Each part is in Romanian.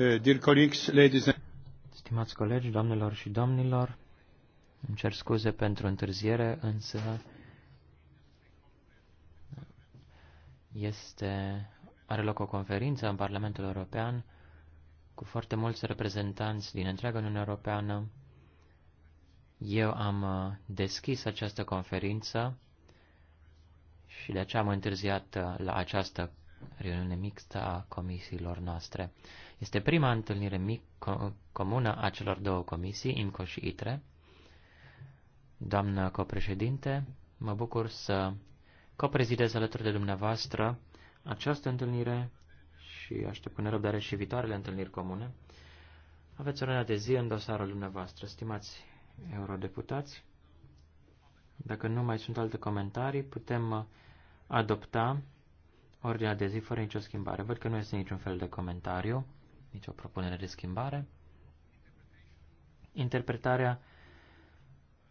Uh, dear colleagues, ladies and... Stimați colegi, doamnelor și domnilor, îmi cer scuze pentru întârziere, însă este, are loc o conferință în Parlamentul European cu foarte mulți reprezentanți din întreaga Uniune Europeană. Eu am uh, deschis această conferință și de aceea am întârziat uh, la această reuniune mixtă a comisiilor noastre. Este prima întâlnire mic comună a celor două comisii, IMCO și ITRE. Doamnă copreședinte, mă bucur să coprezidez alături de dumneavoastră această întâlnire și aștept cu nerăbdare și viitoarele întâlniri comune. Aveți o de zi în dosarul dumneavoastră, stimați eurodeputați. Dacă nu mai sunt alte comentarii, putem adopta ordinea de zi fără nicio schimbare. Văd că nu este niciun fel de comentariu, nicio propunere de schimbare. Interpretarea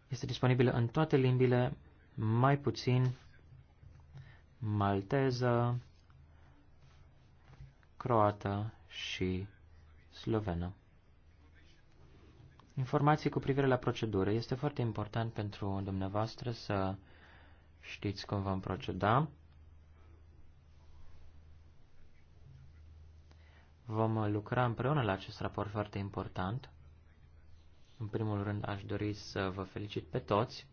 este disponibilă în toate limbile, mai puțin malteză, croată și slovenă. Informații cu privire la procedură. Este foarte important pentru dumneavoastră să știți cum vom proceda. Vom lucra împreună la acest raport foarte important. În primul rând, aș dori să vă felicit pe toți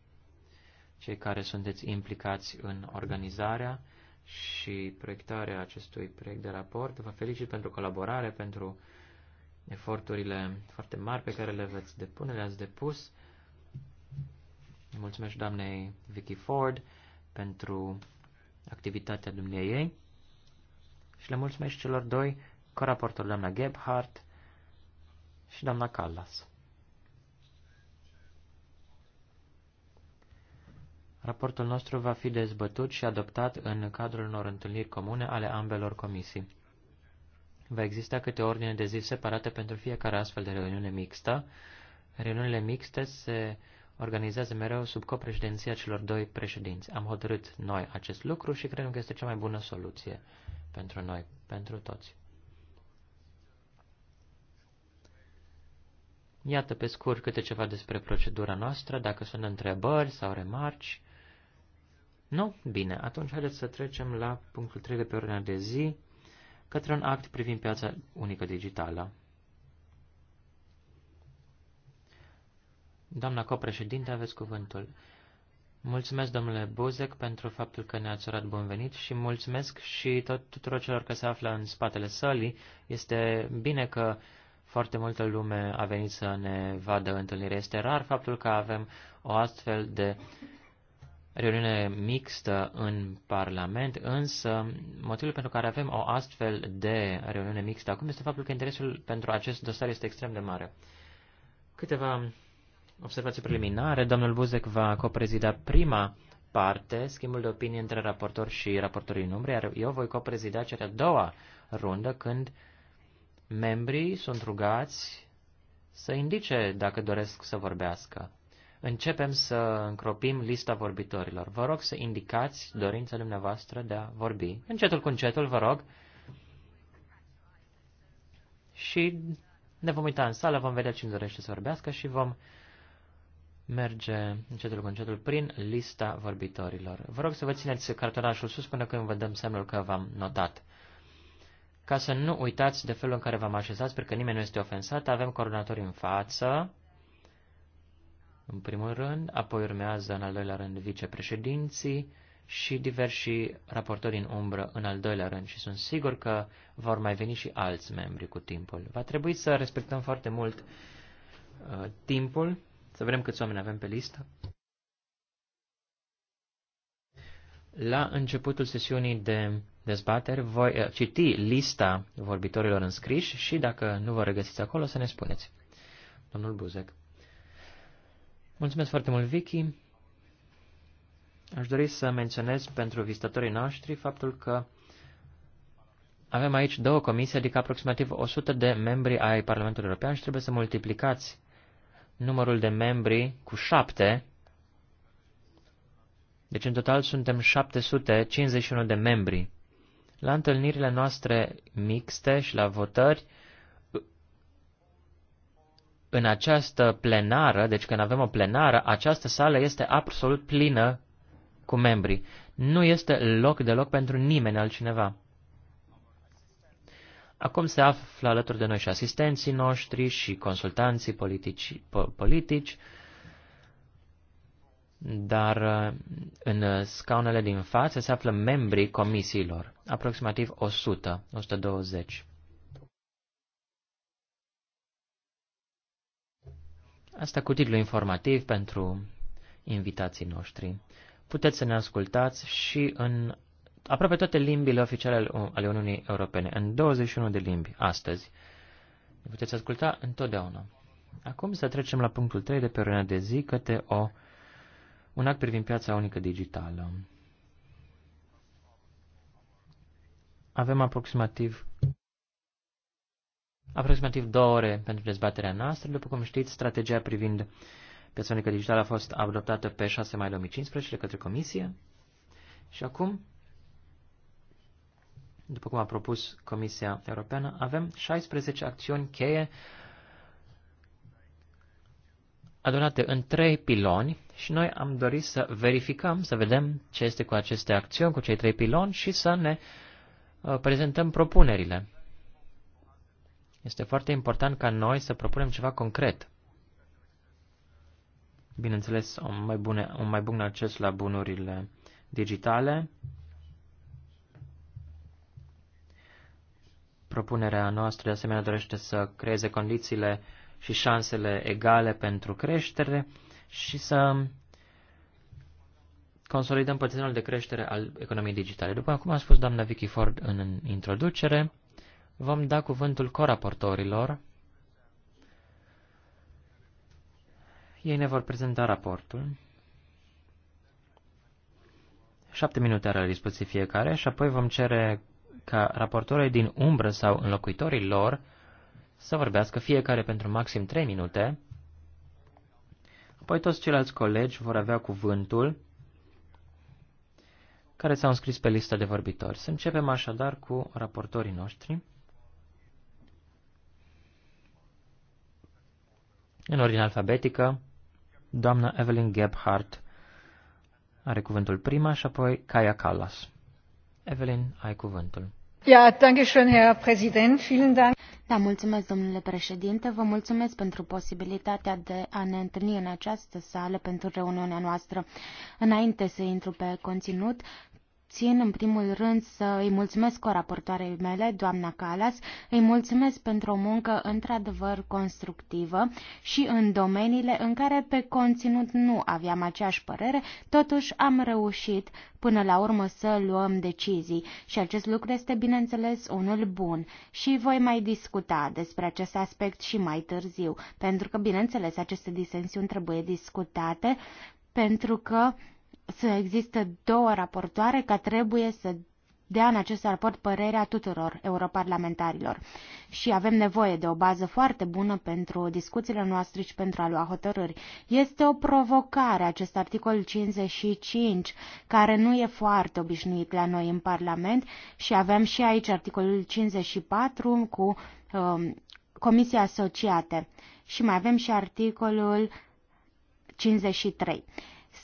cei care sunteți implicați în organizarea și proiectarea acestui proiect de raport. Vă felicit pentru colaborare, pentru eforturile foarte mari pe care le veți depune, le-ați depus. Mulțumesc doamnei Vicky Ford pentru activitatea dumneiei și le mulțumesc celor doi raportul doamna Gebhardt și doamna Callas. Raportul nostru va fi dezbătut și adoptat în cadrul unor întâlniri comune ale ambelor comisii. Va exista câte ordine de zi separate pentru fiecare astfel de reuniune mixtă. Reuniunile mixte se organizează mereu sub copreședinția celor doi președinți. Am hotărât noi acest lucru și credem că este cea mai bună soluție pentru noi, pentru toți. Iată pe scurt câte ceva despre procedura noastră, dacă sunt întrebări sau remarci. Nu? Bine, atunci haideți să trecem la punctul 3 de pe ordinea de zi, către un act privind piața unică digitală. Doamna copreședinte, aveți cuvântul. Mulțumesc, domnule Buzek, pentru faptul că ne-ați urat bun venit și mulțumesc și tot tuturor celor care se află în spatele sălii. Este bine că foarte multă lume a venit să ne vadă întâlnire. Este rar faptul că avem o astfel de reuniune mixtă în Parlament, însă motivul pentru care avem o astfel de reuniune mixtă acum este faptul că interesul pentru acest dosar este extrem de mare. Câteva observații preliminare. Domnul Buzek va coprezida prima parte, schimbul de opinie între raportor și raportorii în iar eu voi coprezida cea de-a doua rundă când uh, Membrii sunt rugați să indice dacă doresc să vorbească. Începem să încropim lista vorbitorilor. Vă rog să indicați dorința dumneavoastră de a vorbi. Încetul cu încetul, vă rog. Și ne vom uita în sală, vom vedea cine dorește să vorbească și vom merge încetul cu încetul prin lista vorbitorilor. Vă rog să vă țineți cartonașul sus până când vă dăm semnul că v-am notat. Ca să nu uitați de felul în care v-am așezat, sper că nimeni nu este ofensat, avem coordonatorii în față, în primul rând, apoi urmează în al doilea rând vicepreședinții și diversi raportori în umbră în al doilea rând și sunt sigur că vor mai veni și alți membri cu timpul. Va trebui să respectăm foarte mult uh, timpul, să vedem câți oameni avem pe listă. La începutul sesiunii de dezbateri voi eh, citi lista vorbitorilor înscriși și dacă nu vă regăsiți acolo să ne spuneți. Domnul Buzek. Mulțumesc foarte mult, Vicky. Aș dori să menționez pentru vizitatorii noștri faptul că avem aici două comisii, adică aproximativ 100 de membri ai Parlamentului European și trebuie să multiplicați numărul de membri cu șapte deci, în total, suntem 751 de membri. La întâlnirile noastre mixte și la votări, în această plenară, deci când avem o plenară, această sală este absolut plină cu membri. Nu este loc deloc pentru nimeni altcineva. Acum se află alături de noi și asistenții noștri și consultanții politici, po- politici dar uh, în uh, scaunele din față se află membrii comisiilor, aproximativ 100, 120. Asta cu titlu informativ pentru invitații noștri. Puteți să ne ascultați și în aproape toate limbile oficiale ale Uniunii Europene, în 21 de limbi, astăzi. Ne puteți asculta întotdeauna. Acum să trecem la punctul 3 de pe de zi, către o un act privind piața unică digitală. Avem aproximativ aproximativ două ore pentru dezbaterea noastră. După cum știți, strategia privind piața unică digitală a fost adoptată pe 6 mai 2015 de către Comisie. Și acum, după cum a propus Comisia Europeană, avem 16 acțiuni cheie adunate în trei piloni și noi am dorit să verificăm, să vedem ce este cu aceste acțiuni, cu cei trei piloni și să ne uh, prezentăm propunerile. Este foarte important ca noi să propunem ceva concret. Bineînțeles, un mai, bune, un mai bun acces la bunurile digitale. Propunerea noastră, de asemenea, dorește să creeze condițiile și șansele egale pentru creștere și să consolidăm potențialul de creștere al economiei digitale. După cum a spus doamna Vicky Ford în introducere, vom da cuvântul coraportorilor. Ei ne vor prezenta raportul. Șapte minute are la dispoziție fiecare și apoi vom cere ca raportorii din umbră sau înlocuitorii lor să vorbească fiecare pentru maxim 3 minute Apoi toți ceilalți colegi vor avea cuvântul care s-au înscris pe lista de vorbitori. Să începem așadar cu raportorii noștri. În ordine alfabetică, doamna Evelyn Gebhardt are cuvântul prima și apoi Kaya Kallas. Evelyn, ai cuvântul. Da, mulțumesc, domnule președinte. Vă mulțumesc pentru posibilitatea de a ne întâlni în această sală pentru reuniunea noastră. Înainte să intru pe conținut, țin în primul rând să îi mulțumesc raportoarei mele, doamna Calas, îi mulțumesc pentru o muncă într-adevăr constructivă și în domeniile în care pe conținut nu aveam aceeași părere, totuși am reușit până la urmă să luăm decizii și acest lucru este bineînțeles unul bun și voi mai discuta despre acest aspect și mai târziu, pentru că bineînțeles aceste disensiuni trebuie discutate pentru că să existe două raportoare ca trebuie să dea în acest raport părerea tuturor europarlamentarilor. Și avem nevoie de o bază foarte bună pentru discuțiile noastre și pentru a lua hotărâri. Este o provocare acest articol 55, care nu e foarte obișnuit la noi în Parlament și avem și aici articolul 54 cu um, Comisia Asociate și mai avem și articolul 53.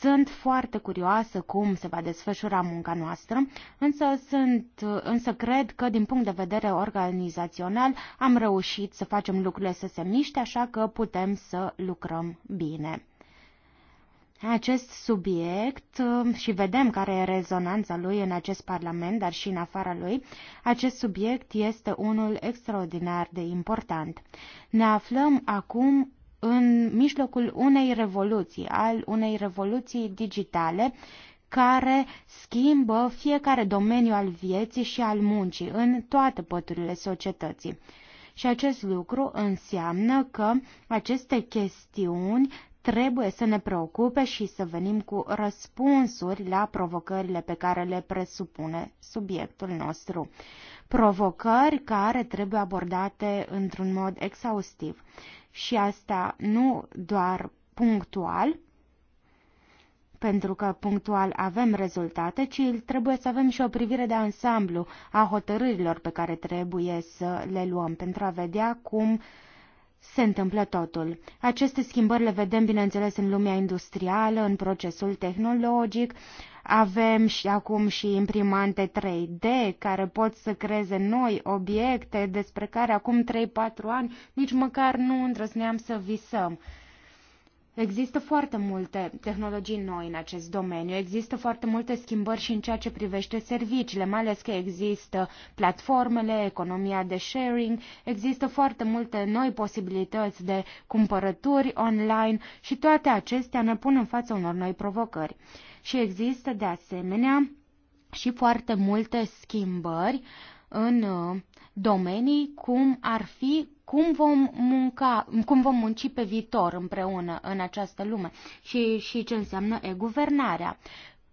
Sunt foarte curioasă cum se va desfășura munca noastră, însă, sunt, însă cred că din punct de vedere organizațional am reușit să facem lucrurile să se miște, așa că putem să lucrăm bine acest subiect și vedem care e rezonanța lui în acest Parlament, dar și în afara lui, acest subiect este unul extraordinar de important. Ne aflăm acum în mijlocul unei revoluții, al unei revoluții digitale, care schimbă fiecare domeniu al vieții și al muncii în toate păturile societății. Și acest lucru înseamnă că aceste chestiuni trebuie să ne preocupe și să venim cu răspunsuri la provocările pe care le presupune subiectul nostru provocări care trebuie abordate într-un mod exhaustiv. Și asta nu doar punctual, pentru că punctual avem rezultate, ci trebuie să avem și o privire de ansamblu a hotărârilor pe care trebuie să le luăm pentru a vedea cum uh, se întâmplă totul. Aceste schimbări le vedem, bineînțeles, în lumea industrială, în procesul tehnologic. Avem și acum și imprimante 3D care pot să creeze noi obiecte despre care acum 3-4 ani nici măcar nu îndrăzneam să visăm. Există foarte multe tehnologii noi în acest domeniu, există foarte multe schimbări și în ceea ce privește serviciile, mai ales că există platformele, economia de sharing, există foarte multe noi posibilități de cumpărături online și toate acestea ne pun în fața unor noi provocări. Și există de asemenea și foarte multe schimbări în uh, domenii cum ar fi cum vom, munca, cum vom munci pe viitor împreună în această lume și, și ce înseamnă e-guvernarea,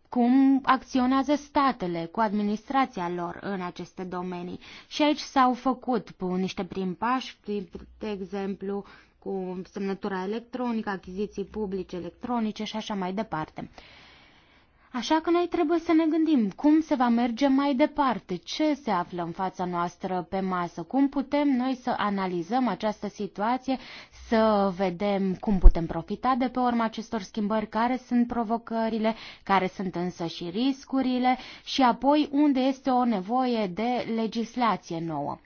cum acționează statele cu administrația lor în aceste domenii. Și aici s-au făcut niște prim pași, de exemplu, cu semnătura electronică, achiziții publice electronice și așa mai departe. Așa că noi trebuie să ne gândim cum se va merge mai departe, ce se află în fața noastră pe masă, cum putem noi să analizăm această situație, să vedem cum putem profita de pe urma acestor schimbări, care sunt provocările, care sunt însă și riscurile și apoi unde este o nevoie de legislație nouă.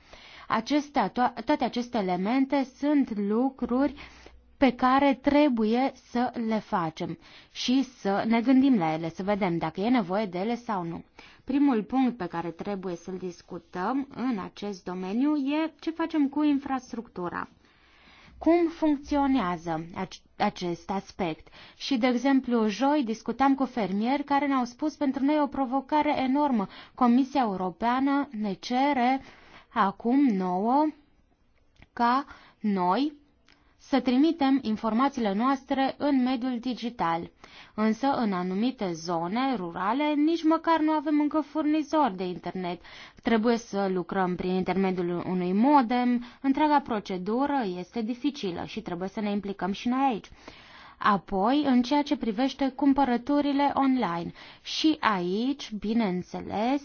Acestea, to- toate aceste elemente sunt lucruri uh, pe care trebuie să le facem și să ne gândim la ele, să vedem dacă e nevoie de ele sau nu. Primul punct pe care trebuie să-l discutăm în acest domeniu e ce facem cu infrastructura cum funcționează acest aspect. Și, de exemplu, joi discutam cu fermieri care ne-au spus pentru noi o provocare enormă. Comisia Europeană ne cere acum nouă ca noi să trimitem informațiile noastre în mediul digital. Însă, în anumite zone rurale, nici măcar nu avem încă furnizori de internet. Trebuie să lucrăm prin intermediul unui modem, întreaga procedură este dificilă și trebuie să ne implicăm și noi aici. Apoi, în ceea ce privește cumpărăturile online, și aici, bineînțeles,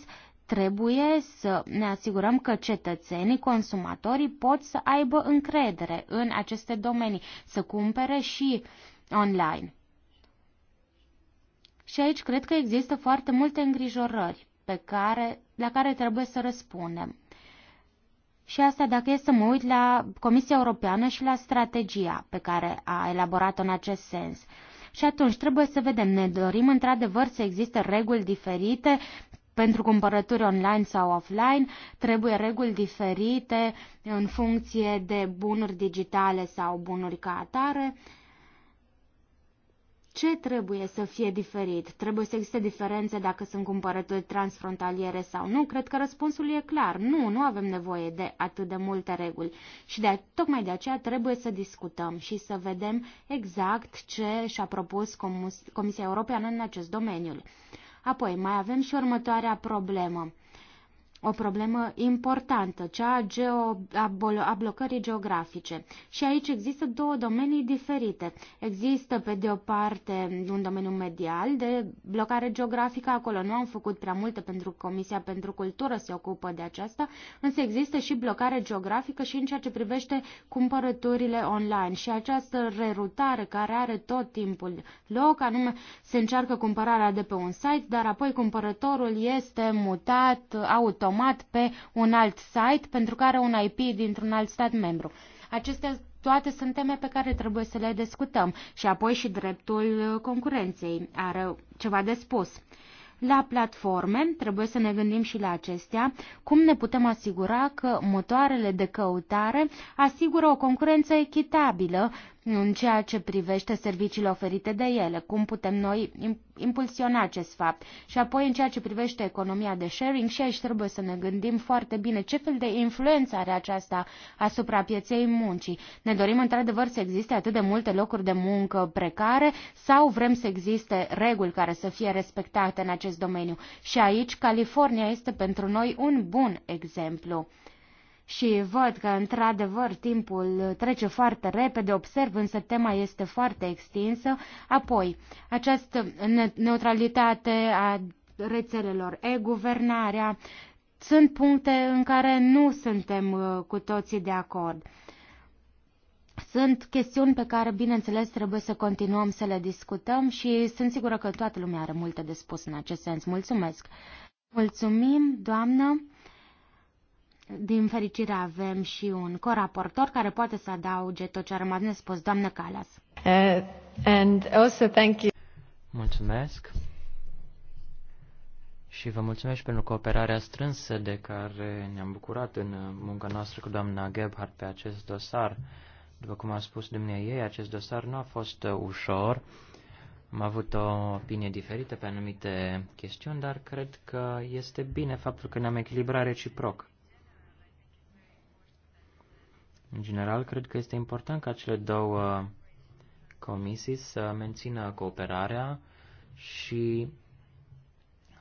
Trebuie să ne asigurăm că cetățenii, consumatorii pot să aibă încredere în aceste domenii, să cumpere și online. Și aici cred că există foarte multe îngrijorări pe care, la care trebuie să răspundem. Și asta dacă e să mă uit la Comisia Europeană și la strategia pe care a elaborat-o în acest sens. Și atunci trebuie să vedem, ne dorim într-adevăr să existe reguli diferite pentru cumpărături online sau offline, trebuie reguli diferite în funcție de bunuri digitale sau bunuri ca atare. Ce trebuie să fie diferit? Trebuie să existe diferențe dacă sunt cumpărături transfrontaliere sau nu? Cred că răspunsul e clar. Nu, nu avem nevoie de atât de multe reguli. Și de, tocmai de aceea trebuie să discutăm și să vedem exact ce și-a propus Comis Comisia Europeană în acest domeniu. Apoi mai avem și următoarea problemă o problemă importantă, cea a, geo, a, a blocării geografice. Și aici există două domenii diferite. Există, pe de o parte, un domeniu medial de blocare geografică, acolo nu am făcut prea multe pentru că Comisia pentru Cultură se ocupă de aceasta, însă există și blocare geografică și în ceea ce privește cumpărăturile online și această rerutare care are tot timpul loc, anume se încearcă cumpărarea de pe un site, dar apoi cumpărătorul este mutat auto automat pe un alt site pentru că are un IP dintr-un alt stat membru. Acestea toate sunt teme pe care trebuie să le discutăm și apoi și dreptul concurenței are ceva de spus. La platforme trebuie să ne gândim și la acestea, cum ne putem asigura că motoarele de căutare asigură o concurență echitabilă în ceea ce privește serviciile oferite de ele, cum putem noi impulsiona acest fapt. Și apoi, în ceea ce privește economia de sharing, și aici trebuie să ne gândim foarte bine ce fel de influență are aceasta asupra pieței muncii. Ne dorim într-adevăr să existe atât de multe locuri de muncă precare sau vrem să existe reguli care să fie respectate în acest domeniu. Și aici, California este pentru noi un bun exemplu și văd că, într-adevăr, timpul trece foarte repede, observ, însă tema este foarte extinsă. Apoi, această neutralitate a rețelelor, e-guvernarea, sunt puncte în care nu suntem uh, cu toții de acord. Sunt chestiuni pe care, bineînțeles, trebuie să continuăm să le discutăm și sunt sigură că toată lumea are multe de spus în acest sens. Mulțumesc! Mulțumim, doamnă! Din fericire avem și un coraportor care poate să adauge tot ce a rămas nespus. Doamnă Calas. Uh, and also thank you. Mulțumesc. Și vă mulțumesc pentru cooperarea strânsă de care ne-am bucurat în munca noastră cu doamna Gebhardt pe acest dosar. După cum a spus dumneavoastră ei, acest dosar nu a fost uh, ușor. Am avut o opinie diferită pe anumite chestiuni, dar cred că este bine faptul că ne-am echilibrat reciproc. În general, cred că este important ca cele două comisii să mențină cooperarea și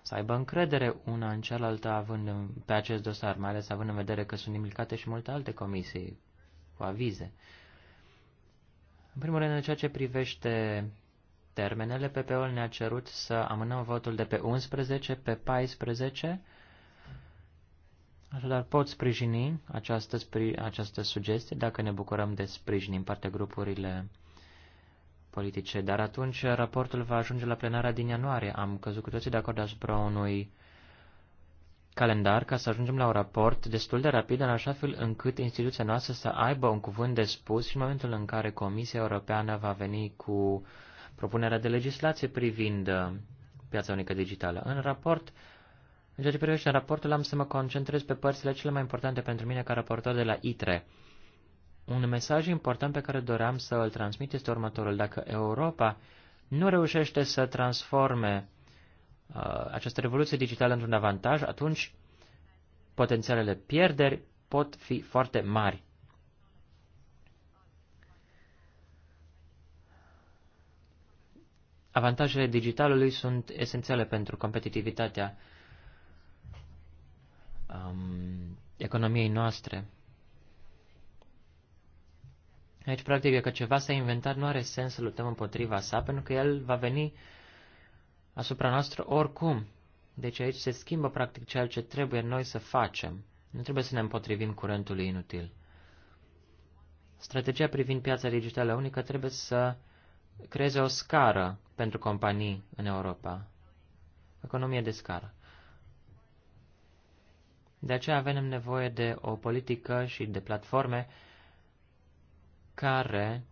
să aibă încredere una în cealaltă având în, pe acest dosar, mai ales având în vedere că sunt implicate și multe alte comisii cu avize. În primul rând, în ceea ce privește termenele, ppo ul ne-a cerut să amânăm votul de pe 11 pe 14 Așadar, pot sprijini această, această sugestie dacă ne bucurăm de sprijin din partea grupurile politice, dar atunci raportul va ajunge la plenarea din ianuarie. Am căzut cu toții de acord asupra unui calendar ca să ajungem la un raport destul de rapid, în așa fel încât instituția noastră să aibă un cuvânt de spus și în momentul în care Comisia Europeană va veni cu propunerea de legislație privind uh, piața unică digitală. În raport în ceea ce privește raportul, am să mă concentrez pe părțile cele mai importante pentru mine ca raportor de la ITRE. Un mesaj important pe care doream să îl transmit este următorul. Dacă Europa nu reușește să transforme uh, această revoluție digitală într-un avantaj, atunci potențialele pierderi pot fi foarte mari. Avantajele digitalului sunt esențiale pentru competitivitatea um, economiei noastre. Aici, practic, dacă ceva s-a inventat, nu are sens să luptăm împotriva sa, pentru că el va veni asupra noastră oricum. Deci aici se schimbă, practic, ceea ce trebuie noi să facem. Nu trebuie să ne împotrivim curentului inutil. Strategia privind piața digitală unică trebuie să creeze o scară pentru companii în Europa. Economie de scară. De aceea avem nevoie de o politică și de platforme care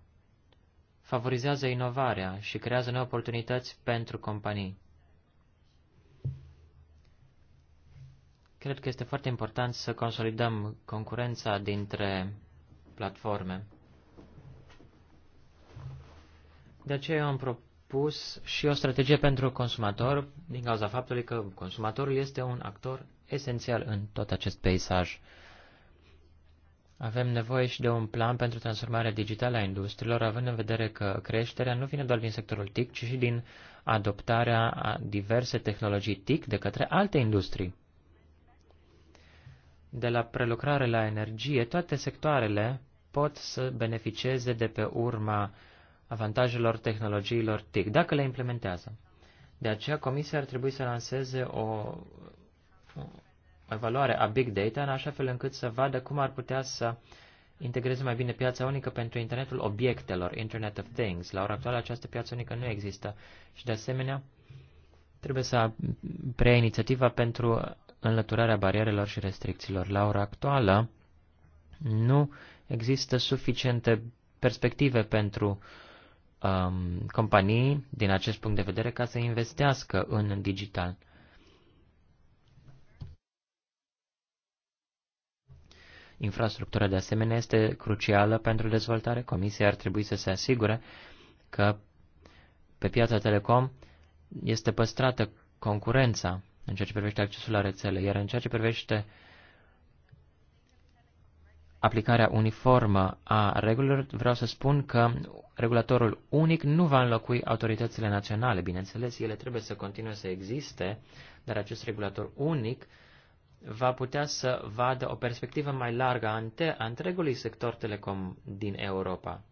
favorizează inovarea și creează noi oportunități pentru companii. Cred că este foarte important să consolidăm concurența dintre platforme. De aceea eu am propus și o strategie pentru consumator, din cauza faptului că consumatorul este un actor esențial în tot acest peisaj. Avem nevoie și de un plan pentru transformarea digitală a industriilor, având în vedere că creșterea nu vine doar din sectorul TIC, ci și din adoptarea a diverse tehnologii TIC de către alte industrii. De la prelucrare la energie, toate sectoarele pot să beneficieze de pe urma avantajelor tehnologiilor TIC, dacă le implementează. De aceea, Comisia ar trebui să lanseze o evaluare a big data în așa fel încât să vadă cum ar putea să integreze mai bine piața unică pentru internetul obiectelor, Internet of Things. La ora actuală această piață unică nu există și de asemenea trebuie să preia inițiativa pentru înlăturarea barierelor și restricțiilor. La ora actuală nu există suficiente perspective pentru um, companii din acest punct de vedere ca să investească în digital. Infrastructura de asemenea este crucială pentru dezvoltare. Comisia ar trebui să se asigure că pe piața telecom este păstrată concurența în ceea ce privește accesul la rețele, iar în ceea ce privește aplicarea uniformă a regulilor, vreau să spun că regulatorul unic nu va înlocui autoritățile naționale. Bineînțeles, ele trebuie să continue să existe, dar acest regulator unic va putea să vadă o perspectivă mai largă a întregului sector telecom din Europa.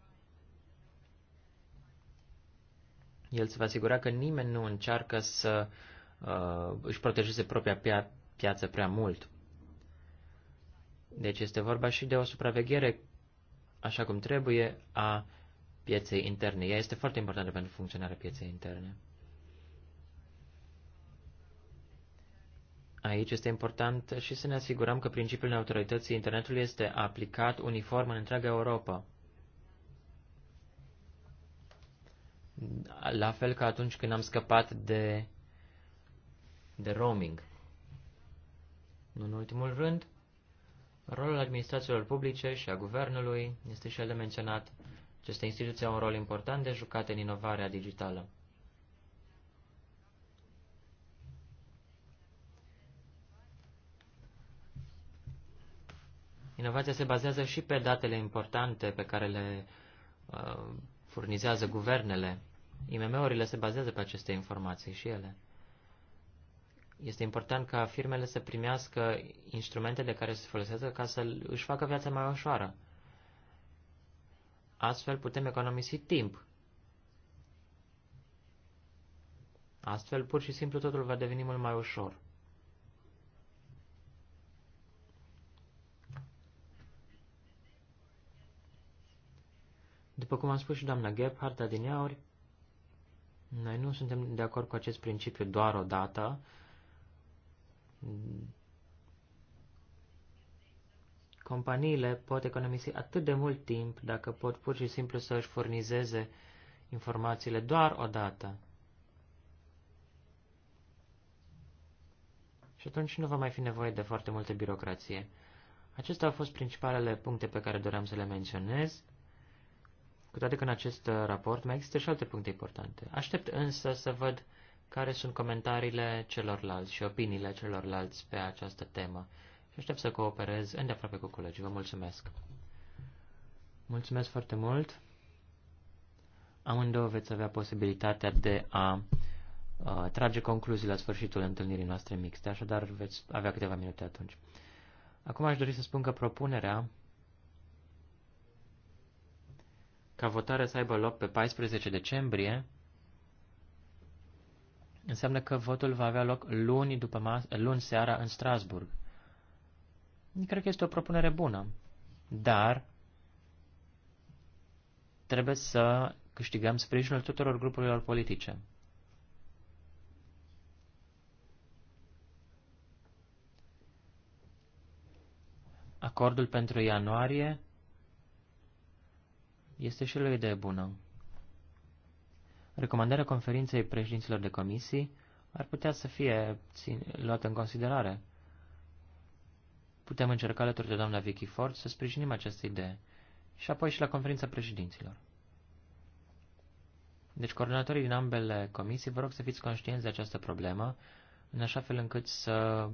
El se va asigura că nimeni nu încearcă să uh, își protejeze propria pia- piață prea mult. Deci este vorba și de o supraveghere, așa cum trebuie, a pieței interne. Ea este foarte importantă pentru funcționarea pieței interne. Aici este important și să ne asigurăm că principiul neutralității internetului este aplicat uniform în întreaga Europa. La fel ca atunci când am scăpat de, de roaming. Nu în ultimul rând, rolul administrațiilor publice și a guvernului este și el de menționat. Aceste instituții au un rol important de jucat în inovarea digitală. Inovația se bazează și pe datele importante pe care le uh, furnizează guvernele. IMM-urile se bazează pe aceste informații și ele. Este important ca firmele să primească instrumentele care se folosească ca să își facă viața mai ușoară. Astfel putem economisi timp. Astfel, pur și simplu, totul va deveni mult mai ușor. După cum am spus și doamna Gebhardt adineauri, noi nu suntem de acord cu acest principiu doar o dată. Companiile pot economisi atât de mult timp dacă pot pur și simplu să își furnizeze informațiile doar o dată. Și atunci nu va mai fi nevoie de foarte multă birocrație. Acestea au fost principalele puncte pe care doream să le menționez cu toate că în acest uh, raport mai există și alte puncte importante. Aștept însă să văd care sunt comentariile celorlalți și opiniile celorlalți pe această temă și aștept să cooperez îndeaproape cu colegii. Vă mulțumesc! Mulțumesc foarte mult! Amândouă veți avea posibilitatea de a uh, trage concluzii la sfârșitul întâlnirii noastre mixte, așadar veți avea câteva minute atunci. Acum aș dori să spun că propunerea ca votarea să aibă loc pe 14 decembrie, înseamnă că votul va avea loc luni, după luni seara în Strasburg. Cred că este o propunere bună, dar trebuie să câștigăm sprijinul tuturor grupurilor politice. Acordul pentru ianuarie este și el o idee bună. Recomandarea conferinței președinților de comisii ar putea să fie țin, luată în considerare. Putem încerca alături de doamna Vicky Ford să sprijinim această idee și apoi și la conferința președinților. Deci, coordonatorii din ambele comisii, vă rog să fiți conștienți de această problemă, în așa fel încât să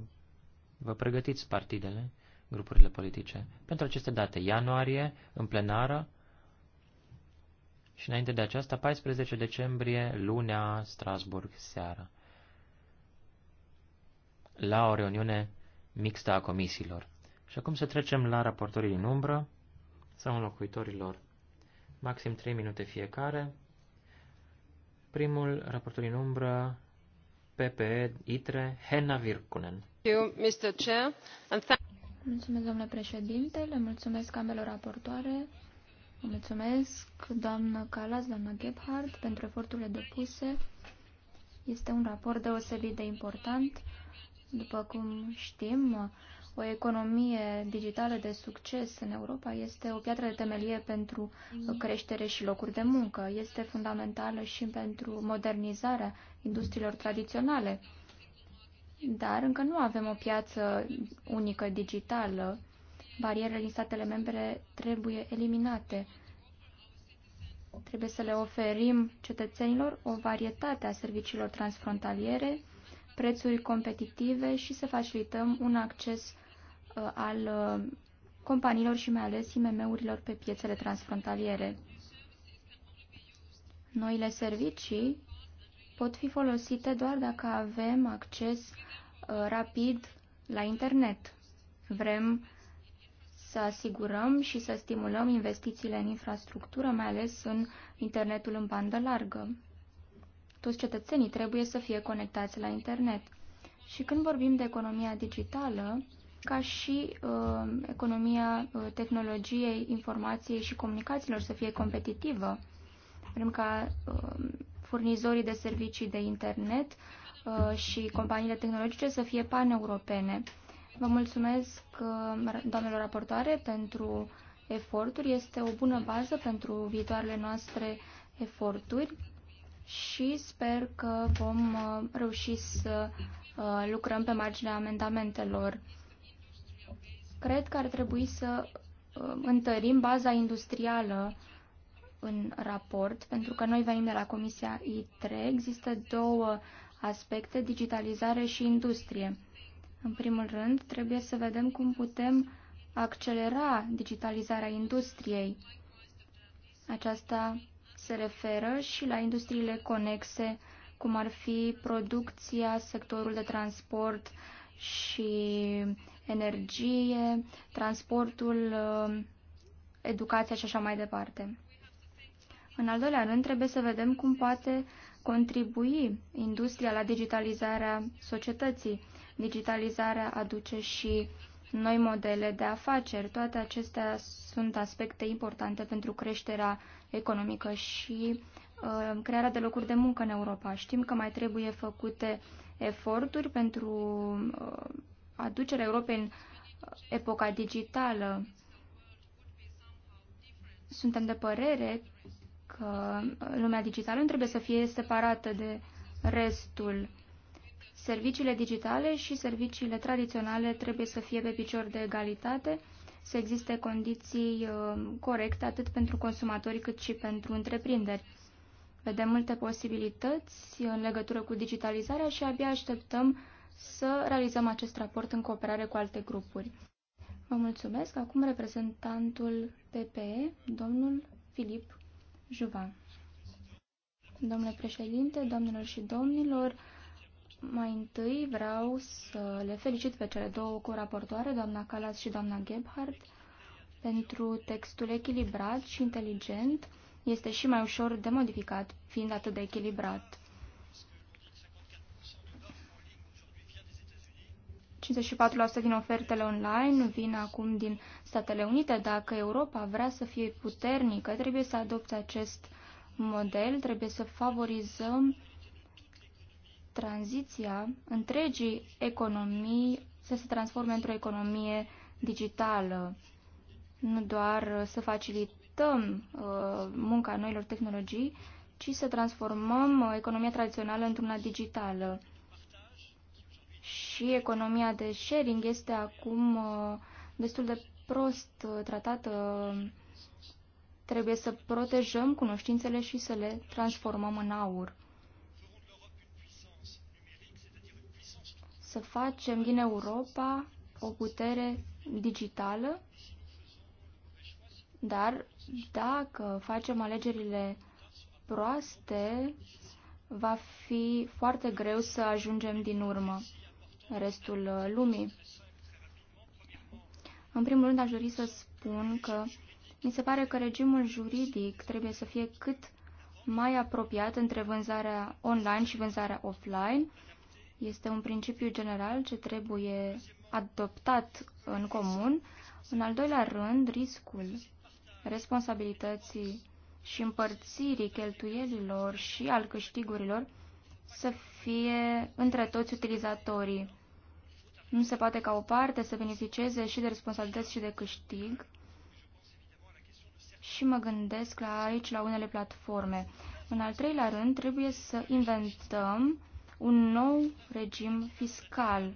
vă pregătiți partidele, grupurile politice, pentru aceste date. Ianuarie, în plenară, și înainte de aceasta, 14 decembrie, lunea, Strasburg, seara, la o reuniune mixtă a comisiilor. Și acum să trecem la raportorii din umbră sau înlocuitorilor. Maxim 3 minute fiecare. Primul raportor din umbră, PPE, ITRE, Henna Virkunen. Mulțumesc, domnule președinte, le mulțumesc ambelor raportoare. Mulțumesc, doamnă Calas, doamnă Gebhardt, pentru eforturile depuse. Este un raport deosebit de important. După cum știm, o economie digitală de succes în Europa este o piatră de temelie pentru creștere și locuri de muncă. Este fundamentală și pentru modernizarea industriilor tradiționale. Dar încă nu avem o piață unică digitală barierele din statele membre trebuie eliminate. Trebuie să le oferim cetățenilor o varietate a serviciilor transfrontaliere, prețuri competitive și să facilităm un acces uh, al uh, companiilor și mai ales IMM-urilor pe piețele transfrontaliere. Noile servicii pot fi folosite doar dacă avem acces uh, rapid la internet. Vrem să asigurăm și să stimulăm investițiile în infrastructură, mai ales în internetul în bandă largă. Toți cetățenii trebuie să fie conectați la internet. Și când vorbim de economia digitală, ca și uh, economia uh, tehnologiei, informației și comunicațiilor să fie competitivă. Vrem ca uh, furnizorii de servicii de internet uh, și companiile tehnologice să fie paneuropene. europene Vă mulțumesc, doamnelor raportoare, pentru eforturi. Este o bună bază pentru viitoarele noastre eforturi și sper că vom uh, reuși să uh, lucrăm pe marginea amendamentelor. Cred că ar trebui să uh, întărim baza industrială în raport, pentru că noi venim de la Comisia I3. Există două aspecte, digitalizare și industrie. În primul rând, trebuie să vedem cum putem accelera digitalizarea industriei. Aceasta se referă și la industriile conexe, cum ar fi producția, sectorul de transport și energie, transportul, uh, educația și așa mai departe. În al doilea rând, trebuie să vedem cum poate contribui industria la digitalizarea societății Digitalizarea aduce și noi modele de afaceri. Toate acestea sunt aspecte importante pentru creșterea economică și uh, crearea de locuri de muncă în Europa. Știm că mai trebuie făcute eforturi pentru uh, aducerea Europei în uh, epoca digitală. Suntem de părere că lumea digitală nu trebuie să fie separată de restul Serviciile digitale și serviciile tradiționale trebuie să fie pe picior de egalitate, să existe condiții uh, corecte atât pentru consumatori cât și pentru întreprinderi. Vedem multe posibilități în legătură cu digitalizarea și abia așteptăm să realizăm acest raport în cooperare cu alte grupuri. Vă mulțumesc. Acum reprezentantul PPE, domnul Filip Juvan. Domnule președinte, domnilor și domnilor, mai întâi vreau să le felicit pe cele două coraportoare, doamna Calas și doamna Gebhardt, pentru textul echilibrat și inteligent. Este și mai ușor de modificat, fiind atât de echilibrat. 54% din ofertele online vin acum din Statele Unite. Dacă Europa vrea să fie puternică, trebuie să adopte acest model, trebuie să favorizăm tranziția întregii economii să se transforme într-o economie digitală, nu doar să facilităm uh, munca noilor tehnologii, ci să transformăm economia tradițională într-una digitală. Și economia de sharing este acum uh, destul de prost uh, tratată. Trebuie să protejăm cunoștințele și să le transformăm în aur. să facem din Europa o putere digitală, dar dacă facem alegerile proaste, va fi foarte greu să ajungem din urmă restul uh, lumii. În primul rând, aș dori să spun că mi se pare că regimul juridic trebuie să fie cât mai apropiat între vânzarea online și vânzarea offline, este un principiu general ce trebuie adoptat în comun. În al doilea rând, riscul responsabilității și împărțirii cheltuielilor și al câștigurilor să fie între toți utilizatorii. Nu se poate ca o parte să beneficieze și de responsabilități și de câștig. Și mă gândesc la aici la unele platforme. În al treilea rând, trebuie să inventăm un nou regim fiscal,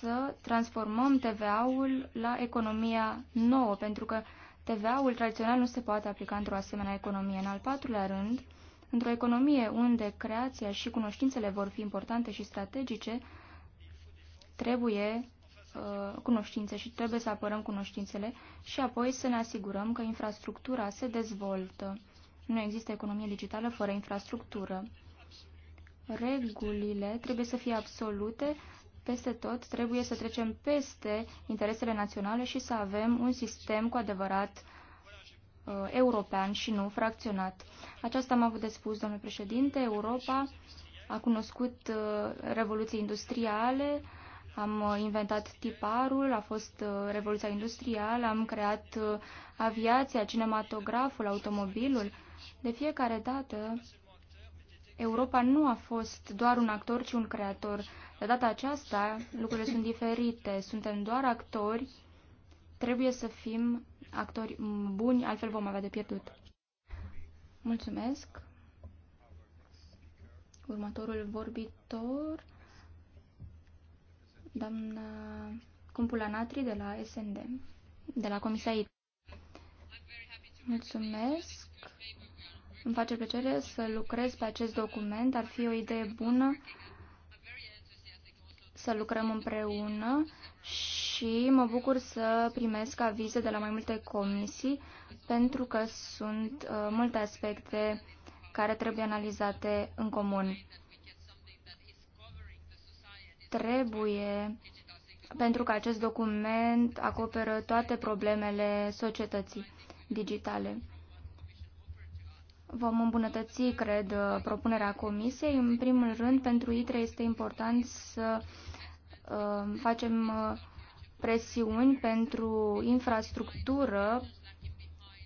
să transformăm TVA-ul la economia nouă, pentru că TVA-ul tradițional nu se poate aplica într-o asemenea economie. În al patrulea rând, într-o economie unde creația și cunoștințele vor fi importante și strategice, trebuie uh, cunoștințe și trebuie să apărăm cunoștințele și apoi să ne asigurăm că infrastructura se dezvoltă. Nu există economie digitală fără infrastructură regulile trebuie să fie absolute peste tot, trebuie să trecem peste interesele naționale și să avem un sistem cu adevărat uh, european și nu fracționat. Aceasta am avut de spus, domnule președinte. Europa a cunoscut uh, revoluții industriale, am uh, inventat tiparul, a fost uh, revoluția industrială, am creat uh, aviația, cinematograful, automobilul. De fiecare dată Europa nu a fost doar un actor, ci un creator. De data aceasta, lucrurile sunt diferite. Suntem doar actori, trebuie să fim actori buni, altfel vom avea de pierdut. Mulțumesc. Următorul vorbitor, doamna Cumpula Natri de la SND, de la Comisia IT. Mulțumesc. Îmi face plăcere să lucrez pe acest document. Ar fi o idee bună să lucrăm împreună și mă bucur să primesc avize de la mai multe comisii pentru că sunt uh, multe aspecte care trebuie analizate în comun. Trebuie, pentru că acest document acoperă toate problemele societății digitale. Vom îmbunătăți, cred, propunerea comisiei. În primul rând, pentru ITRE este important să uh, facem uh, presiuni pentru infrastructură.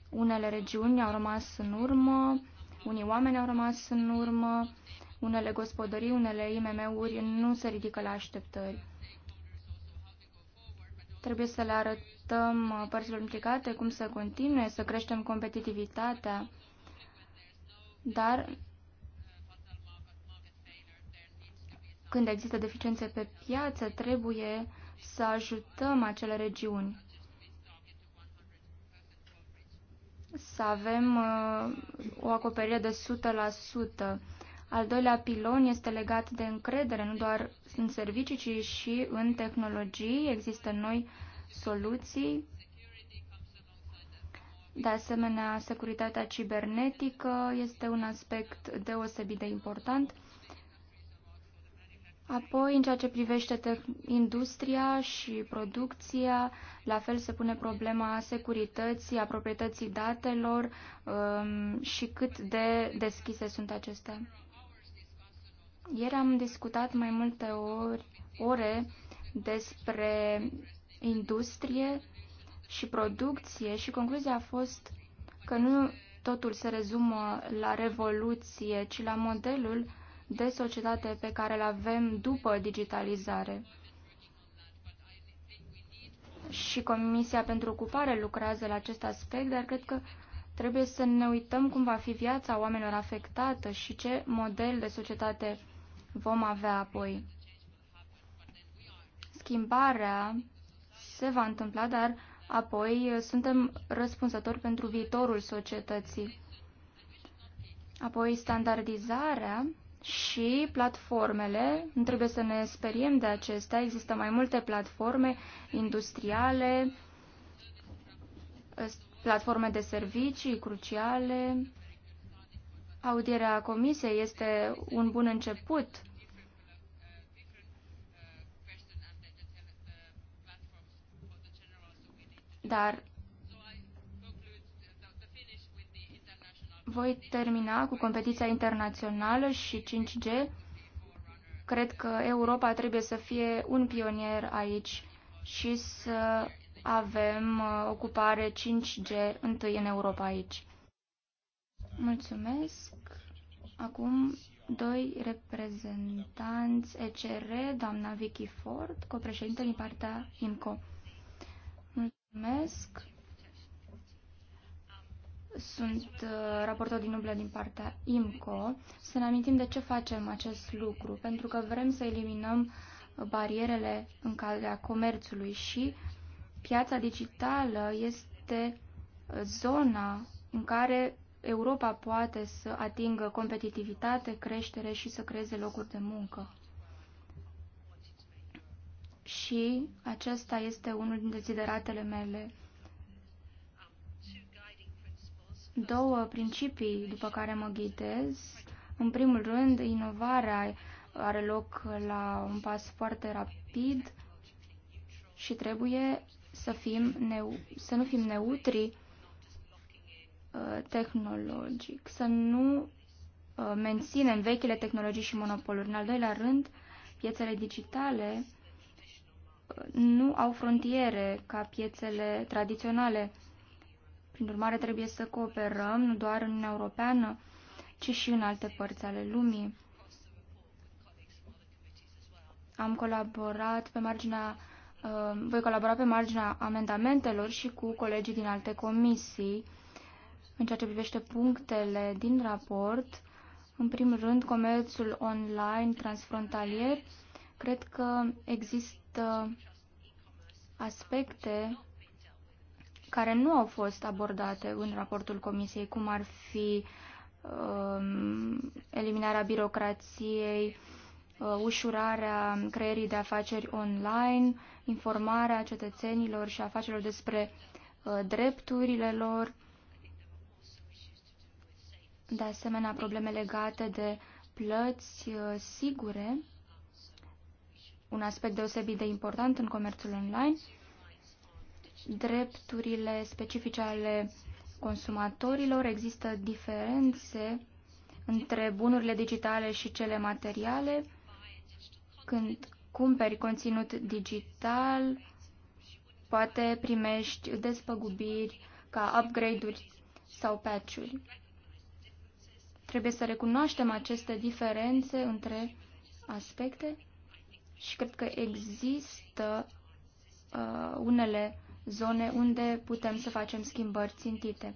Unele regiuni au rămas în urmă, unii oameni au rămas în urmă, unele gospodării, unele IMM-uri nu se ridică la așteptări. Trebuie să le arătăm uh, părților implicate cum să continue, să creștem competitivitatea dar când există deficiențe pe piață, trebuie să ajutăm acele regiuni. Să avem uh, o acoperire de 100%. Al doilea pilon este legat de încredere, nu doar în servicii, ci și în tehnologii. Există noi soluții de asemenea, securitatea cibernetică este un aspect deosebit de important. Apoi, în ceea ce privește industria și producția, la fel se pune problema securității, a proprietății datelor um, și cât de deschise sunt acestea. Ieri am discutat mai multe ori, ore despre industrie și producție și concluzia a fost că nu totul se rezumă la revoluție, ci la modelul de societate pe care îl avem după digitalizare. Și Comisia pentru Ocupare lucrează la acest aspect, dar cred că trebuie să ne uităm cum va fi viața oamenilor afectată și ce model de societate vom avea apoi. Schimbarea se va întâmpla, dar Apoi, uh, suntem răspunsători pentru viitorul societății. Apoi, standardizarea și platformele. Nu trebuie să ne speriem de acestea. Există mai multe platforme industriale, uh, platforme de servicii cruciale. Audierea comisiei este un bun început Dar voi termina cu competiția internațională și 5G. Cred că Europa trebuie să fie un pionier aici și să avem uh, ocupare 5G întâi în Europa aici. Mulțumesc. Acum doi reprezentanți ECR, doamna Vicky Ford, copreședinte din partea INCO. Mulțumesc. Sunt uh, raportor din umblă din partea IMCO. Să ne amintim de ce facem acest lucru, pentru că vrem să eliminăm barierele în calea comerțului și piața digitală este zona în care Europa poate să atingă competitivitate, creștere și să creeze locuri de muncă și acesta este unul din dezideratele mele. Două principii după care mă ghidez. În primul rând, inovarea are loc la un pas foarte rapid și trebuie să, fim neu să nu fim neutri uh, tehnologic, să nu uh, menținem vechile tehnologii și monopoluri. În al doilea rând, piețele digitale nu au frontiere ca piețele tradiționale. Prin urmare, trebuie să cooperăm nu doar în Uniunea Europeană, ci și în alte părți ale lumii. Am colaborat pe marginea, uh, voi colabora pe marginea amendamentelor și cu colegii din alte comisii în ceea ce privește punctele din raport. În primul rând, comerțul online transfrontalier. Cred că există aspecte care nu au fost abordate în raportul Comisiei, cum ar fi um, eliminarea birocrației, uh, ușurarea creierii de afaceri online, informarea cetățenilor și afacerilor despre uh, drepturile lor, de asemenea probleme legate de plăți uh, sigure un aspect deosebit de important în comerțul online, drepturile specifice ale consumatorilor, există diferențe între bunurile digitale și cele materiale. Când cumperi conținut digital, poate primești despăgubiri ca upgrade-uri sau patch-uri. Trebuie să recunoaștem aceste diferențe între aspecte și cred că există uh, unele zone unde putem să facem schimbări țintite.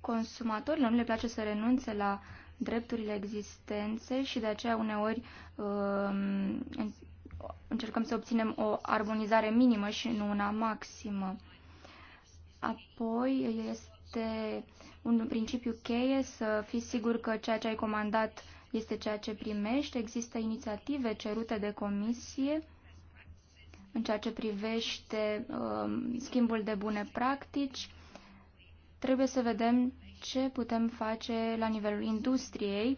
Consumatorilor nu le place să renunțe la drepturile existențe și de aceea uneori uh, încercăm să obținem o armonizare minimă și nu una maximă. Apoi este este un principiu cheie să fii sigur că ceea ce ai comandat este ceea ce primești. Există inițiative cerute de comisie în ceea ce privește uh, schimbul de bune practici. Trebuie să vedem ce putem face la nivelul industriei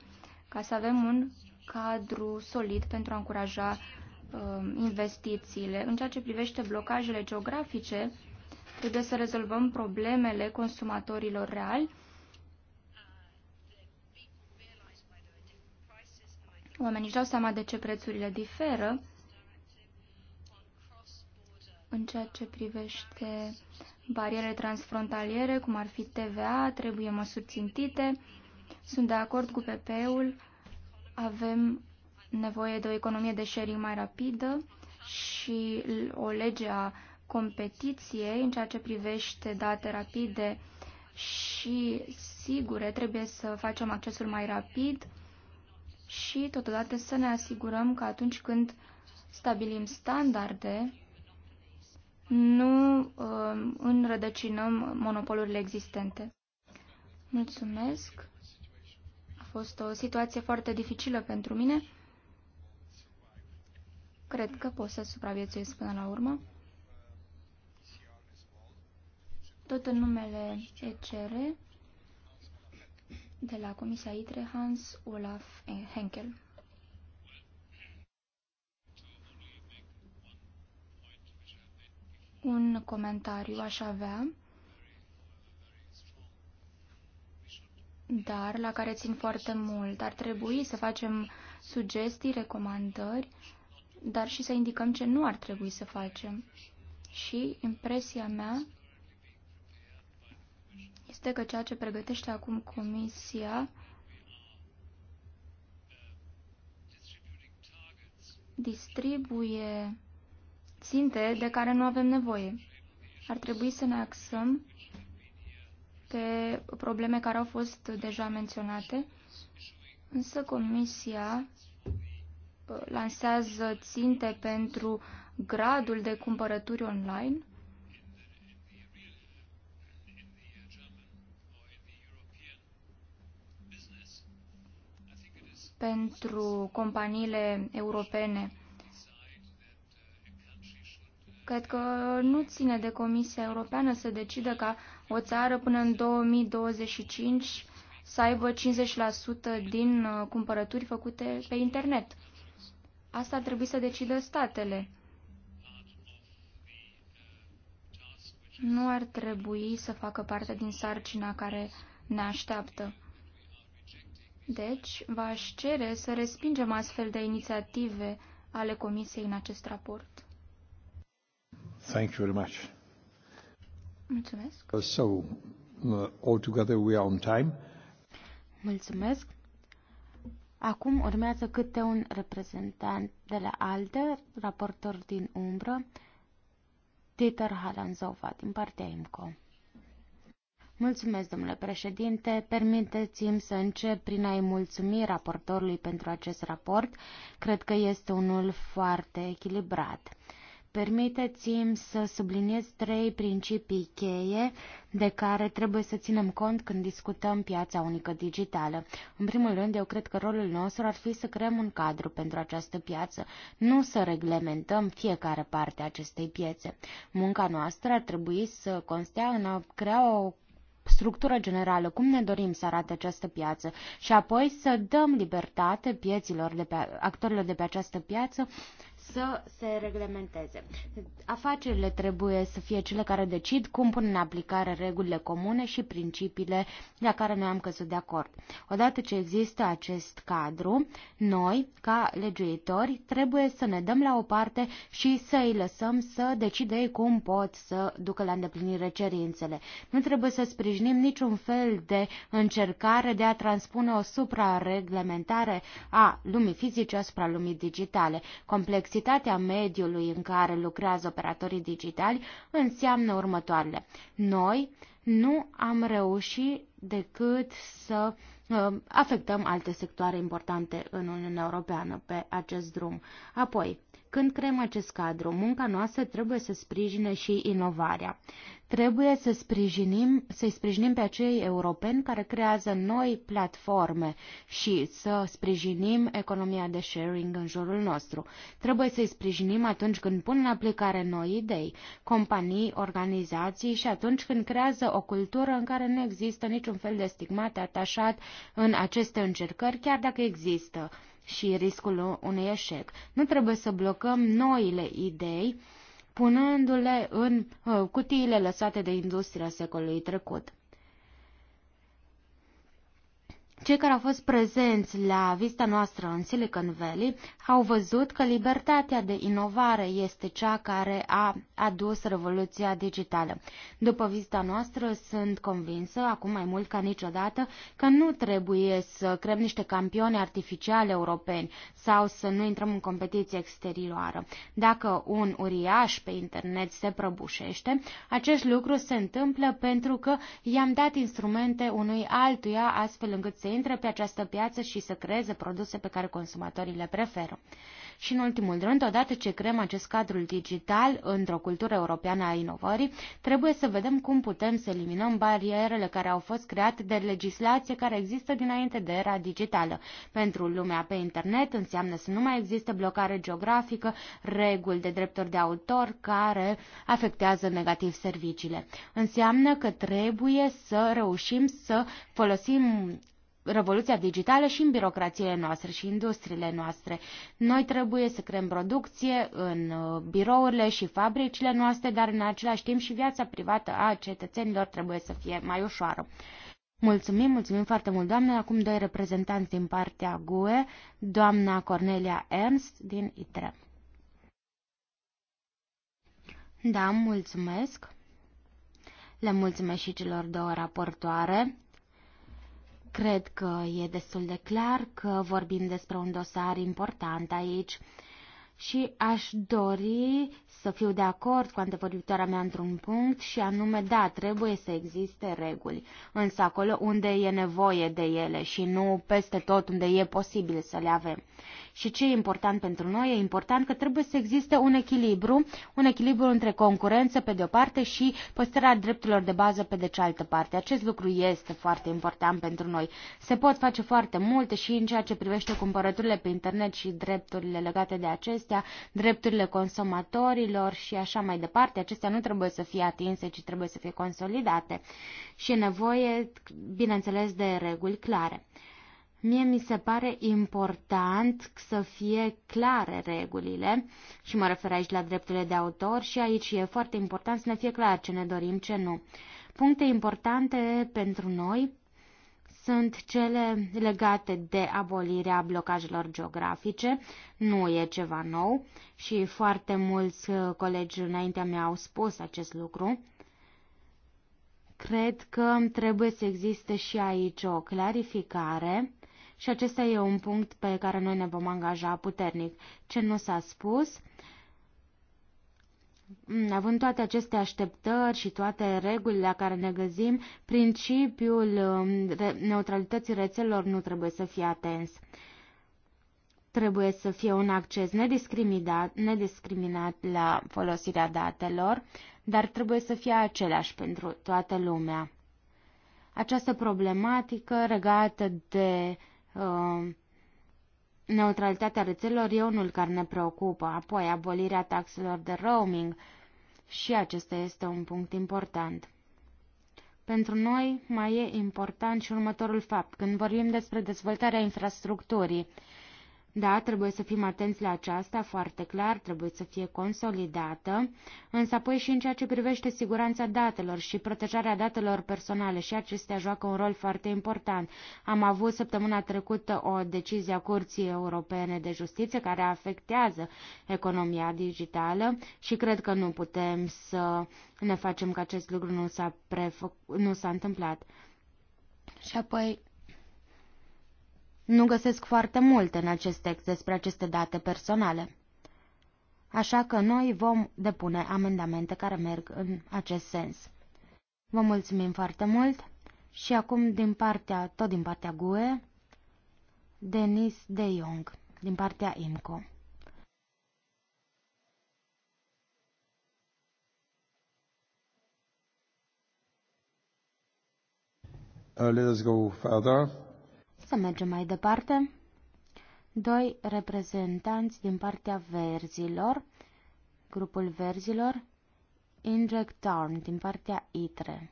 ca să avem un cadru solid pentru a încuraja uh, investițiile. În ceea ce privește blocajele geografice, uh, Trebuie să rezolvăm problemele consumatorilor reali. Oamenii își dau seama de ce prețurile diferă în ceea ce privește barierele transfrontaliere, cum ar fi TVA, trebuie măsuri țintite. Sunt de acord cu PP-ul, avem nevoie de o economie de sharing mai rapidă și o lege a competiției în ceea ce privește date rapide și sigure, trebuie să facem accesul mai rapid și totodată să ne asigurăm că atunci când stabilim standarde, nu uh, înrădăcinăm monopolurile existente. Mulțumesc. A fost o situație foarte dificilă pentru mine. Cred că pot să supraviețuiesc până la urmă. tot în numele ECR, de la Comisia ITRE, Hans Olaf Henkel. Un comentariu aș avea, dar la care țin foarte mult. Ar trebui să facem sugestii, recomandări, dar și să indicăm ce nu ar trebui să facem. Și impresia mea este că ceea ce pregătește acum Comisia distribuie ținte de care nu avem nevoie. Ar trebui să ne axăm pe probleme care au fost deja menționate, însă Comisia uh, lansează ținte pentru gradul de cumpărături online pentru companiile europene. Cred că nu ține de Comisia Europeană să decidă ca o țară până în 2025 să aibă 50% din uh, cumpărături făcute pe internet. Asta ar trebui să decidă statele. Nu ar trebui să facă parte din sarcina care ne așteaptă. Deci, v-aș cere să respingem astfel de inițiative ale Comisiei în acest raport. Thank you very much. Mulțumesc. Uh, so, uh, altogether we are on time. Mulțumesc. Acum urmează câte un reprezentant de la ALDE, raportor din umbră, Dieter Halanzova, din partea IMCO. Mulțumesc, domnule președinte. Permiteți-mi să încep prin a-i mulțumi raportorului pentru acest raport. Cred că este unul foarte echilibrat. Permiteți-mi să subliniez trei principii cheie de care trebuie să ținem cont când discutăm piața unică digitală. În primul rând, eu cred că rolul nostru ar fi să creăm un cadru pentru această piață, nu să reglementăm fiecare parte a acestei piețe. Munca noastră ar trebui să constea în a crea o structură generală, cum ne dorim să arate această piață și apoi să dăm libertate pieților de pe, actorilor de pe această piață să se reglementeze. Afacerile trebuie să fie cele care decid cum pun în aplicare regulile comune și principiile la care noi am căzut de acord. Odată ce există acest cadru, noi, ca legiuitori, trebuie să ne dăm la o parte și să îi lăsăm să decide ei cum pot să ducă la îndeplinire cerințele. Nu trebuie să sprijinim niciun fel de încercare de a transpune o suprareglementare a lumii fizice asupra lumii digitale. Complexitatea complexitatea mediului în care lucrează operatorii digitali înseamnă următoarele. Noi nu am reușit decât să uh, afectăm alte sectoare importante în Uniunea Europeană pe acest drum. Apoi, când creăm acest cadru, munca noastră trebuie să sprijine și inovarea. Trebuie să sprijinim, să-i sprijinim pe acei europeni care creează noi platforme și să sprijinim economia de sharing în jurul nostru. Trebuie să-i sprijinim atunci când pun în aplicare noi idei, companii, organizații și atunci când creează o cultură în care nu există niciun fel de stigmate atașat în aceste încercări, chiar dacă există și riscul unui eșec. Nu trebuie să blocăm noile idei punându-le în uh, cutiile lăsate de industria secolului trecut. Cei care au fost prezenți la vista noastră în Silicon Valley au văzut că libertatea de inovare este cea care a adus revoluția digitală. După vista noastră sunt convinsă, acum mai mult ca niciodată, că nu trebuie să creăm niște campioni artificiale europeni sau să nu intrăm în competiție exterioară. Dacă un uriaș pe internet se prăbușește, acest lucru se întâmplă pentru că i-am dat instrumente unui altuia astfel încât să să intre pe această piață și să creeze produse pe care consumatorii le preferă. Și în ultimul rând, odată ce creăm acest cadru digital într-o cultură europeană a inovării, trebuie să vedem cum putem să eliminăm barierele care au fost create de legislație care există dinainte de era digitală. Pentru lumea pe internet înseamnă să nu mai existe blocare geografică, reguli de drepturi de autor care afectează negativ serviciile. Înseamnă că trebuie să reușim să folosim revoluția digitală și în birocrațiile noastre și industriile noastre. Noi trebuie să creăm producție în uh, birourile și fabricile noastre, dar în același timp și viața privată a cetățenilor trebuie să fie mai ușoară. Mulțumim, mulțumim foarte mult, doamne. Acum doi reprezentanți din partea GUE, doamna Cornelia Ernst din ITRE. Da, mulțumesc. Le mulțumesc și celor două raportoare Cred că e destul de clar că vorbim despre un dosar important aici și aș dori să fiu de acord cu antevorbitoarea mea într-un punct și anume, da, trebuie să existe reguli, însă acolo unde e nevoie de ele și nu peste tot unde e posibil să le avem. Și ce e important pentru noi? E important că trebuie să existe un echilibru, un echilibru între concurență pe de o parte și păstrarea drepturilor de bază pe de cealaltă parte. Acest lucru este foarte important pentru noi. Se pot face foarte multe și în ceea ce privește cumpărăturile pe internet și drepturile legate de acestea, drepturile consumatorilor și așa mai departe. Acestea nu trebuie să fie atinse, ci trebuie să fie consolidate. Și e nevoie, bineînțeles, de reguli clare. Mie mi se pare important să fie clare regulile și mă refer aici la drepturile de autor și aici e foarte important să ne fie clar ce ne dorim, ce nu. Puncte importante pentru noi sunt cele legate de abolirea blocajelor geografice. Nu e ceva nou și foarte mulți uh, colegi înaintea mea au spus acest lucru. Cred că trebuie să existe și aici o clarificare și acesta e un punct pe care noi ne vom angaja puternic. Ce nu s-a spus, mm, având toate aceste așteptări și toate regulile la care ne găzim, principiul mm, neutralității rețelor nu trebuie să fie atens. Trebuie să fie un acces nediscriminat, nediscriminat la folosirea datelor, dar trebuie să fie același pentru toată lumea. Această problematică regată de Uh, neutralitatea rețelor e unul care ne preocupă, apoi abolirea taxelor de roaming și acesta este un punct important. Pentru noi mai e important și următorul fapt. Când vorbim despre dezvoltarea infrastructurii, da, trebuie să fim atenți la aceasta, foarte clar, trebuie să fie consolidată, însă apoi și în ceea ce privește siguranța datelor și protejarea datelor personale și acestea joacă un rol foarte important. Am avut săptămâna trecută o decizie a Curții Europene de Justiție care afectează economia digitală și cred că nu putem să ne facem că acest lucru nu s-a, prefă- nu s-a întâmplat. Și apoi nu găsesc foarte multe în acest text despre aceste date personale. Așa că noi vom depune amendamente care merg în acest sens. Vă mulțumim foarte mult și acum din partea, tot din partea GUE, Denis De Jong, din partea IMCO. Uh, let us go further. Să mergem mai departe. Doi reprezentanți din partea verzilor, grupul verzilor, Inject Tarn din partea ITRE.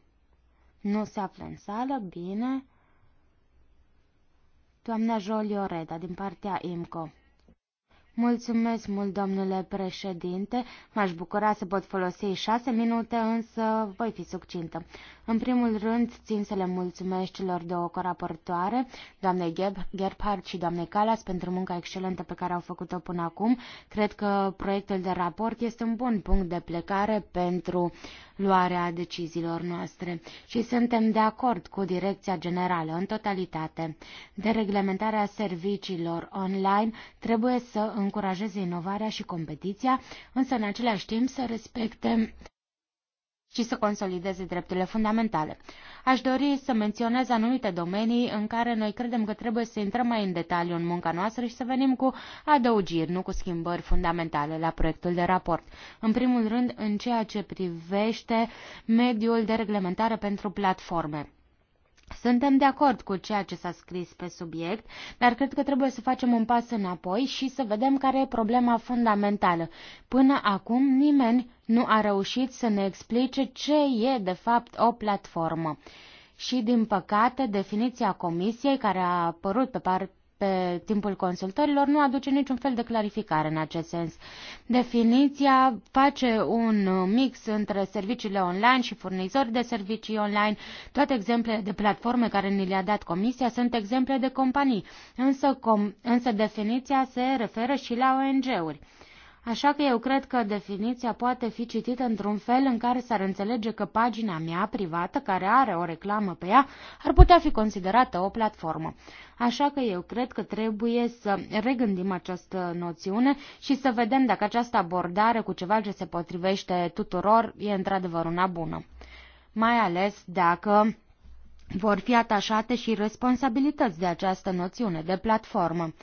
Nu se află în sală, bine. Doamna Jolio Reda din partea IMCO. Mulțumesc mult, domnule președinte. M-aș bucura să pot folosi șase minute, însă voi fi succintă. În primul rând, țin să le mulțumesc celor două coraportoare, doamnei Gerhardt și doamnei Calas, pentru munca excelentă pe care au făcut-o până acum. Cred că proiectul de raport este un bun punct de plecare pentru luarea deciziilor noastre și suntem de acord cu direcția generală în totalitate. Dereglementarea serviciilor online trebuie să încurajeze inovarea și competiția, însă în același timp să respecte și să consolideze drepturile fundamentale. Aș dori să menționez anumite domenii în care noi credem că trebuie să intrăm mai în detaliu în munca noastră și să venim cu adăugiri, nu cu schimbări fundamentale la proiectul de raport. În primul rând, în ceea ce privește mediul de reglementare pentru platforme. Suntem de acord cu ceea ce s-a scris pe subiect, dar cred că trebuie să facem un pas înapoi și să vedem care e problema fundamentală. Până acum nimeni nu a reușit să ne explice ce e de fapt o platformă. Și, din păcate, definiția comisiei care a apărut pe, par- pe timpul consultărilor nu aduce niciun fel de clarificare în acest sens. Definiția face un mix între serviciile online și furnizori de servicii online. Toate exemplele de platforme care ni le-a dat Comisia sunt exemple de companii, însă, com, însă definiția se referă și la ONG-uri. Așa că eu cred că definiția poate fi citită într-un fel în care s-ar înțelege că pagina mea privată, care are o reclamă pe ea, ar putea fi considerată o platformă. Așa că eu cred că trebuie să regândim această noțiune și să vedem dacă această abordare cu ceva ce se potrivește tuturor e într-adevăr una bună. Mai ales dacă vor fi atașate și responsabilități de această noțiune de platformă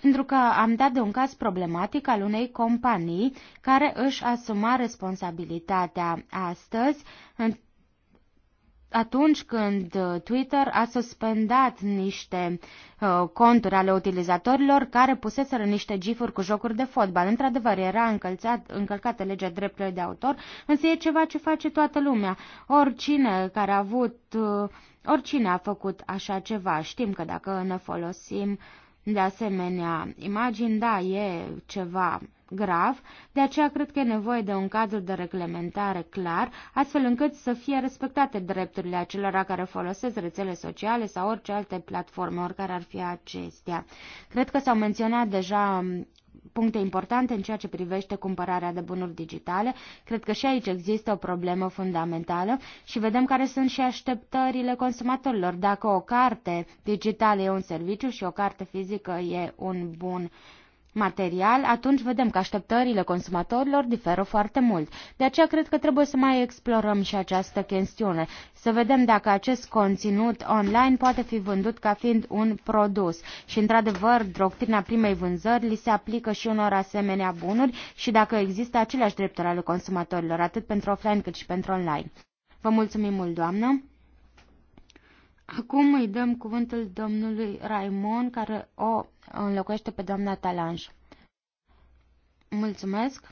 pentru că am dat de un caz problematic al unei companii care își asuma responsabilitatea astăzi în atunci când uh, Twitter a suspendat niște uh, conturi ale utilizatorilor care puseseră niște gifuri cu jocuri de fotbal. Într-adevăr, era încălțat, încălcată legea drepturilor de autor, însă e ceva ce face toată lumea. Oricine care a avut, uh, oricine a făcut așa ceva, știm că dacă ne folosim uh, de asemenea imagini, da, e ceva grav, de aceea cred că e nevoie de un cadru de reglementare clar, astfel încât să fie respectate drepturile acelora care folosesc rețele sociale sau orice alte platforme, oricare ar fi acestea. Cred că s-au menționat deja puncte importante în ceea ce privește cumpărarea de bunuri digitale. Cred că și aici există o problemă fundamentală și vedem care sunt și așteptările consumatorilor. Dacă o carte digitală e un serviciu și o carte fizică e un bun uh, material, atunci vedem că așteptările consumatorilor diferă foarte mult. De aceea cred că trebuie să mai explorăm și această chestiune, să vedem dacă acest conținut online poate fi vândut ca fiind un produs. Și într-adevăr, doctrina primei vânzări li se aplică și unor asemenea bunuri și dacă există aceleași drepturi ale consumatorilor, atât pentru offline cât și pentru online. Vă mulțumim mult, doamnă! Acum îi dăm cuvântul domnului Raimon, care o înlocuiește pe doamna Talanj. Mulțumesc!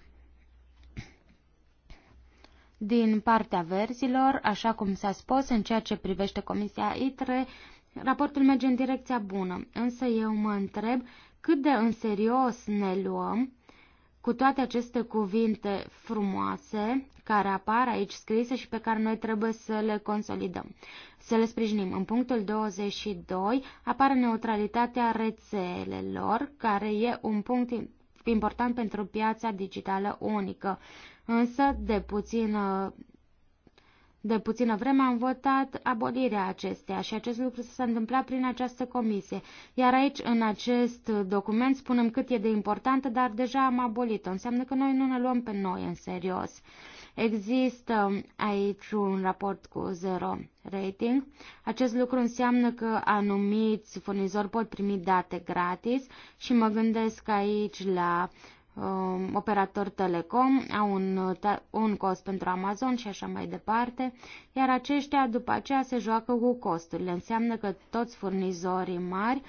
Din partea verzilor, așa cum s-a spus, în ceea ce privește Comisia ITRE, raportul merge în direcția bună, însă eu mă întreb cât de în serios ne luăm cu toate aceste cuvinte frumoase care apar aici scrise și pe care noi trebuie să le consolidăm, să le sprijinim. În punctul 22 apare neutralitatea rețelelor, care e un punct important pentru piața digitală unică. Însă, de puțină de puțină vreme am votat abolirea acesteia și acest lucru s-a întâmplat prin această comisie. Iar aici, în acest document, spunem cât e de importantă, dar deja am abolit-o. Înseamnă că noi nu ne luăm pe noi în serios. Există aici un raport cu zero rating. Acest lucru înseamnă că anumiți furnizori pot primi date gratis și mă gândesc aici la uh, um, operator telecom, au un, un cost pentru Amazon și așa mai departe, iar aceștia după aceea se joacă cu costurile. Înseamnă că toți furnizorii mari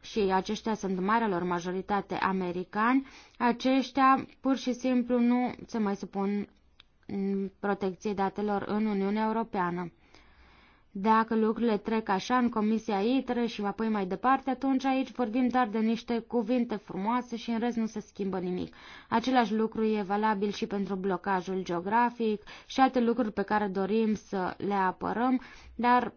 și aceștia sunt marelor majoritate americani, aceștia pur și simplu nu se mai supun protecției datelor în Uniunea Europeană. Dacă lucrurile trec așa în Comisia ITRE și apoi mai departe, atunci aici vorbim doar de niște cuvinte frumoase și în rest nu se schimbă nimic. Același lucru e valabil și pentru blocajul geografic și alte lucruri pe care dorim să le apărăm, dar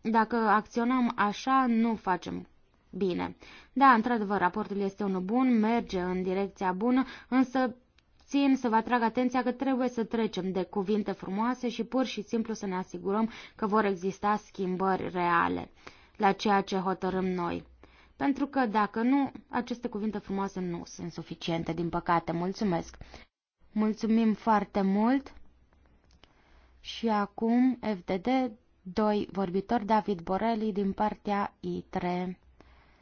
dacă acționăm așa, nu facem bine. Da, într-adevăr, raportul este unul bun, merge în direcția bună, însă Țin să vă atrag atenția că trebuie să trecem de cuvinte frumoase și pur și simplu să ne asigurăm că vor exista schimbări reale la ceea ce hotărâm noi. Pentru că, dacă nu, aceste cuvinte frumoase nu sunt suficiente, din păcate. Mulțumesc! Mulțumim foarte mult! Și acum, FDD, doi vorbitori, David Borelli, din partea ITRE.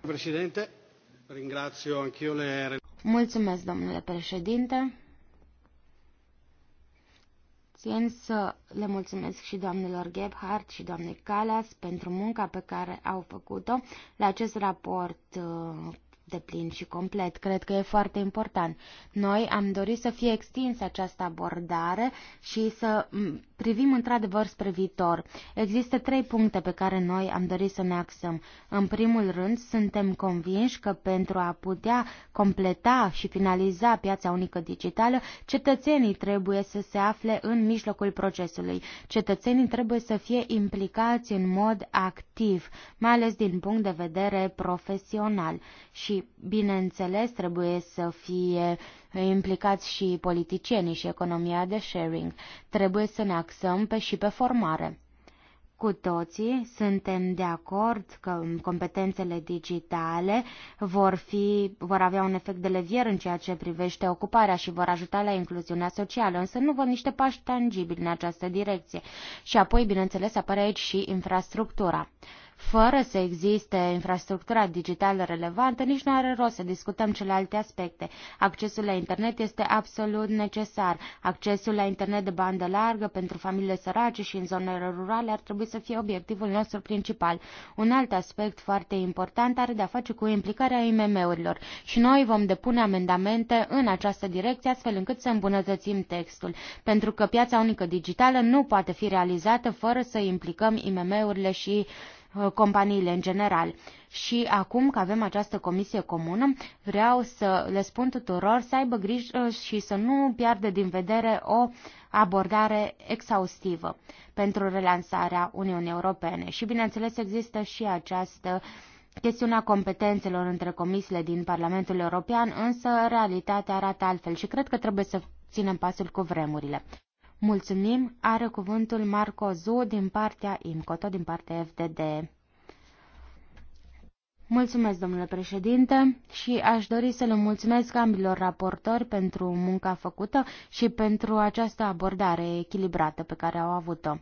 Președinte, ringrazio anch'io le... Mulțumesc, domnule președinte! Țin să le mulțumesc și doamnelor Gebhardt și doamnei Calas pentru munca pe care au făcut-o la acest raport uh, de plin și complet. Cred că e foarte important. Noi am dorit să fie extinsă această abordare și să privim într-adevăr spre viitor. Există trei puncte pe care noi am dorit să ne axăm. În primul rând, suntem convinși că pentru a putea completa și finaliza piața unică digitală, cetățenii trebuie să se afle în mijlocul procesului. Cetățenii trebuie să fie implicați în mod activ, mai ales din punct de vedere profesional și, bineînțeles, trebuie să fie implicați și politicienii și economia de sharing. Trebuie să ne axăm pe și pe formare. Cu toții suntem de acord că competențele digitale vor, fi, vor avea un efect de levier în ceea ce privește ocuparea și vor ajuta la incluziunea socială, însă nu văd niște pași tangibili în această direcție. Și apoi, bineînțeles, apare aici și infrastructura. Fără să existe infrastructura digitală relevantă, nici nu are rost să discutăm celelalte aspecte. Accesul la internet este absolut necesar. Accesul la internet de bandă largă pentru familiile sărace și în zonele rurale ar trebui să fie obiectivul nostru principal. Un alt aspect foarte important are de a face cu implicarea IMM-urilor și noi vom depune amendamente în această direcție astfel încât să îmbunătățim textul, pentru că piața unică digitală nu poate fi realizată fără să implicăm IMM-urile și uh, Uh, companiile în general. Și acum că avem această comisie comună, vreau să le spun tuturor să aibă grijă și să nu piardă din vedere o abordare exhaustivă pentru relansarea Uniunii Europene. Și bineînțeles există și această Chestiunea competențelor între comisiile din Parlamentul European, însă realitatea arată altfel și cred că trebuie să ținem pasul cu vremurile. Mulțumim, are cuvântul Marco Zu din partea IMCO, tot din partea FDD. Mulțumesc, domnule președinte, și aș dori să le mulțumesc ambilor raportori pentru munca făcută și pentru această abordare echilibrată pe care au avut-o.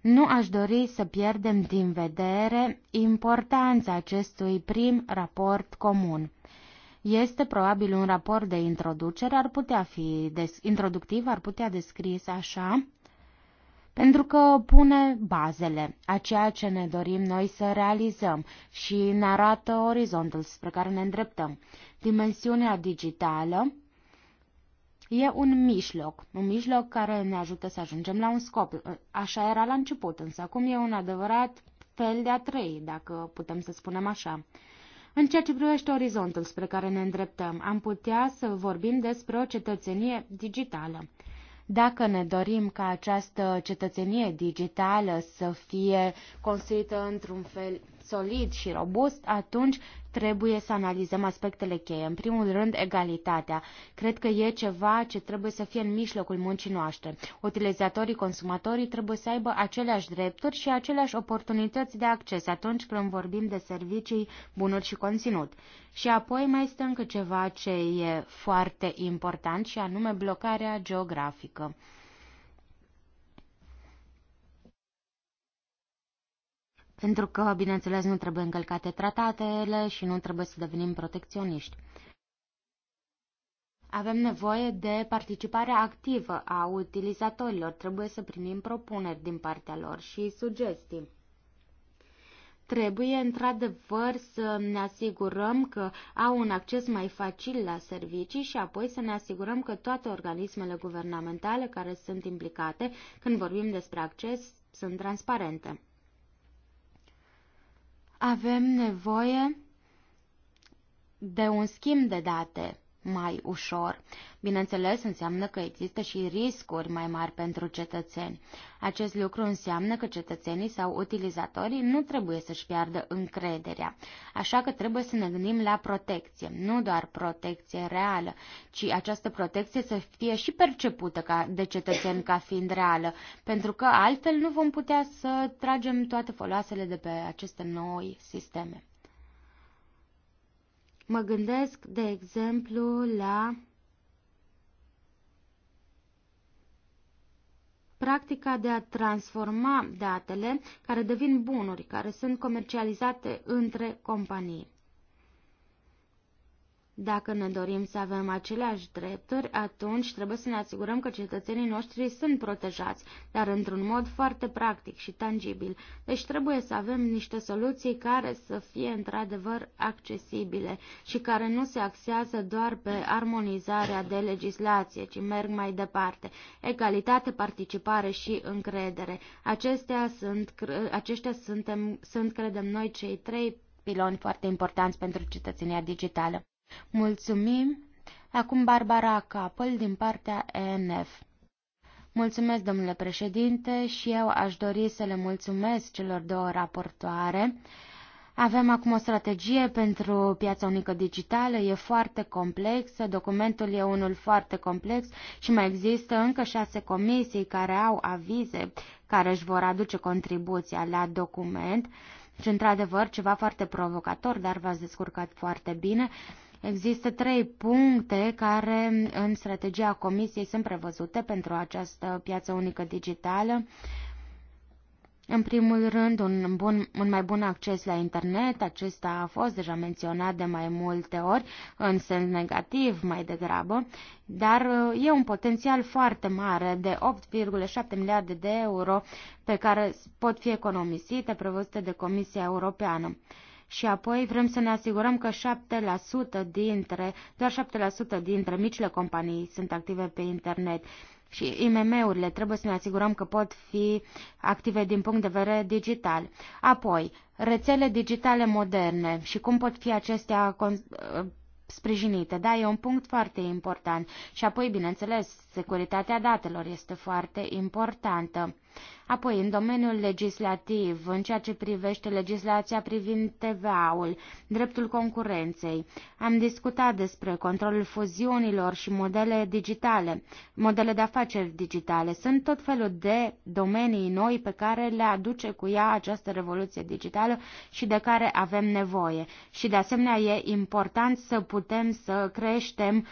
Nu aș dori să pierdem din vedere importanța acestui prim raport comun. Este probabil un raport de introducere, ar putea fi des- introductiv, ar putea descris așa, pentru că pune bazele a ceea ce ne dorim noi să realizăm și ne arată orizontul spre care ne îndreptăm. Dimensiunea digitală e un mijloc, un mijloc care ne ajută să ajungem la un scop. Așa era la început, însă acum e un adevărat fel de a trăi, dacă putem să spunem așa. În ceea ce privește orizontul spre care ne îndreptăm, am putea să vorbim despre o cetățenie digitală. Dacă ne dorim ca această cetățenie digitală să fie construită într-un fel solid și robust, atunci trebuie să analizăm aspectele cheie. În primul rând, egalitatea. Cred că e ceva ce trebuie să fie în mijlocul muncii noastre. Utilizatorii, consumatorii trebuie să aibă aceleași drepturi și aceleași oportunități de acces atunci când vorbim de servicii, bunuri și conținut. Și apoi mai este încă ceva ce e foarte important și anume blocarea geografică. pentru că, bineînțeles, nu trebuie încălcate tratatele și nu trebuie să devenim protecționiști. Avem nevoie de participarea activă a utilizatorilor, trebuie să primim propuneri din partea lor și sugestii. Trebuie, într-adevăr, să ne asigurăm că au un acces mai facil la servicii și apoi să ne asigurăm că toate organismele guvernamentale care sunt implicate, când vorbim despre acces, sunt transparente avem nevoie de un schimb de date mai ușor. Bineînțeles, înseamnă că există și riscuri mai mari pentru cetățeni. Acest lucru înseamnă că cetățenii sau utilizatorii nu trebuie să-și piardă încrederea. Așa că trebuie să ne gândim la protecție, nu doar protecție reală, ci această protecție să fie și percepută ca, de cetățeni ca fiind reală, pentru că altfel nu vom putea să tragem toate foloasele de pe aceste noi sisteme. Mă gândesc, de exemplu, la practica de a transforma datele care devin bunuri, care sunt comercializate între companii. Dacă ne dorim să avem aceleași drepturi, atunci trebuie să ne asigurăm că cetățenii noștri sunt protejați, dar într-un mod foarte practic și tangibil. Deci trebuie să avem niște soluții care să fie într-adevăr accesibile și care nu se axează doar pe armonizarea de legislație, ci merg mai departe. Egalitate, participare și încredere. Acestea sunt, aceștia suntem, sunt, credem noi, cei trei piloni foarte importanți pentru cetățenia digitală. Mulțumim. Acum Barbara Capel din partea ENF. Mulțumesc, domnule președinte, și eu aș dori să le mulțumesc celor două raportoare. Avem acum o strategie pentru piața unică digitală, e foarte complexă, documentul e unul foarte complex și mai există încă șase comisii care au avize care își vor aduce contribuția la document. Și într-adevăr ceva foarte provocator, dar v-ați descurcat foarte bine. Există trei puncte care în strategia Comisiei sunt prevăzute pentru această piață unică digitală. În primul rând, un, bun, un mai bun acces la internet, acesta a fost deja menționat de mai multe ori, în sens negativ mai degrabă, dar e un potențial foarte mare de 8,7 miliarde de euro pe care pot fi economisite, prevăzute de Comisia Europeană și apoi vrem să ne asigurăm că 7% dintre, doar 7% dintre micile companii sunt active pe internet. Și IMM-urile trebuie să ne asigurăm că pot fi active din punct de vedere digital. Apoi, rețele digitale moderne și cum pot fi acestea uh, sprijinite. Da, e un punct foarte important. Și apoi, bineînțeles, securitatea datelor este foarte importantă. Apoi, în domeniul legislativ, în ceea ce privește legislația privind TVA-ul, dreptul concurenței, am discutat despre controlul fuziunilor și modele digitale, modele de afaceri digitale. Sunt tot felul de domenii noi pe care le aduce cu ea această revoluție digitală și de care avem nevoie. Și de asemenea e important să putem să creștem uh,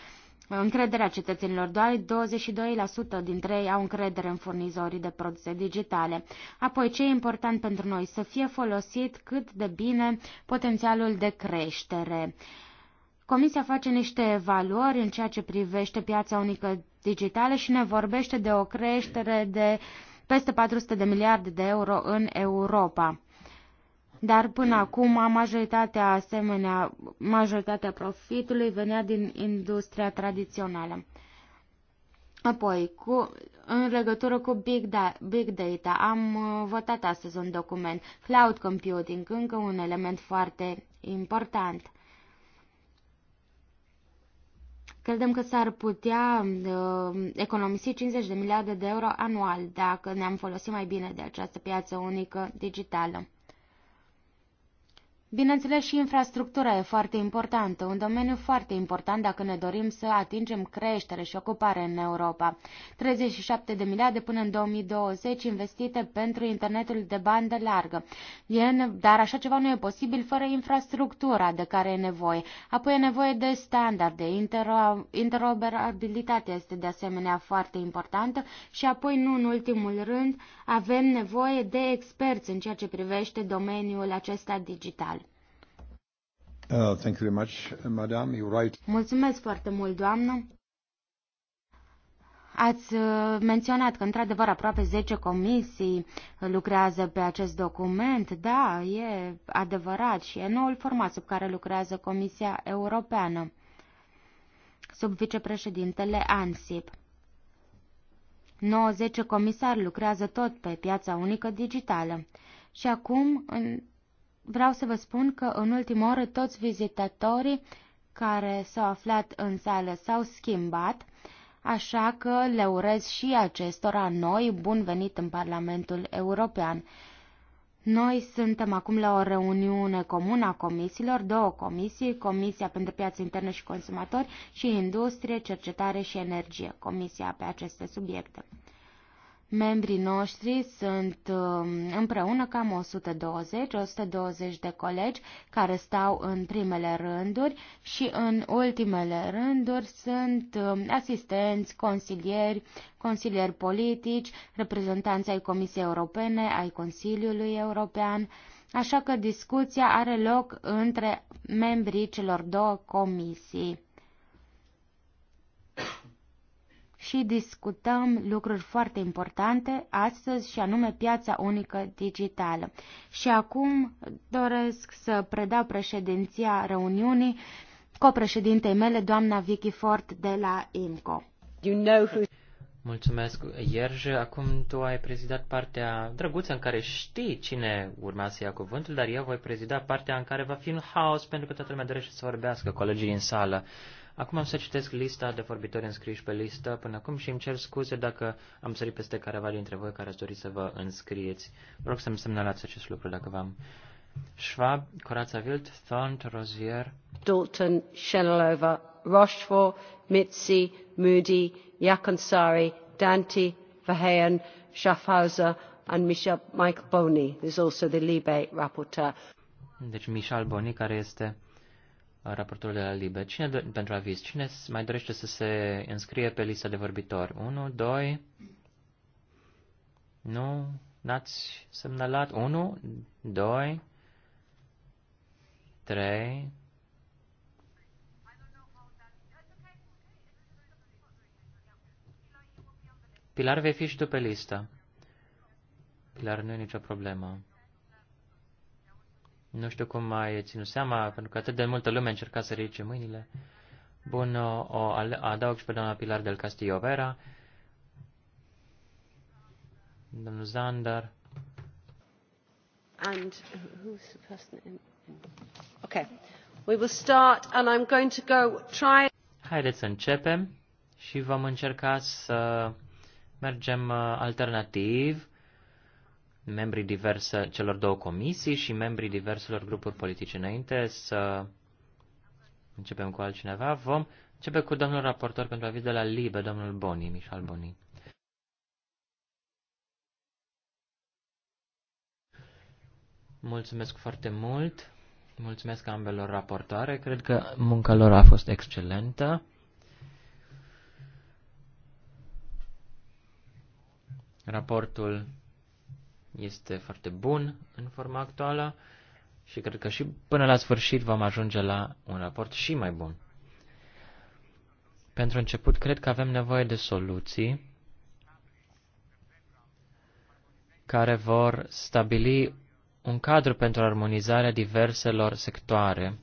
încrederea cetățenilor. Doar 22% dintre ei au încredere în furnizorii de produse digitale. Apoi, ce e important pentru noi? Să fie folosit cât de bine potențialul de creștere. Comisia face niște evaluări în ceea ce privește piața unică digitală și ne vorbește de o creștere de peste 400 de miliarde de euro în Europa. Dar până acum majoritatea asemenea, majoritatea profitului venea din industria tradițională. Apoi, cu, în legătură cu Big, da, Big Data, am uh, votat astăzi un document, Cloud Computing, încă un element foarte important. Credem că s-ar putea uh, economisi 50 de miliarde de euro anual dacă ne-am folosit mai bine de această piață unică digitală. Bineînțeles, și infrastructura e foarte importantă, un domeniu foarte important dacă ne dorim să atingem creștere și ocupare în Europa. 37 de miliarde până în 2020 investite pentru internetul de bandă largă. E, dar așa ceva nu e posibil fără infrastructura de care e nevoie. Apoi e nevoie de standarde, Intero interoperabilitatea este de asemenea foarte importantă și apoi, nu în ultimul rând, avem nevoie de experți în ceea ce privește domeniul acesta digital. Uh, thank you very much, madam. You're right. Mulțumesc foarte mult, doamnă. Ați uh, menționat că, într-adevăr, aproape 10 comisii lucrează pe acest document. Da, e adevărat și e noul format sub care lucrează Comisia Europeană, sub vicepreședintele ANSIP. 90 comisari lucrează tot pe piața unică digitală. Și acum, în vreau să vă spun că în ultima oră toți vizitatorii care s-au aflat în sală s-au schimbat, așa că le urez și acestora noi bun venit în Parlamentul European. Noi suntem acum la o reuniune comună a comisiilor, două comisii, Comisia pentru Piață Internă și Consumatori și Industrie, Cercetare și Energie, Comisia pe aceste subiecte. Membrii noștri sunt um, împreună cam 120-120 de colegi care stau în primele rânduri și în ultimele rânduri sunt um, asistenți, consilieri, consilieri politici, reprezentanți ai Comisiei Europene, ai Consiliului European, așa că discuția are loc între membrii celor două comisii. și discutăm lucruri foarte importante astăzi și anume piața unică digitală. Și acum doresc să predau președinția reuniunii copreședintei mele, doamna Vicky Ford de la IMCO. You know who... Mulțumesc, Ierge. Acum tu ai prezidat partea drăguță în care știi cine urma să ia cuvântul, dar eu voi prezida partea în care va fi un haos pentru că toată lumea dorește să vorbească, colegii în sală. Acum am să citesc lista de vorbitori înscriși pe listă până acum și îmi cer scuze dacă am sărit peste careva dintre voi care ați dorit să vă înscrieți. Vă rog să-mi semnalați acest lucru dacă v-am... Schwab, Corața Wild, Thornt, Rozier, Dalton, Shenalova, Rochefort, Mitzi, Moody, Yakonsari, Dante, Verheyen, Schaffhauser and Michel, Mike Boni is also the Libe rapporteur. Deci Michel Boni, care este raportorul de la Libe. Cine do- pentru aviz? Cine mai dorește să se înscrie pe lista de vorbitori? 1, 2... Nu? N-ați semnalat? 1, 2, 3... Pilar vei fi și tu pe listă. Pilar nu e nicio problemă. Nu știu cum mai ținut seama, pentru că atât de multă lume încerca să ridice mâinile. Bun, o, o adaug și pe doamna Pilar del Castillo Vera, domnul Zander. And who's the person in? Okay. We will start and I'm going to go try... Haideți să începem și vom încerca să mergem uh, alternativ membrii diverse, celor două comisii și membrii diverselor grupuri politice. Înainte să începem cu altcineva, vom începe cu domnul raportor pentru aviz de la LIBE, domnul Boni, Michal Boni. Mulțumesc foarte mult. Mulțumesc ambelor raportoare. Cred că munca lor a fost excelentă. Raportul este foarte bun în forma actuală și cred că și până la sfârșit vom ajunge la un raport și mai bun. Pentru început, cred că avem nevoie de soluții care vor stabili un cadru pentru armonizarea diverselor sectoare,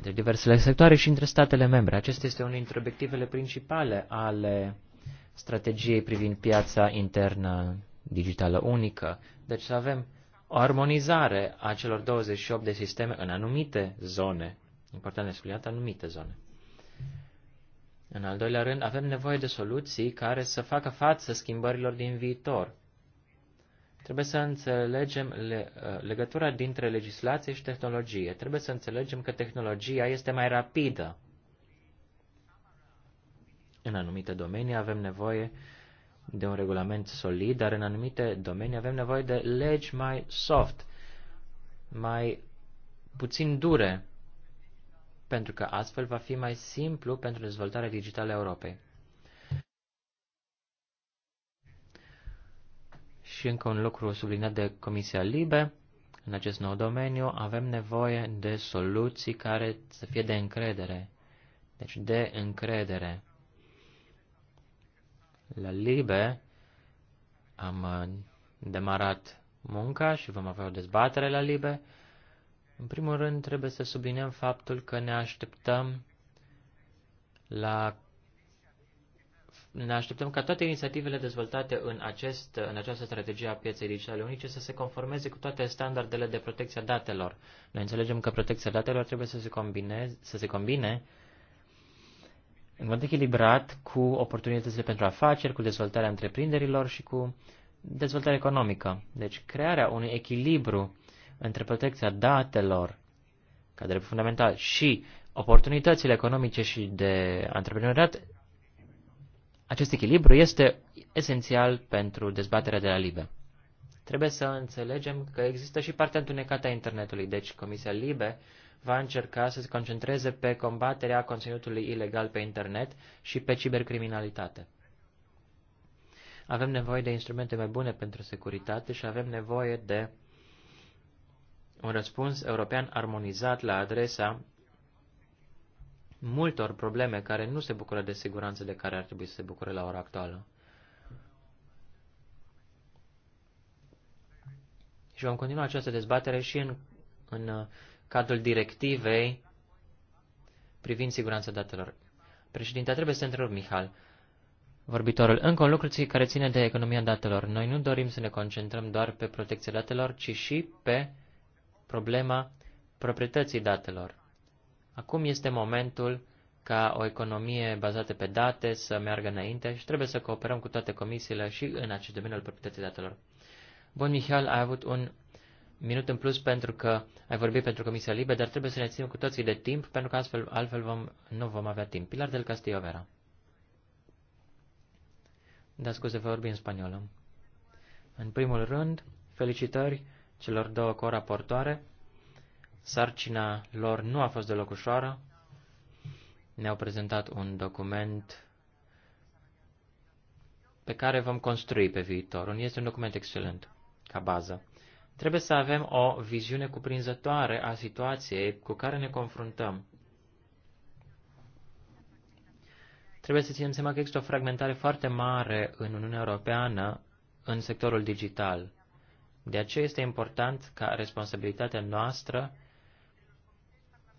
de diversele sectoare și între statele membre. Acesta este unul dintre obiectivele principale ale strategiei privind piața internă digitală unică. Deci să avem o armonizare a celor 28 de sisteme în anumite zone. Important de subliniat, anumite zone. În al doilea rând, avem nevoie de soluții care să facă față schimbărilor din viitor. Trebuie să înțelegem le, uh, legătura dintre legislație și tehnologie. Trebuie să înțelegem că tehnologia este mai rapidă în anumite domenii avem nevoie de un regulament solid, dar în anumite domenii avem nevoie de legi mai soft, mai puțin dure, pentru că astfel va fi mai simplu pentru dezvoltarea digitală a Europei. Și încă un lucru subliniat de Comisia Libe, în acest nou domeniu avem nevoie de soluții care să fie de încredere. Deci de încredere. La Libe am uh, demarat munca și vom avea o dezbatere la Libe. În primul rând, trebuie să subliniem faptul că ne așteptăm la ne așteptăm ca toate inițiativele dezvoltate în, acest, în această strategie a pieței digitale unice să se conformeze cu toate standardele de protecție a datelor. Noi înțelegem că protecția datelor trebuie să se, combine, să se combine în mod echilibrat cu oportunitățile pentru afaceri, cu dezvoltarea întreprinderilor și cu dezvoltarea economică. Deci crearea unui echilibru între protecția datelor ca drept fundamental și oportunitățile economice și de antreprenoriat, acest echilibru este esențial pentru dezbaterea de la LIBE. Trebuie să înțelegem că există și partea întunecată a internetului, deci Comisia LIBE va încerca să se concentreze pe combaterea conținutului ilegal pe internet și pe cibercriminalitate. Avem nevoie de instrumente mai bune pentru securitate și avem nevoie de un răspuns european armonizat la adresa multor probleme care nu se bucură de siguranță de care ar trebui să se bucure la ora actuală. Și vom continua această dezbatere și în, în cadrul directivei privind siguranța datelor. Președinte, trebuie să întrerup, Mihal. Vorbitorul, încă un lucru care ține de economia datelor. Noi nu dorim să ne concentrăm doar pe protecția datelor, ci și pe problema proprietății datelor. Acum este momentul ca o economie bazată pe date să meargă înainte și trebuie să cooperăm cu toate comisiile și în acest domeniu al proprietății datelor. Bun, Mihal, ai avut un minut în plus pentru că ai vorbit pentru Comisia Libe, dar trebuie să ne ținem cu toții de timp, pentru că astfel, altfel vom, nu vom avea timp. Pilar del Castillo Vera. Da, scuze, vă vorbi în spaniolă. În primul rând, felicitări celor două coraportoare. Sarcina lor nu a fost deloc ușoară. Ne-au prezentat un document pe care vom construi pe viitor. Este un document excelent, ca bază. Trebuie să avem o viziune cuprinzătoare a situației cu care ne confruntăm. Trebuie să ținem seama că există o fragmentare foarte mare în Uniunea Europeană în sectorul digital. De aceea este important ca responsabilitatea noastră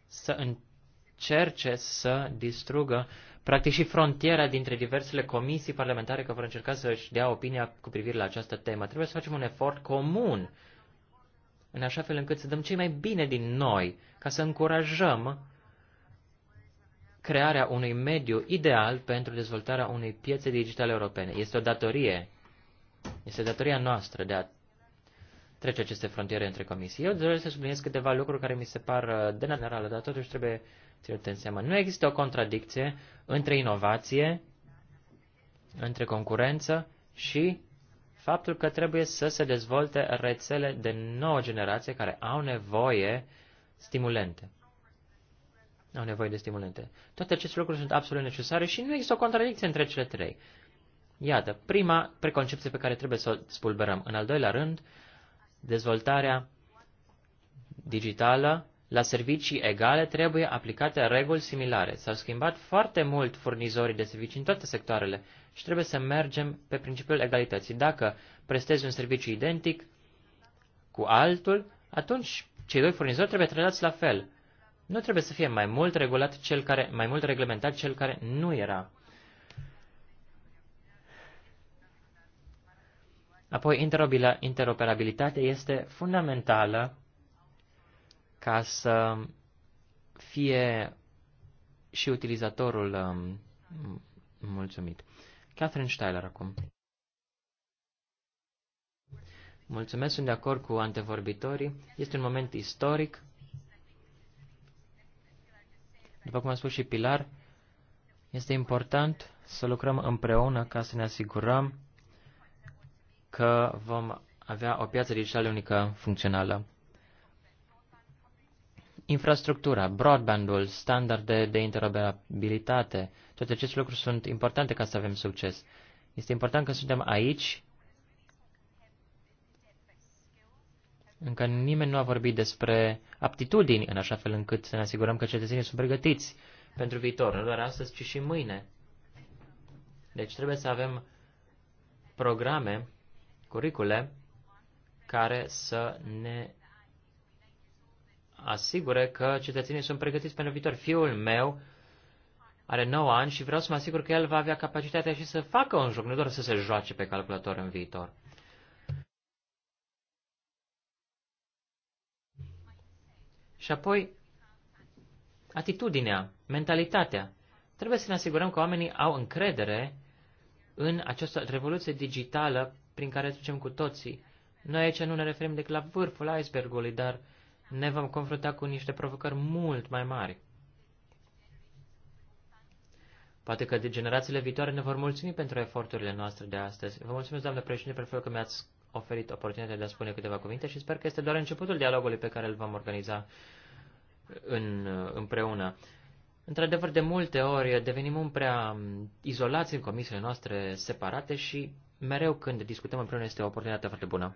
să încerce să distrugă practic și frontiera dintre diversele comisii parlamentare care vor încerca să își dea opinia cu privire la această temă. Trebuie să facem un efort comun în așa fel încât să dăm cei mai bine din noi, ca să încurajăm crearea unui mediu ideal pentru dezvoltarea unei piețe digitale europene. Este o datorie, este datoria noastră de a trece aceste frontiere între comisii. Eu doresc să subliniez câteva lucruri care mi se par uh, de generală, dar totuși trebuie ținut în seamă. Nu există o contradicție între inovație, între concurență și faptul că trebuie să se dezvolte rețele de nouă generație care au nevoie stimulente. Au nevoie de stimulente. Toate aceste lucruri sunt absolut necesare și nu există o contradicție între cele trei. Iată, prima preconcepție pe care trebuie să o spulberăm. În al doilea rând, dezvoltarea digitală la servicii egale trebuie aplicate reguli similare. S-au schimbat foarte mult furnizorii de servicii în toate sectoarele și trebuie să mergem pe principiul egalității. Dacă prestezi un serviciu identic cu altul, atunci cei doi furnizori trebuie tratați la fel. Nu trebuie să fie mai mult regulat cel care, mai mult reglementat cel care nu era. Apoi, interoperabilitatea este fundamentală ca să fie și utilizatorul um, mulțumit. Catherine Steiler acum. Mulțumesc, sunt de acord cu antevorbitorii. Este un moment istoric. După cum a spus și Pilar, este important să lucrăm împreună ca să ne asigurăm că vom avea o piață digitală unică funcțională. Infrastructura, broadbandul, standarde de interoperabilitate, toate aceste lucruri sunt importante ca să avem succes. Este important că suntem aici. Încă nimeni nu a vorbit despre aptitudini, în așa fel încât să ne asigurăm că cetățenii sunt pregătiți pentru viitor, nu doar astăzi, ci și mâine. Deci trebuie să avem programe, curicule, care să ne asigure că cetățenii sunt pregătiți pentru viitor. Fiul meu are 9 ani și vreau să mă asigur că el va avea capacitatea și să facă un joc, nu doar să se joace pe calculator în viitor. Și apoi, atitudinea, mentalitatea. Trebuie să ne asigurăm că oamenii au încredere în această revoluție digitală prin care trecem cu toții. Noi aici nu ne referim decât la vârful icebergului, dar uh, ne vom confrunta cu niște provocări mult mai mari. Poate că de generațiile viitoare ne vor mulțumi pentru eforturile noastre de astăzi. Vă mulțumesc, doamnă președinte, pentru că mi-ați oferit oportunitatea de a spune câteva cuvinte și sper că este doar începutul dialogului pe care îl vom organiza în, împreună. Într-adevăr, de multe ori devenim un prea izolați în comisiile noastre separate și mereu când discutăm împreună este o oportunitate foarte bună.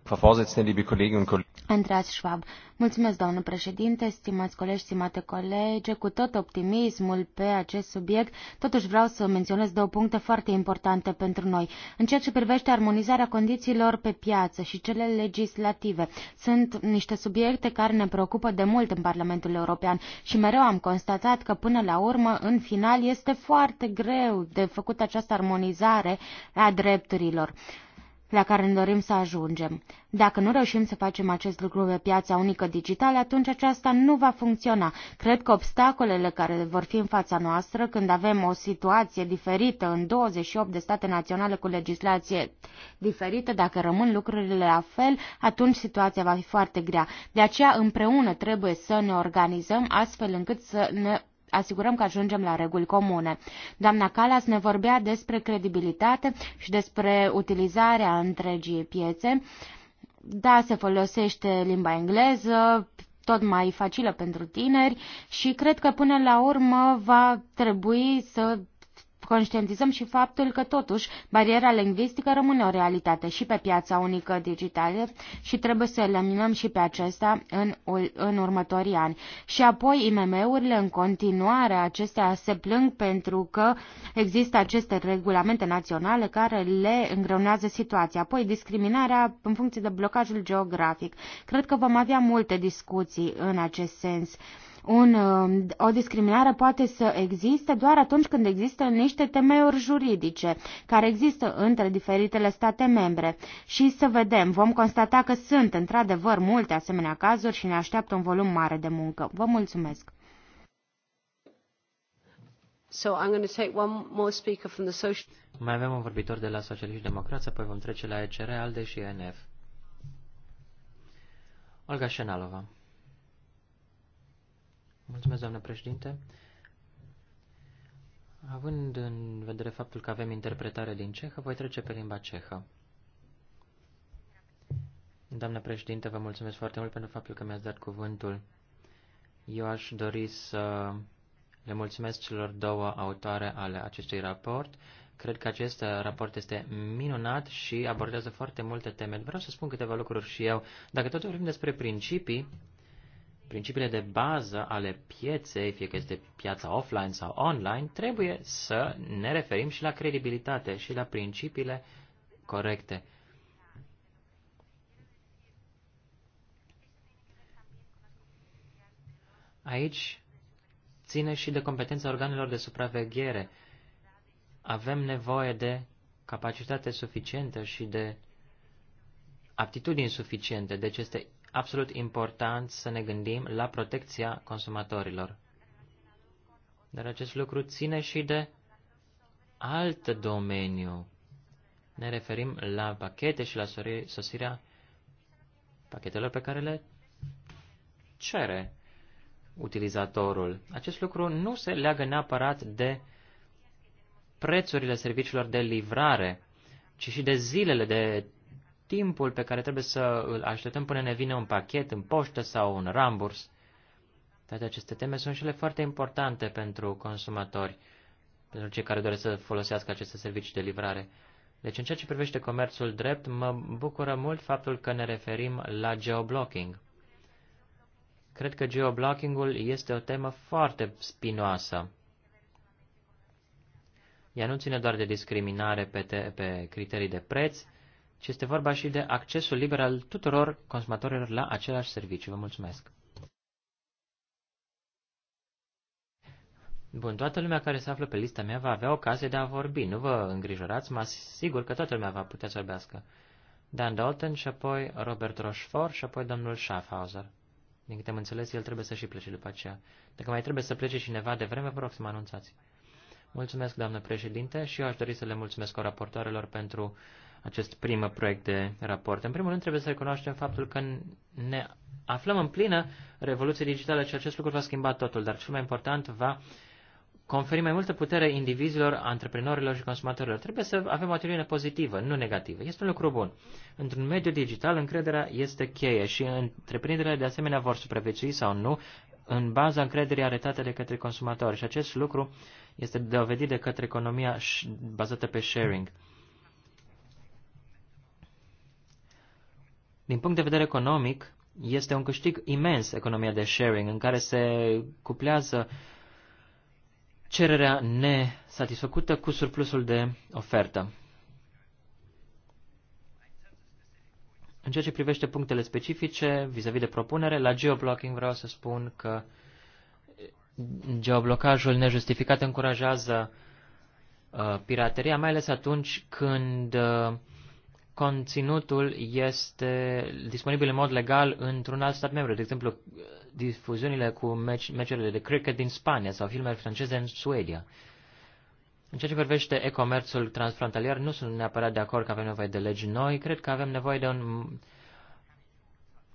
Andreas Schwab. Mulțumesc, doamnă președinte, stimați colegi, stimate colege, cu tot optimismul pe acest subiect, totuși vreau să menționez două puncte foarte importante pentru noi. În ceea ce privește armonizarea condițiilor pe piață și cele legislative, sunt niște subiecte care ne preocupă de mult în Parlamentul European și mereu am constatat că până la urmă, în final, este foarte greu de făcut această armonizare a drepturilor. Uh, la care ne dorim să ajungem. Dacă nu reușim să facem acest lucru pe piața unică digitală, atunci aceasta nu va funcționa. Cred că obstacolele care vor fi în fața noastră când avem o situație diferită în 28 de state naționale cu legislație diferită, dacă rămân lucrurile la fel, atunci situația va fi foarte grea. De aceea împreună trebuie să ne organizăm astfel încât să ne asigurăm că ajungem la reguli comune. Doamna Calas ne vorbea despre credibilitate și despre utilizarea întregii piețe. Da, se folosește limba engleză, tot mai facilă pentru tineri și cred că până la urmă va trebui să Conștientizăm și faptul că, totuși, bariera lingvistică rămâne o realitate și pe piața unică digitală și trebuie să eliminăm și pe acesta în, în următorii ani. Și apoi, IMM-urile, în continuare, acestea se plâng pentru că există aceste regulamente naționale care le îngreunează situația. Apoi, discriminarea în funcție de blocajul geografic. Cred că vom avea multe discuții în acest sens. Un, um, o discriminare poate să existe doar atunci când există niște temeiuri juridice care există între diferitele state membre. Și să vedem, vom constata că sunt într-adevăr multe asemenea cazuri și ne așteaptă un volum mare de muncă. Vă mulțumesc! So I'm going to take one more speaker from the social... Mai avem un vorbitor de la Socialiști Democrați, apoi vom trece la ECR, ALDE și ENF. Olga Șenalova. Mulțumesc, doamnă președinte. Având în vedere faptul că avem interpretare din cehă, voi trece pe limba cehă. Doamnă președinte, vă mulțumesc foarte mult pentru faptul că mi-ați dat cuvântul. Eu aș dori să le mulțumesc celor două autoare ale acestui raport. Cred că acest raport este minunat și abordează foarte multe teme. Vreau să spun câteva lucruri și eu. Dacă tot vorbim despre principii, principiile de bază ale pieței, fie că este piața offline sau online, trebuie să ne referim și la credibilitate și la principiile corecte. Aici ține și de competența organelor de supraveghere. Avem nevoie de capacitate suficientă și de aptitudini suficiente, deci este absolut important să ne gândim la protecția consumatorilor. Dar acest lucru ține și de alt domeniu. Ne referim la pachete și la sosirea pachetelor pe care le cere utilizatorul. Acest lucru nu se leagă neapărat de prețurile serviciilor de livrare, ci și de zilele de timpul pe care trebuie să îl așteptăm până ne vine un pachet în poștă sau un ramburs. Toate aceste teme sunt și ele foarte importante pentru consumatori, pentru cei care doresc să folosească aceste servicii de livrare. Deci, în ceea ce privește comerțul drept, mă bucură mult faptul că ne referim la geoblocking. Cred că geoblocking-ul este o temă foarte spinoasă. Ea nu ține doar de discriminare pe, te- pe criterii de preț, ci este vorba și de accesul liber al tuturor consumatorilor la același serviciu. Vă mulțumesc! Bun, toată lumea care se află pe lista mea va avea ocazie de a vorbi. Nu vă îngrijorați, mă asigur că toată lumea va putea să vorbească. Dan Dalton și apoi Robert Rochefort și apoi domnul Schaffhauser. Din câte am înțeles, el trebuie să și plece după aceea. Dacă mai trebuie să plece cineva de vreme, vă rog să mă anunțați. Mulțumesc, doamnă președinte, și eu aș dori să le mulțumesc raportoarelor pentru acest prim proiect de raport. În primul rând, trebuie să recunoaștem faptul că ne aflăm în plină revoluție digitală și acest lucru va schimba totul, dar cel mai important va conferi mai multă putere indivizilor, antreprenorilor și consumatorilor. Trebuie să avem o atitudine pozitivă, nu negativă. Este un lucru bun. Într-un mediu digital, încrederea este cheie și întreprinderile de asemenea vor supraviețui sau nu în baza încrederii arătate de către consumatori. Și acest lucru este dovedit de către economia bazată pe sharing. Din punct de vedere economic, este un câștig imens economia de sharing, în care se cuplează cererea nesatisfăcută cu surplusul de ofertă. În ceea ce privește punctele specifice vis-a-vis -vis de propunere, la geoblocking vreau să spun că geoblocajul nejustificat încurajează uh, pirateria, mai ales atunci când uh, conținutul este disponibil în mod legal într-un alt stat membru, de exemplu difuziunile cu meci, meciurile de cricket din Spania sau filmele franceze în Suedia. În ceea ce privește e-comerțul transfrontalier, nu sunt neapărat de acord că avem nevoie de legi noi, cred că avem nevoie de un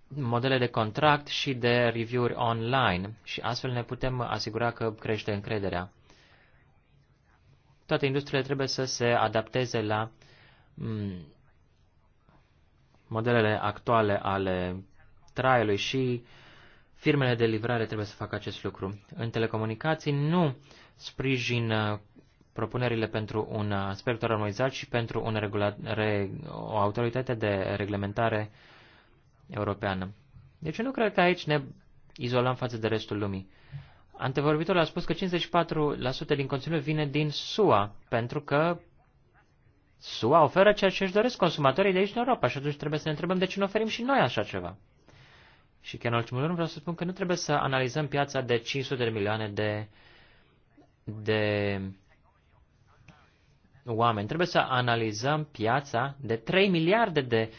modele de contract și de review-uri online și astfel ne putem asigura că crește încrederea. Toate industriile trebuie să se adapteze la mm, modelele actuale ale traiului și firmele de livrare trebuie să facă acest lucru. În telecomunicații nu sprijin propunerile pentru un aspect armonizat și pentru un regula, re, o autoritate de reglementare europeană. Deci eu nu cred că aici ne izolăm față de restul lumii. Antevorbitorul a spus că 54% din conținut vine din SUA, pentru că SUA oferă ceea ce își doresc consumatorii de aici în Europa și atunci trebuie să ne întrebăm de ce nu oferim și noi așa ceva. Și chiar în ultimul rând vreau să spun că nu trebuie să analizăm piața de 500 de milioane de, de oameni. Trebuie să analizăm piața de 3 miliarde de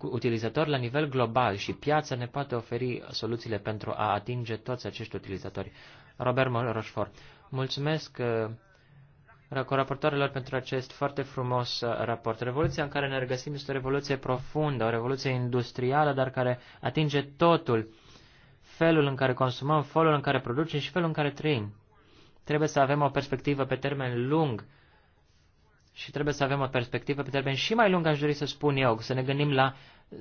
utilizatori la nivel global și piața ne poate oferi soluțiile pentru a atinge toți acești utilizatori. Robert Rochefort, mulțumesc uh, raportoarelor pentru acest foarte frumos uh, raport. Revoluția în care ne regăsim este o revoluție profundă, o revoluție industrială, dar care atinge totul. Felul în care consumăm, felul în care producem și felul în care trăim. Trebuie să avem o perspectivă pe termen lung și trebuie să avem o perspectivă pe termen și mai lung, aș dori să spun eu, să ne gândim la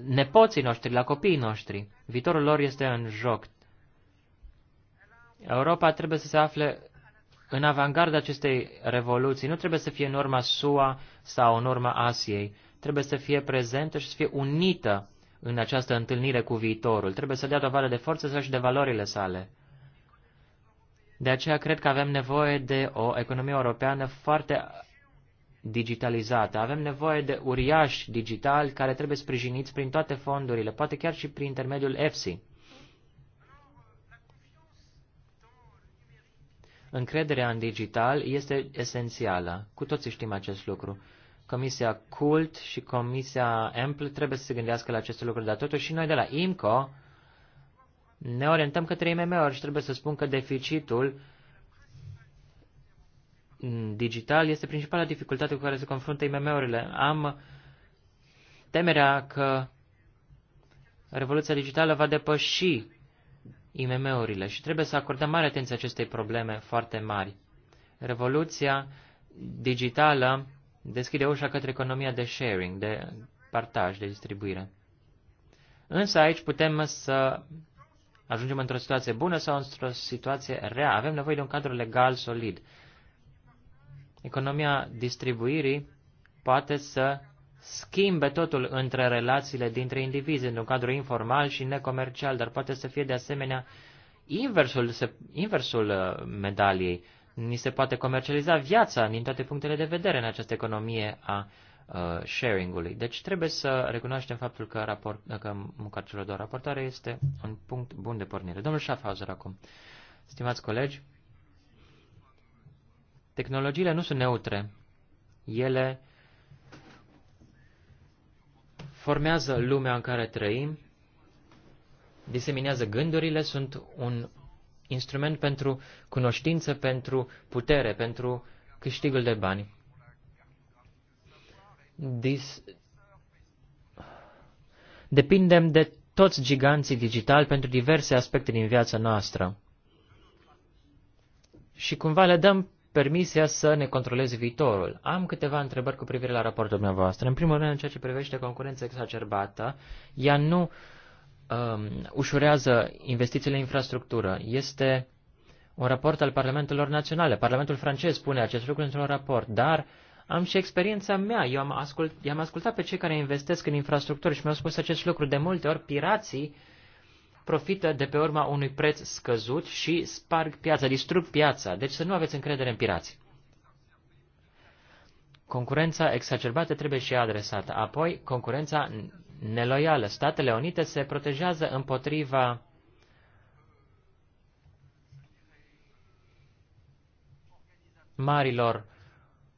nepoții noștri, la copiii noștri. Viitorul lor este în joc. Europa trebuie să se afle în avangarda acestei revoluții nu trebuie să fie în urma SUA sau în urma Asiei. Trebuie să fie prezentă și să fie unită în această întâlnire cu viitorul. Trebuie să dea dovadă de forță sau și de valorile sale. De aceea cred că avem nevoie de o economie europeană foarte digitalizată. Avem nevoie de uriași digitali care trebuie sprijiniți prin toate fondurile, poate chiar și prin intermediul EFSI. Încrederea în digital este esențială. Cu toții știm acest lucru. Comisia CULT și Comisia EMPL trebuie să se gândească la aceste lucruri, dar totuși și noi de la IMCO ne orientăm către IMM-uri și trebuie să spun că deficitul digital este principala dificultate cu care se confruntă IMM-urile. Am temerea că revoluția digitală va depăși IMM-urile și trebuie să acordăm mare atenție acestei probleme foarte mari. Revoluția digitală deschide ușa către economia de sharing, de partaj, de distribuire. Însă aici putem să ajungem într-o situație bună sau într-o situație rea. Avem nevoie de un cadru legal solid. Economia distribuirii poate să schimbe totul între relațiile dintre indivizi într-un cadru informal și necomercial, dar poate să fie de asemenea inversul, inversul uh, medaliei. Ni se poate comercializa viața din toate punctele de vedere în această economie a uh, sharing-ului. Deci trebuie să recunoaștem faptul că, raport, uh, că munca celor două raportare este un punct bun de pornire. Domnul Schaffhauser acum. Stimați colegi, tehnologiile nu sunt neutre. Ele formează lumea în care trăim, diseminează gândurile, sunt un instrument pentru cunoștință, pentru putere, pentru câștigul de bani. Dis... Depindem de toți giganții digitali pentru diverse aspecte din viața noastră. Și cumva le dăm permisia să ne controleze viitorul. Am câteva întrebări cu privire la raportul dumneavoastră. În primul rând, în ceea ce privește concurența exacerbată, ea nu um, ușurează investițiile în infrastructură. Este un raport al Parlamentelor Naționale. Parlamentul francez spune acest lucru într-un raport, dar am și experiența mea. Eu am ascult, i-am ascultat pe cei care investesc în infrastructură și mi-au spus acest lucru. De multe ori, pirații uh, profită de pe urma unui preț scăzut și sparg piața, distrug piața, deci să nu aveți încredere în pirați. Concurența exacerbată trebuie și adresată. Apoi, concurența neloială. Statele Unite se protejează împotriva marilor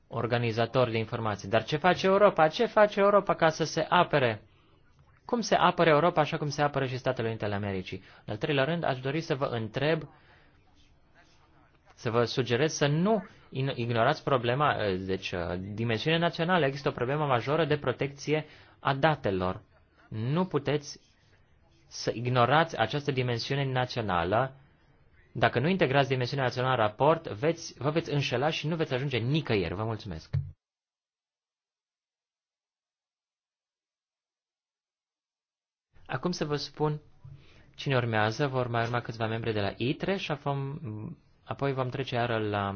organizatori de informații. Dar ce face Europa? Ce face Europa ca să se apere cum se apără Europa așa cum se apără și Statele Unite ale Americii? În al treilea rând, aș dori să vă întreb, să vă sugerez să nu ignorați problema, ă, deci ă, dimensiunea națională. Există o problemă majoră de protecție a datelor. Nu puteți să ignorați această dimensiune națională. Dacă nu integrați dimensiunea națională în raport, veți, vă veți înșela și nu veți ajunge nicăieri. Vă mulțumesc. Acum să vă spun cine urmează. Vor mai urma câțiva membri de la ITRE și vom, apoi vom trece iară la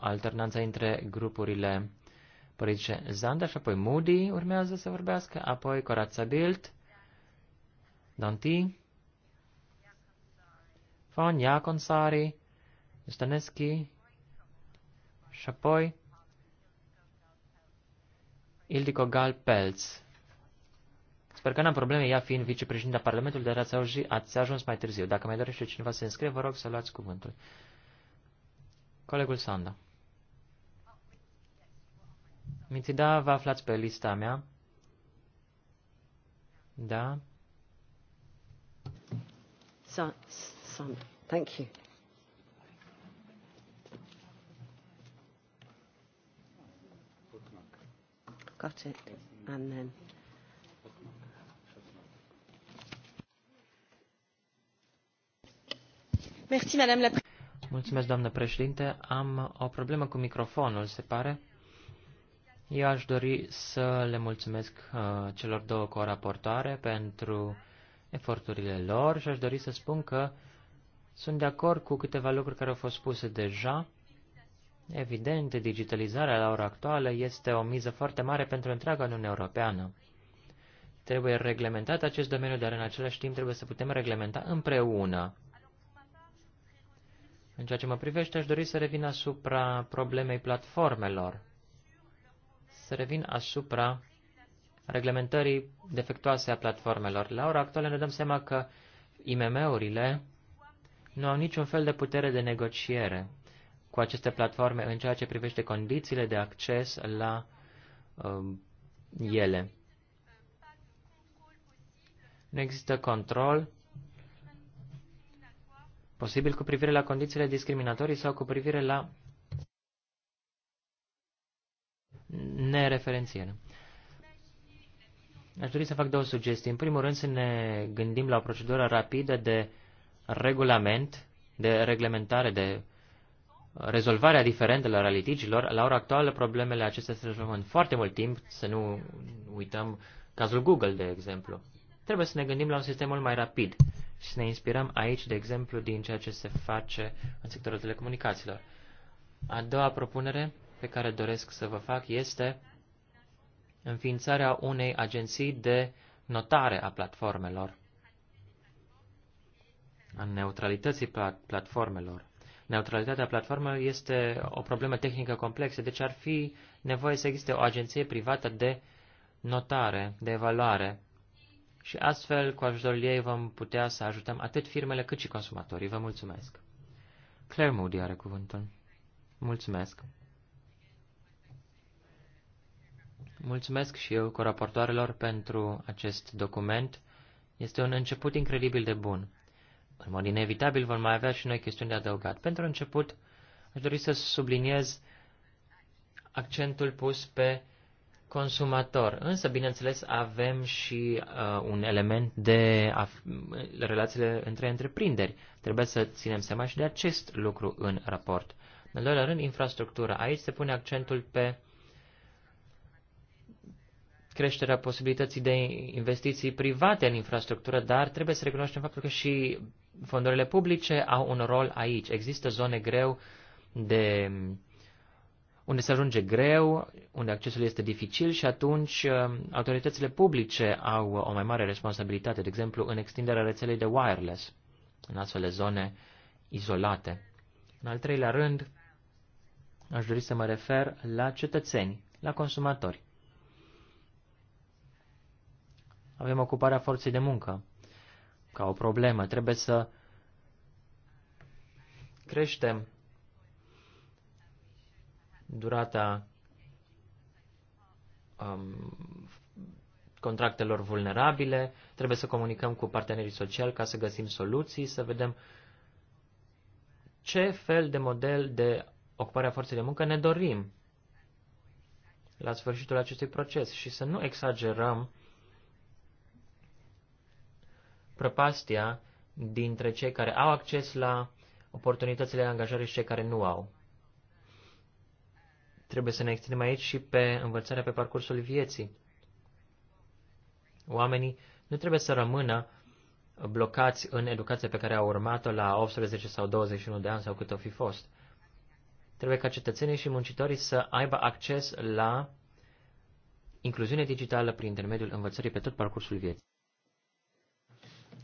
alternanța între grupurile politice Zanda și apoi Moody urmează să vorbească, apoi Corazza Bild, Danti, Fon, Iaconsari, Stăneschi și apoi Ildiko Gal-Pelz. Sper că n-am probleme, ea fiind vicepreședinta Parlamentului, dar ați, auzit, ați ajuns mai târziu. Dacă mai dorește cineva să se înscrie, vă rog să luați cuvântul. Colegul Sanda. Mitida, vă aflați pe lista mea. Da. Sanda, thank you. Got it. And then... Mulțumesc, doamnă președinte. Am o problemă cu microfonul, se pare. Eu aș dori să le mulțumesc uh, celor două coraportoare pentru eforturile lor și aș dori să spun că sunt de acord cu câteva lucruri care au fost spuse deja. Evident, digitalizarea la ora actuală este o miză foarte mare pentru întreaga Uniune Europeană. Trebuie reglementat acest domeniu, dar în același timp trebuie să putem reglementa împreună în ceea ce mă privește, aș dori să revin asupra problemei platformelor, să revin asupra reglementării defectuoase a platformelor. La ora actuală ne dăm seama că IMM-urile nu au niciun fel de putere de negociere cu aceste platforme în ceea ce privește condițiile de acces la uh, ele. Nu există control, posibil cu privire la condițiile discriminatorii sau cu privire la nereferențiere. Aș dori să fac două sugestii. În primul rând să ne gândim la o procedură rapidă de regulament, de reglementare, de rezolvarea diferendelor a litigilor. La ora actuală problemele acestea se rezolvă în foarte mult timp, să nu uităm cazul Google, de exemplu. Trebuie să ne gândim la un sistem mult mai rapid și ne inspirăm aici, de exemplu, din ceea ce se face în sectorul telecomunicațiilor. A doua propunere pe care doresc să vă fac este înființarea unei agenții de notare a platformelor, a neutralității platformelor. Neutralitatea platformelor este o problemă tehnică complexă, deci ar fi nevoie să existe o agenție privată de notare, de evaluare și astfel, cu ajutorul ei, vom putea să ajutăm atât firmele cât și consumatorii. Vă mulțumesc. Claire Moody are cuvântul. Mulțumesc. Mulțumesc și eu cu raportoarelor pentru acest document. Este un început incredibil de bun. În mod inevitabil vom mai avea și noi chestiuni de adăugat. Pentru început, aș dori să subliniez accentul pus pe consumator. Însă, bineînțeles, avem și uh, un element de relațiile între întreprinderi. Trebuie să ținem seama și de acest lucru în raport. În doilea rând, infrastructura. Aici se pune accentul pe creșterea posibilității de investiții private în infrastructură, dar trebuie să recunoaștem faptul că și fondurile publice au un rol aici. Există zone greu de unde se ajunge greu, unde accesul este dificil și atunci uh, autoritățile publice au o mai mare responsabilitate, de exemplu în extinderea rețelei de wireless, în astfel de zone izolate. În al treilea rând, aș dori să mă refer la cetățeni, la consumatori. Avem ocuparea forței de muncă ca o problemă. Trebuie să creștem durata um, contractelor vulnerabile, trebuie să comunicăm cu partenerii sociali ca să găsim soluții, să vedem ce fel de model de ocupare a forței de muncă ne dorim la sfârșitul acestui proces și să nu exagerăm prăpastia dintre cei care au acces la oportunitățile de angajare și cei care nu au. Trebuie să ne extindem aici și pe învățarea pe parcursul vieții. Oamenii nu trebuie să rămână blocați în educația pe care au urmat-o la 18 sau 21 de ani sau cât o fi fost. Trebuie ca cetățenii și muncitorii să aibă acces la incluziune digitală prin intermediul învățării pe tot parcursul vieții.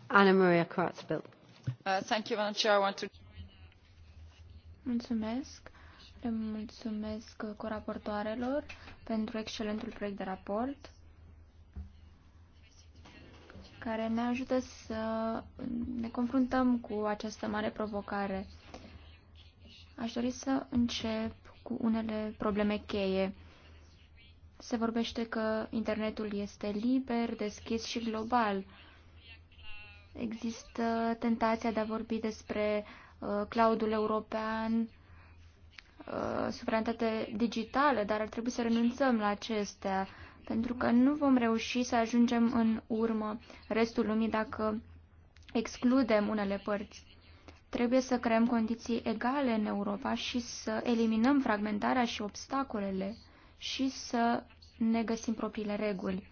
Anna Maria Kratzbill. Uh, thank you, Madam Chair. I want to... Mulțumesc. Le mulțumesc coraportoarelor pentru excelentul proiect de raport care ne ajută să ne confruntăm cu această mare provocare. Aș dori să încep cu unele probleme cheie. Se vorbește că internetul este liber, deschis și global. Există tentația de a vorbi despre uh, cloudul european, Uh, suveranitate digitală, dar ar trebui să renunțăm la acestea, pentru că nu vom reuși să ajungem în urmă restul lumii dacă excludem unele părți. Trebuie să creăm condiții egale în Europa și să eliminăm fragmentarea și obstacolele și să ne găsim propriile reguli.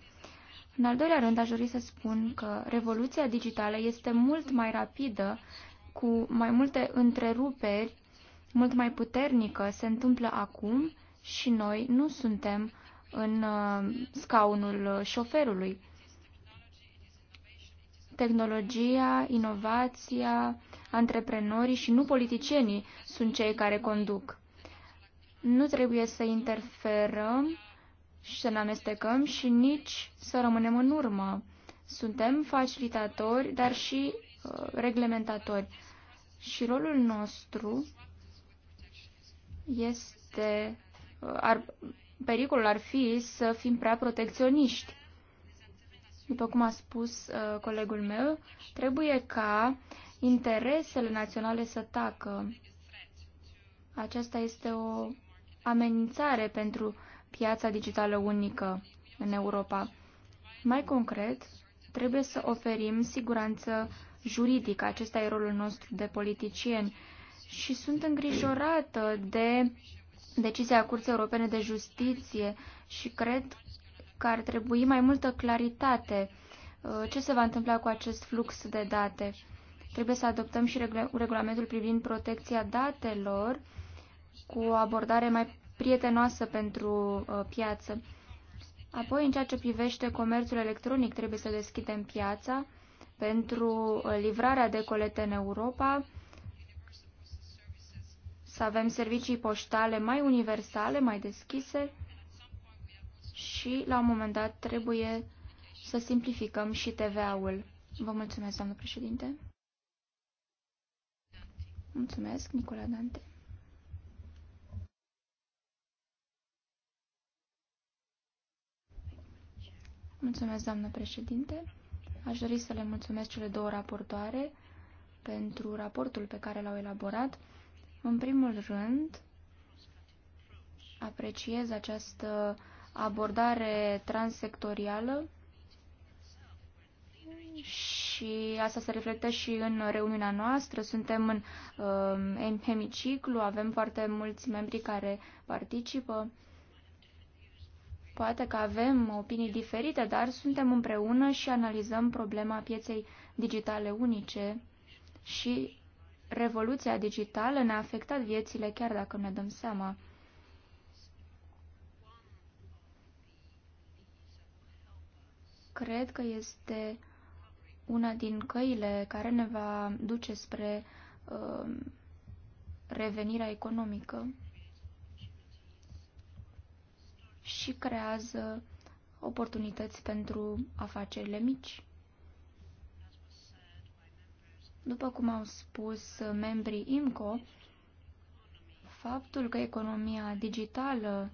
În al doilea rând, aș dori să spun că revoluția digitală este mult mai rapidă, cu mai multe întreruperi mult mai puternică se întâmplă acum și noi nu suntem în uh, scaunul șoferului. Tehnologia, inovația, antreprenorii și nu politicienii sunt cei care conduc. Nu trebuie să interferăm și să ne amestecăm și nici să rămânem în urmă. Suntem facilitatori, dar și uh, reglementatori. Și rolul nostru este, uh, ar, pericolul ar fi să fim prea protecționiști. După cum a spus uh, colegul meu, trebuie ca interesele naționale să tacă. Aceasta este o amenințare pentru piața digitală unică în Europa. Mai concret, trebuie să oferim siguranță juridică. Acesta e rolul nostru de politicieni și sunt îngrijorată de decizia Curții Europene de Justiție și cred că ar trebui mai multă claritate uh, ce se va întâmpla cu acest flux de date. Trebuie să adoptăm și regulamentul privind protecția datelor cu o abordare mai prietenoasă pentru uh, piață. Apoi, în ceea ce privește comerțul electronic, trebuie să deschidem piața pentru uh, livrarea de colete în Europa, să avem servicii poștale mai universale, mai deschise și la un moment dat trebuie să simplificăm și TVA-ul. Vă mulțumesc, doamnă președinte. Mulțumesc, Nicola Dante. Mulțumesc, doamnă președinte. Aș dori să le mulțumesc cele două raportoare pentru raportul pe care l-au elaborat. În primul rând, apreciez această abordare transsectorială și asta se reflectă și în reuniunea noastră. Suntem în uh, hemiciclu, avem foarte mulți membri care participă. Poate că avem opinii diferite, dar suntem împreună și analizăm problema pieței digitale unice și revoluția digitală ne-a afectat viețile chiar dacă ne dăm seama. Cred că este una din căile care ne va duce spre uh, revenirea economică și creează oportunități pentru afacerile mici. După cum au spus membrii IMCO, faptul că economia digitală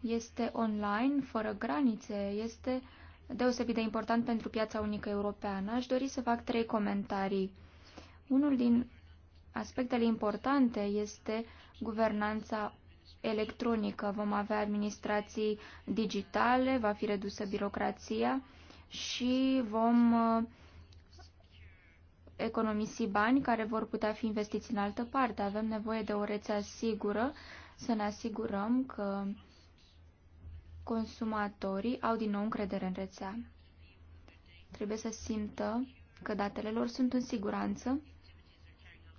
este online, fără granițe, este deosebit de important pentru piața unică europeană. Aș dori să fac trei comentarii. Unul din aspectele importante este guvernanța electronică. Vom avea administrații digitale, va fi redusă birocrația și vom uh, economisi bani care vor putea fi investiți în altă parte. Avem nevoie de o rețea sigură să ne asigurăm că consumatorii au din nou încredere în rețea. Trebuie să simtă că datele lor sunt în siguranță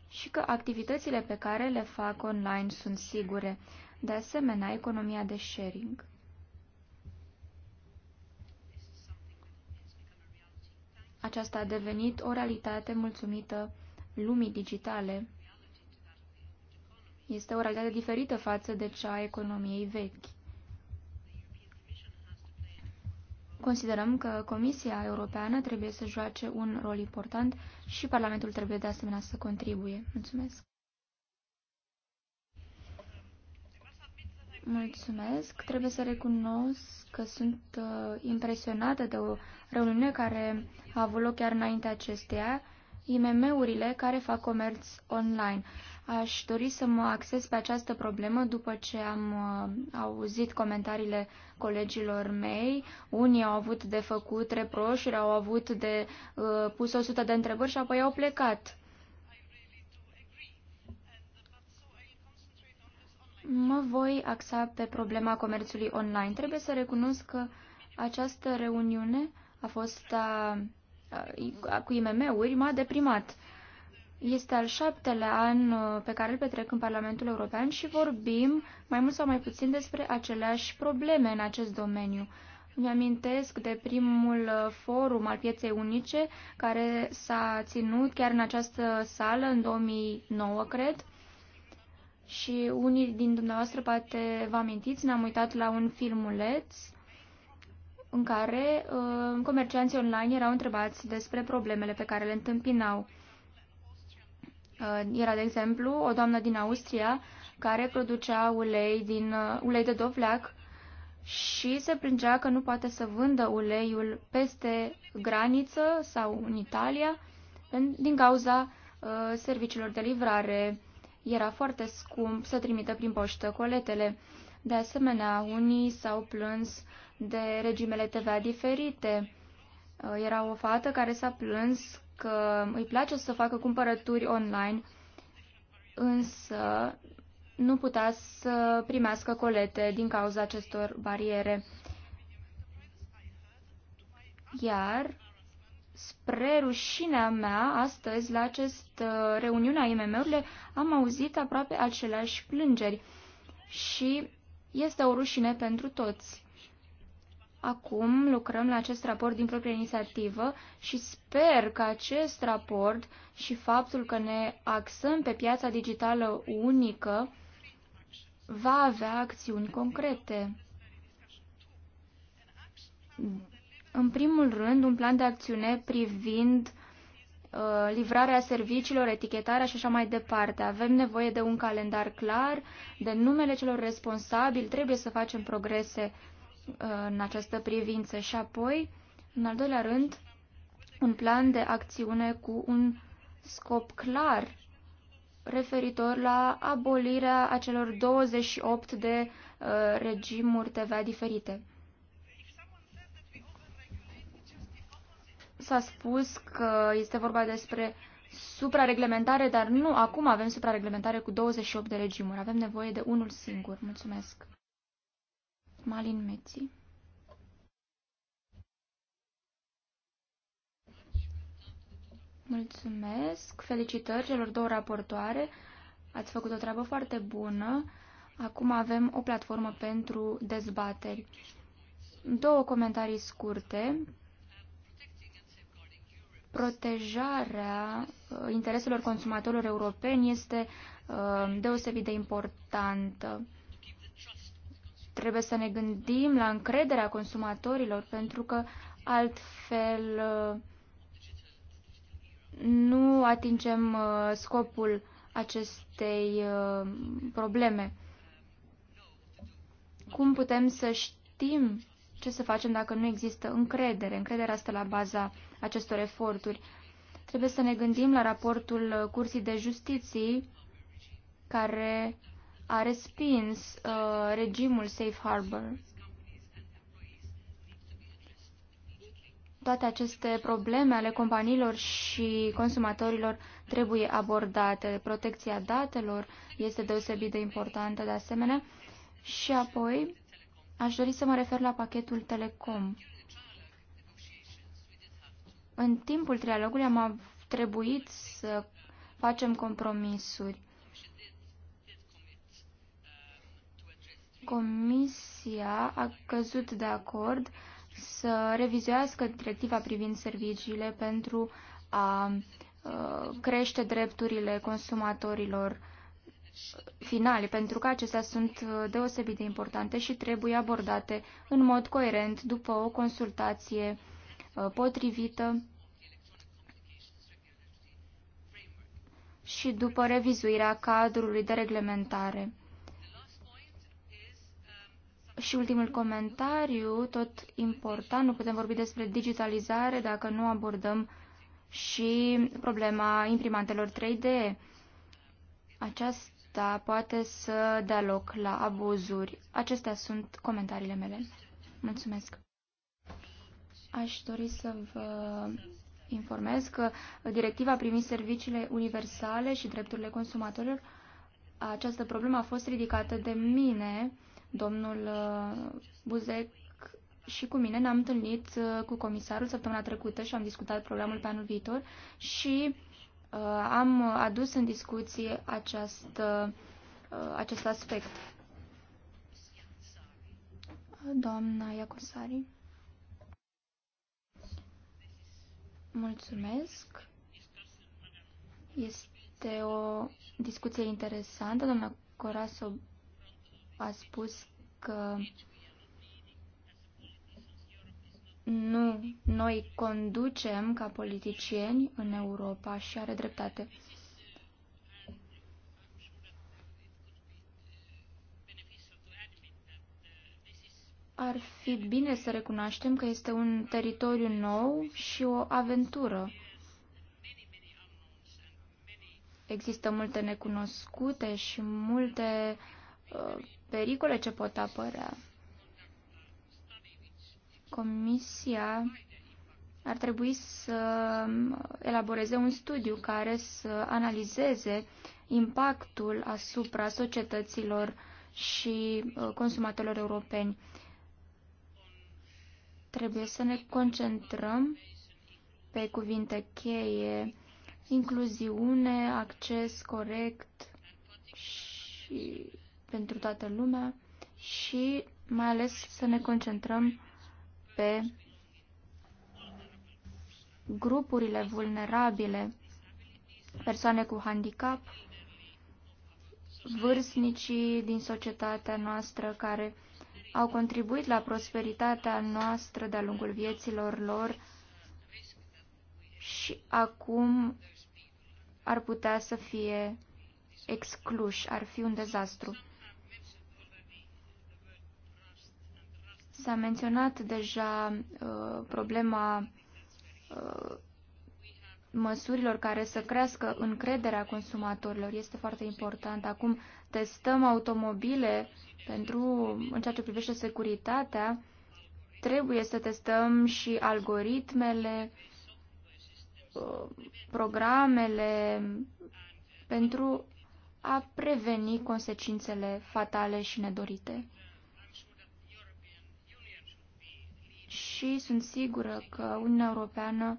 și că activitățile pe care le fac online sunt sigure. De asemenea, economia de sharing. Aceasta a devenit o realitate mulțumită lumii digitale. Este o realitate diferită față de cea a economiei vechi. Considerăm că Comisia Europeană trebuie să joace un rol important și Parlamentul trebuie de asemenea să contribuie. Mulțumesc! Mulțumesc! Trebuie să recunosc că sunt uh, impresionată de o reuniune care a avut loc chiar înainte acesteia, IMM-urile care fac comerț online. Aș dori să mă acces pe această problemă după ce am uh, auzit comentariile colegilor mei. Unii au avut de făcut reproșuri, au avut de uh, pus o sută de întrebări și apoi au plecat. Mă voi axa pe problema comerțului online. Trebuie să recunosc că această reuniune a fost a, a, cu IMM-uri m-a deprimat. Este al șaptelea an uh, pe care îl petrec în Parlamentul European și vorbim mai mult sau mai puțin despre aceleași probleme în acest domeniu. Îmi amintesc de primul uh, forum al pieței unice care s-a ținut chiar în această sală în 2009, cred. Și unii din dumneavoastră poate vă amintiți, ne-am uitat la un filmuleț în care uh, comercianții online erau întrebați despre problemele pe care le întâmpinau. Uh, era, de exemplu, o doamnă din Austria care producea ulei, din, uh, ulei de dovleac și se plângea că nu poate să vândă uleiul peste graniță sau în Italia din cauza uh, serviciilor de livrare. Era foarte scump să trimită prin poștă coletele. De asemenea, unii s-au plâns de regimele TVA diferite. Uh, era o fată care s-a plâns că îi place să facă cumpărături online, însă nu putea să primească colete din cauza acestor bariere. Iar, spre rușinea mea, astăzi, la acest uh, reuniune a IMM-urile, am auzit aproape aceleași plângeri și este o rușine pentru toți. Acum lucrăm la acest raport din proprie inițiativă și sper că acest raport și faptul că ne axăm pe piața digitală unică va avea acțiuni concrete. În primul rând, un plan de acțiune privind uh, livrarea serviciilor, etichetarea și așa mai departe. Avem nevoie de un calendar clar, de numele celor responsabili, trebuie să facem progrese în această privință și apoi, în al doilea rând, un plan de acțiune cu un scop clar referitor la abolirea acelor 28 de uh, regimuri TVA diferite. S-a spus că este vorba despre suprareglementare, dar nu, acum avem suprareglementare cu 28 de regimuri. Avem nevoie de unul singur. Mulțumesc. Malin Meții. Mulțumesc, felicitări celor două raportoare. Ați făcut o treabă foarte bună. Acum avem o platformă pentru dezbateri. Două comentarii scurte. Protejarea uh, intereselor consumatorilor europeni este uh, deosebit de importantă. Trebuie să ne gândim la încrederea consumatorilor, pentru că altfel uh, nu atingem uh, scopul acestei uh, probleme. Cum putem să știm ce să facem dacă nu există încredere? Încrederea asta la baza acestor eforturi. Trebuie să ne gândim la raportul Curții de Justiții, care a respins uh, regimul Safe Harbor. Toate aceste probleme ale companiilor și consumatorilor trebuie abordate. Protecția datelor este deosebit de importantă de asemenea. Și apoi aș dori să mă refer la pachetul Telecom. În timpul trialogului am trebuit să facem compromisuri. Comisia a căzut de acord să revizuiască directiva privind serviciile pentru a uh, crește drepturile consumatorilor finale, pentru că acestea sunt uh, deosebit de importante și trebuie abordate în mod coerent după o consultație uh, potrivită și după revizuirea cadrului de reglementare. Și ultimul comentariu, tot important, nu putem vorbi despre digitalizare dacă nu abordăm și problema imprimantelor 3D. Aceasta poate să dea loc la abuzuri. Acestea sunt comentariile mele. Mulțumesc! Aș dori să vă informez că directiva privind serviciile universale și drepturile consumatorilor, această problemă a fost ridicată de mine Domnul uh, Buzek și cu mine ne-am întâlnit uh, cu comisarul săptămâna trecută și am discutat programul pe anul viitor și uh, am adus în discuție acest, acest aspect. Doamna Iacosari. Mulțumesc. Este o discuție interesantă. Doamna Coraso a spus că nu noi conducem ca politicieni în Europa și are dreptate. Ar fi bine să recunoaștem că este un teritoriu nou și o aventură. Există multe necunoscute și multe uh, pericole ce pot apărea. Comisia ar trebui să elaboreze un studiu care să analizeze impactul asupra societăților și uh, consumatorilor europeni. Trebuie să ne concentrăm pe cuvinte cheie, incluziune, acces corect și pentru toată lumea și mai ales să ne concentrăm pe grupurile vulnerabile, persoane cu handicap, vârstnicii din societatea noastră care au contribuit la prosperitatea noastră de-a lungul vieților lor și acum ar putea să fie excluși, ar fi un dezastru. S-a menționat deja uh, problema uh, măsurilor care să crească încrederea consumatorilor. Este foarte important. Acum testăm automobile pentru, în ceea ce privește securitatea. Trebuie să testăm și algoritmele, uh, programele pentru a preveni consecințele fatale și nedorite. și sunt sigură că Uniunea Europeană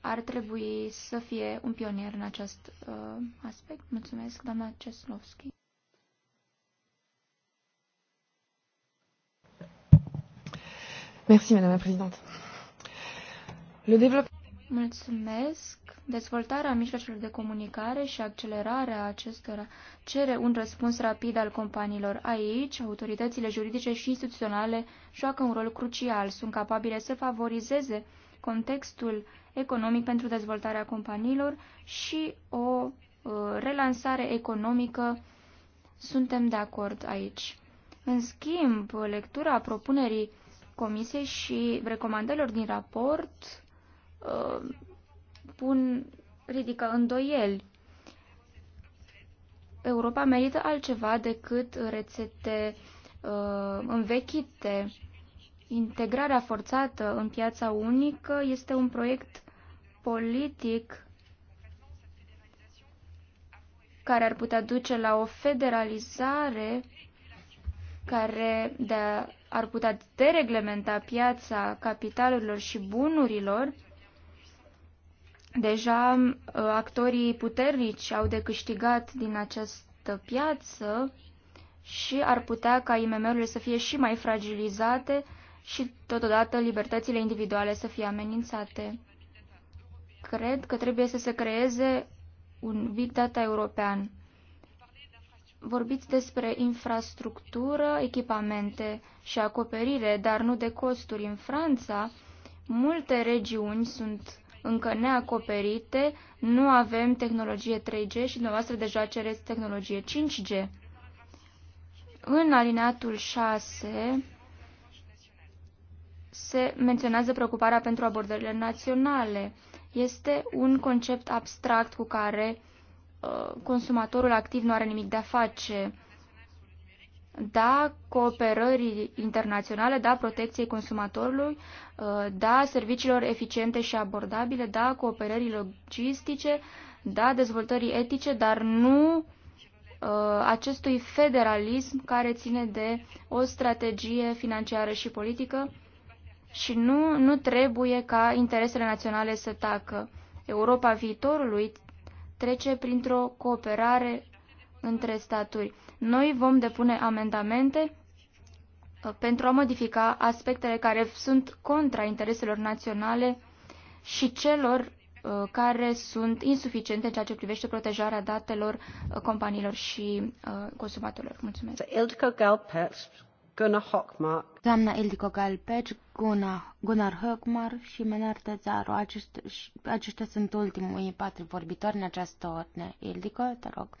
ar trebui să fie un pionier în acest uh, aspect. Mulțumesc, doamna Ceslovski. Mulțumesc, doamna la Mulțumesc. Dezvoltarea mijloacelor de comunicare și accelerarea acestora cere un răspuns rapid al companiilor. Aici, autoritățile juridice și instituționale joacă un rol crucial, sunt capabile să favorizeze contextul economic pentru dezvoltarea companiilor și o uh, relansare economică. Suntem de acord aici. În schimb, lectura propunerii Comisiei și recomandărilor din raport uh, pun, ridică îndoieli. Europa merită altceva decât rețete uh, învechite. Integrarea forțată în piața unică este un proiect politic care ar putea duce la o federalizare care de, ar putea dereglementa piața capitalurilor și bunurilor Deja uh, actorii puternici au de câștigat din această piață și ar putea ca IMM-urile să fie și mai fragilizate și totodată libertățile individuale să fie amenințate. Cred că trebuie să se creeze un big data european. Vorbiți despre infrastructură, echipamente și acoperire, dar nu de costuri. În Franța, multe regiuni sunt încă neacoperite, nu avem tehnologie 3G și dumneavoastră deja cereți tehnologie 5G. În alineatul 6 se menționează preocuparea pentru abordările naționale. Este un concept abstract cu care uh, consumatorul activ nu are nimic de a face da cooperării internaționale, da protecției consumatorului, uh, da serviciilor eficiente și abordabile, da cooperării logistice, da dezvoltării etice, dar nu uh, acestui federalism care ține de o strategie financiară și politică și nu, nu trebuie ca interesele naționale să tacă. Europa viitorului trece printr-o cooperare între staturi. Noi vom depune amendamente uh, pentru a modifica aspectele care sunt contra intereselor naționale și celor uh, care sunt insuficiente în ceea ce privește protejarea datelor uh, companiilor și consumatorilor. Mulțumesc. Doamna Ildiko Galpec, Gunnar, Hökmar și Menar Tezaru. aceștia sunt ultimii patru vorbitori în această ordine. Ildiko, te rog. Uh,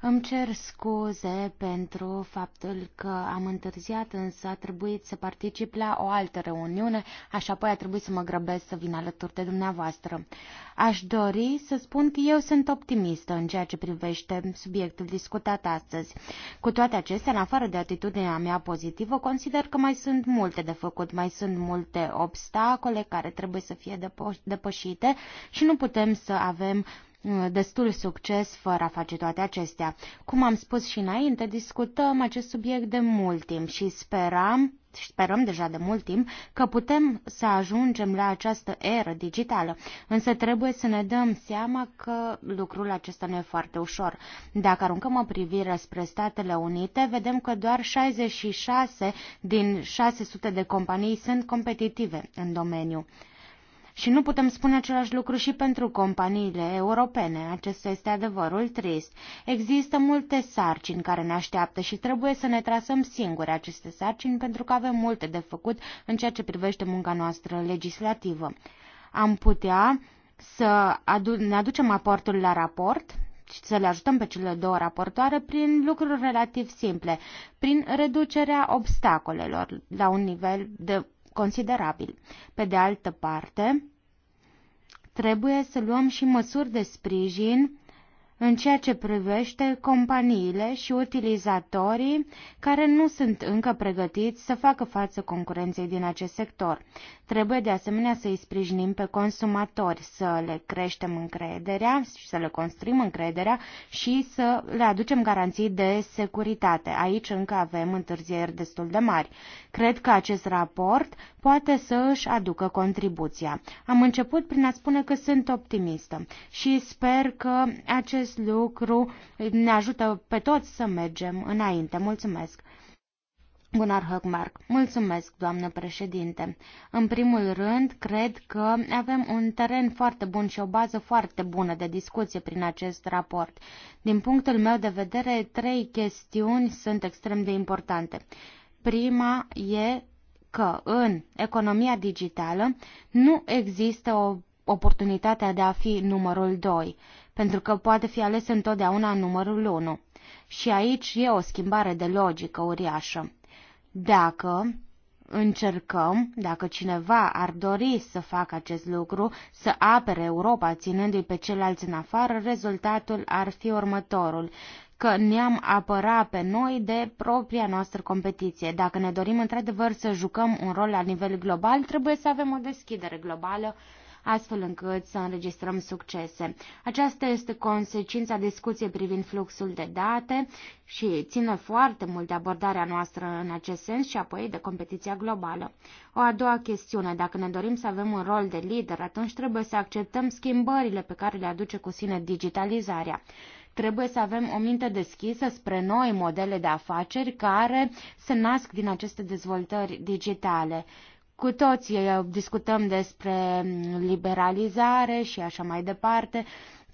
Îmi cer scuze pentru faptul că am întârziat, însă a trebuit să particip la o altă reuniune, așa apoi a trebuit să mă grăbesc să vin alături de dumneavoastră. Aș dori să spun că eu sunt optimistă în ceea ce privește subiectul discutat astăzi. Cu toate acestea, în afară de atitudinea mea pozitivă, consider că mai sunt multe de făcut, mai sunt multe obstacole care trebuie să fie depășite și nu putem să avem Mm, destul succes fără a face toate acestea. Cum am spus și înainte, discutăm acest subiect de mult timp și sperăm sperăm deja de mult timp că putem să ajungem la această eră digitală, însă trebuie să ne dăm seama că lucrul acesta nu e foarte ușor. Dacă aruncăm o privire spre Statele Unite, vedem că doar 66 din 600 de companii sunt competitive în domeniu. Și nu putem spune același lucru și pentru companiile europene. Acesta este adevărul trist. Există multe sarcini care ne așteaptă și trebuie să ne trasăm singuri aceste sarcini pentru că avem multe de făcut în ceea ce privește munca noastră legislativă. Am putea să adu- ne aducem aportul la raport, și să le ajutăm pe cele două raportoare prin lucruri relativ simple, prin reducerea obstacolelor la un nivel de considerabil. Pe de altă parte, trebuie să luăm și măsuri de sprijin în ceea ce privește companiile și utilizatorii care nu sunt încă pregătiți să facă față concurenței din acest sector. Trebuie de asemenea să îi sprijinim pe consumatori, să le creștem încrederea și să le construim încrederea și să le aducem garanții de securitate. Aici încă avem întârzieri destul de mari. Cred că acest raport poate să își aducă contribuția. Am început prin a spune că sunt optimistă și sper că acest lucru ne ajută pe toți să mergem înainte. Mulțumesc! Gunnar Högmark. Mulțumesc, doamnă președinte. În primul rând, cred că avem un teren foarte bun și o bază foarte bună de discuție prin acest raport. Din punctul meu de vedere, trei chestiuni sunt extrem de importante. Prima e că în economia digitală nu există o oportunitatea de a fi numărul 2, pentru că poate fi ales întotdeauna numărul 1. Și aici e o schimbare de logică uriașă. Dacă încercăm, dacă cineva ar dori să facă acest lucru, să apere Europa ținându-i pe ceilalți în afară, rezultatul ar fi următorul că ne-am apărat pe noi de propria noastră competiție. Dacă ne dorim într-adevăr să jucăm un rol la nivel global, trebuie să avem o deschidere globală astfel încât să înregistrăm succese. Aceasta este consecința discuției privind fluxul de date și ține foarte mult de abordarea noastră în acest sens și apoi de competiția globală. O a doua chestiune, dacă ne dorim să avem un rol de lider, atunci trebuie să acceptăm schimbările pe care le aduce cu sine digitalizarea trebuie să avem o minte deschisă spre noi modele de afaceri care se nasc din aceste dezvoltări digitale. Cu toții discutăm despre liberalizare și așa mai departe.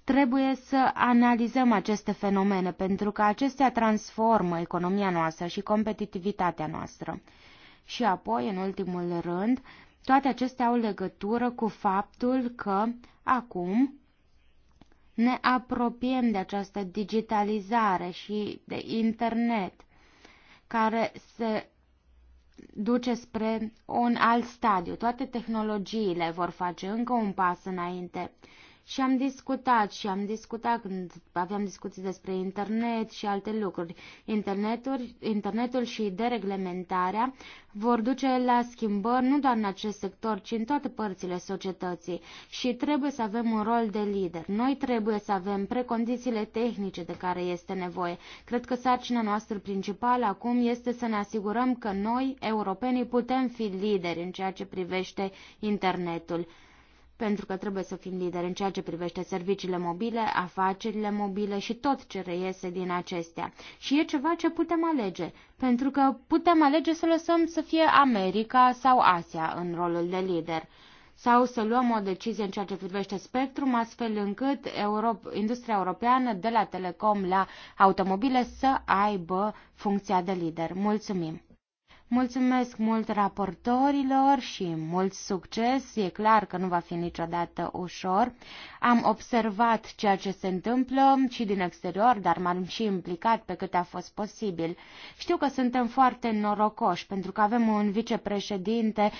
Trebuie să analizăm aceste fenomene pentru că acestea transformă economia noastră și competitivitatea noastră. Și apoi, în ultimul rând, toate acestea au legătură cu faptul că acum ne apropiem de această digitalizare și de internet, care se duce spre un alt stadiu. Toate tehnologiile vor face încă un pas înainte. Și am discutat și am discutat când aveam discuții despre internet și alte lucruri. Internetul, internetul și dereglementarea vor duce la schimbări nu doar în acest sector, ci în toate părțile societății și trebuie să avem un rol de lider. Noi trebuie să avem precondițiile tehnice de care este nevoie. Cred că sarcina noastră principală acum este să ne asigurăm că noi, europenii, putem fi lideri în ceea ce privește internetul pentru că trebuie să fim lideri în ceea ce privește serviciile mobile, afacerile mobile și tot ce reiese din acestea. Și e ceva ce putem alege, pentru că putem alege să lăsăm să fie America sau Asia în rolul de lider sau să luăm o decizie în ceea ce privește spectrum, astfel încât Europa, industria europeană de la telecom la automobile să aibă funcția de lider. Mulțumim! Mulțumesc mult raportorilor și mult succes. E clar că nu va fi niciodată ușor. Am observat ceea ce se întâmplă și din exterior, dar m-am și implicat pe cât a fost posibil. Știu că suntem foarte norocoși pentru că avem un vicepreședinte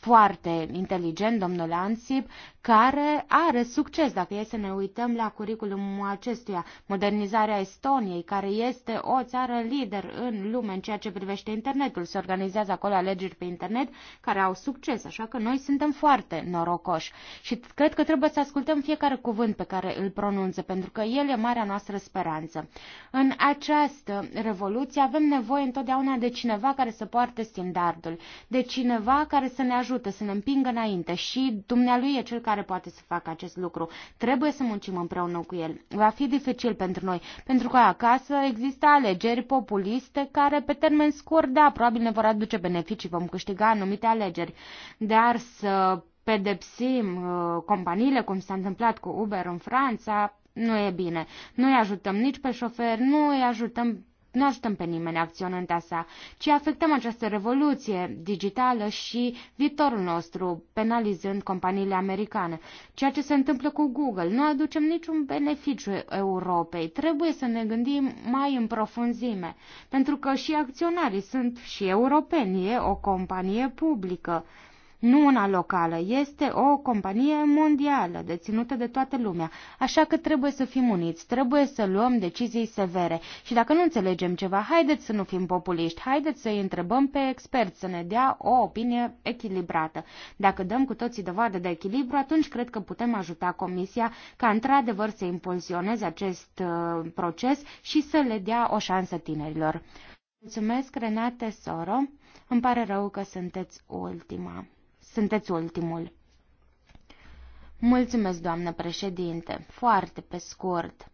foarte inteligent, domnul Ansip, care are succes, dacă e să ne uităm la curiculumul acestuia, modernizarea Estoniei, care este o țară lider în lume în ceea ce privește internetul. Se organizează acolo alegeri pe internet care au succes, așa că noi suntem foarte norocoși. Și cred că trebuie să ascultăm fiecare cuvânt pe care îl pronunță, pentru că el e marea noastră speranță. În această revoluție avem nevoie întotdeauna de cineva care să poarte standardul, de cineva care să ne ajute ajute, să ne împingă înainte și dumnealui e cel care poate să facă acest lucru. Trebuie să muncim împreună cu el. Va fi dificil pentru noi, pentru că acasă există alegeri populiste care pe termen scurt, da, probabil ne vor aduce beneficii, vom câștiga anumite alegeri, dar să pedepsim uh, companiile, cum s-a întâmplat cu Uber în Franța, nu e bine. Nu îi ajutăm nici pe șofer, nu îi ajutăm nu ajutăm pe nimeni acționând asta, ci afectăm această revoluție digitală și viitorul nostru, penalizând companiile americane. Ceea ce se întâmplă cu Google, nu aducem niciun beneficiu Europei. Trebuie să ne gândim mai în profunzime, pentru că și acționarii sunt și europeni, e o companie publică nu una locală, este o companie mondială, deținută de toată lumea. Așa că trebuie să fim uniți, trebuie să luăm decizii severe. Și dacă nu înțelegem ceva, haideți să nu fim populiști, haideți să-i întrebăm pe experți să ne dea o opinie echilibrată. Dacă dăm cu toții dovadă de echilibru, atunci cred că putem ajuta Comisia ca într-adevăr să impulsioneze acest uh, proces și să le dea o șansă tinerilor. Mulțumesc, Renate Soro. Îmi pare rău că sunteți ultima. Sunteți ultimul. Mulțumesc, doamnă președinte. Foarte pe scurt.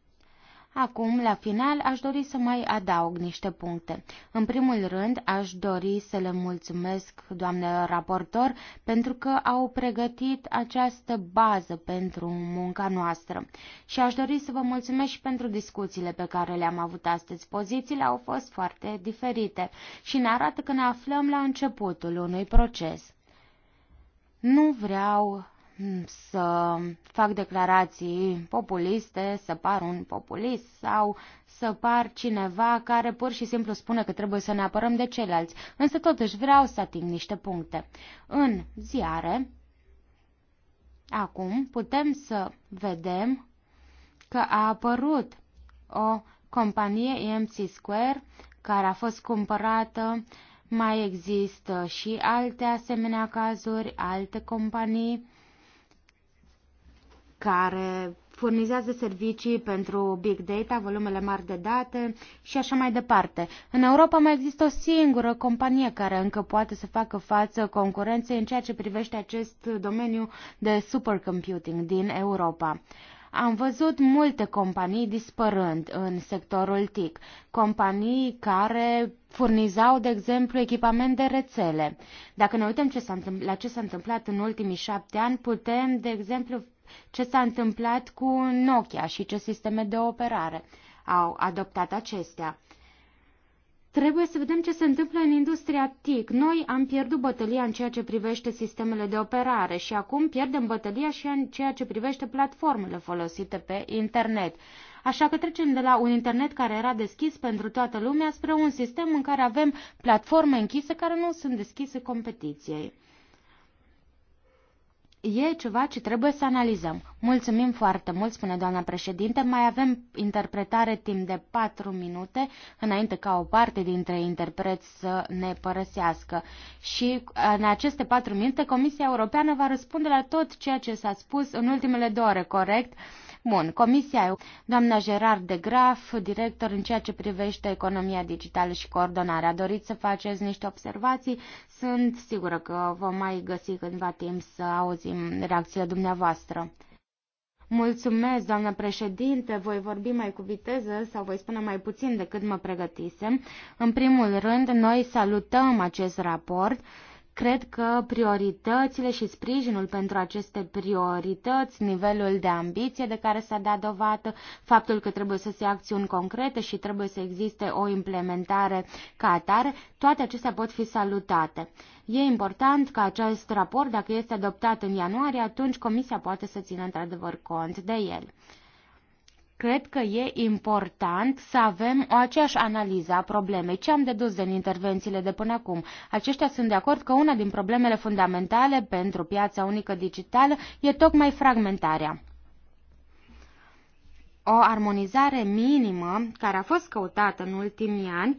Acum, la final, aș dori să mai adaug niște puncte. În primul rând, aș dori să le mulțumesc, doamnă raportor, pentru că au pregătit această bază pentru munca noastră. Și aș dori să vă mulțumesc și pentru discuțiile pe care le-am avut astăzi. Pozițiile au fost foarte diferite și ne arată că ne aflăm la începutul unui proces. Nu vreau mm, să fac declarații populiste, să par un populist sau să par cineva care pur și simplu spune că trebuie să ne apărăm de ceilalți, însă totuși vreau să ating niște puncte. În ziare, acum putem să vedem că a apărut o companie EMC Square care a fost cumpărată uh, mai există și alte asemenea cazuri, alte companii care furnizează servicii pentru big data, volumele mari de date și așa mai departe. În Europa mai există o singură companie care încă poate să facă față concurenței în ceea ce privește acest domeniu de supercomputing din Europa. Am văzut multe companii dispărând în sectorul TIC, companii care furnizau, de exemplu, echipament de rețele. Dacă ne uităm ce s-a întâmpl- la ce s-a întâmplat în ultimii șapte ani, putem, de exemplu, ce s-a întâmplat cu Nokia și ce sisteme de operare au adoptat acestea. Trebuie să vedem ce se întâmplă în industria TIC. Noi am pierdut bătălia în ceea ce privește sistemele de operare și acum pierdem bătălia și în ceea ce privește platformele folosite pe internet. Așa că trecem de la un internet care era deschis pentru toată lumea spre un sistem în care avem platforme închise care nu sunt deschise competiției. E ceva ce trebuie să analizăm. Mulțumim foarte mult, spune doamna președinte. Mai avem interpretare timp de patru minute, înainte ca o parte dintre interpreți să ne părăsească. Și în aceste patru minute, Comisia Europeană va răspunde la tot ceea ce s-a spus în ultimele două ore, corect? Bun, Comisia, doamna Gerard de Graf, director în ceea ce privește economia digitală și coordonarea. Doriți să faceți niște observații? Sunt sigură că vom mai găsi cândva timp să auzim reacțiile dumneavoastră. Mulțumesc, doamnă președinte, voi vorbi mai cu viteză sau voi spune mai puțin decât mă pregătisem. În primul rând, noi salutăm acest raport Cred că prioritățile și sprijinul pentru aceste priorități, nivelul de ambiție de care s-a dat dovadă, faptul că trebuie să se acțiuni concrete și trebuie să existe o implementare ca atare, toate acestea pot fi salutate. E important ca acest raport, dacă este adoptat în ianuarie, atunci Comisia poate să țină într-adevăr cont de el. Cred că e important să avem o aceeași analiză a problemei. Ce am dedus din intervențiile de până acum? Aceștia sunt de acord că una din problemele fundamentale pentru piața unică digitală e tocmai fragmentarea. O armonizare minimă care a fost căutată în ultimii ani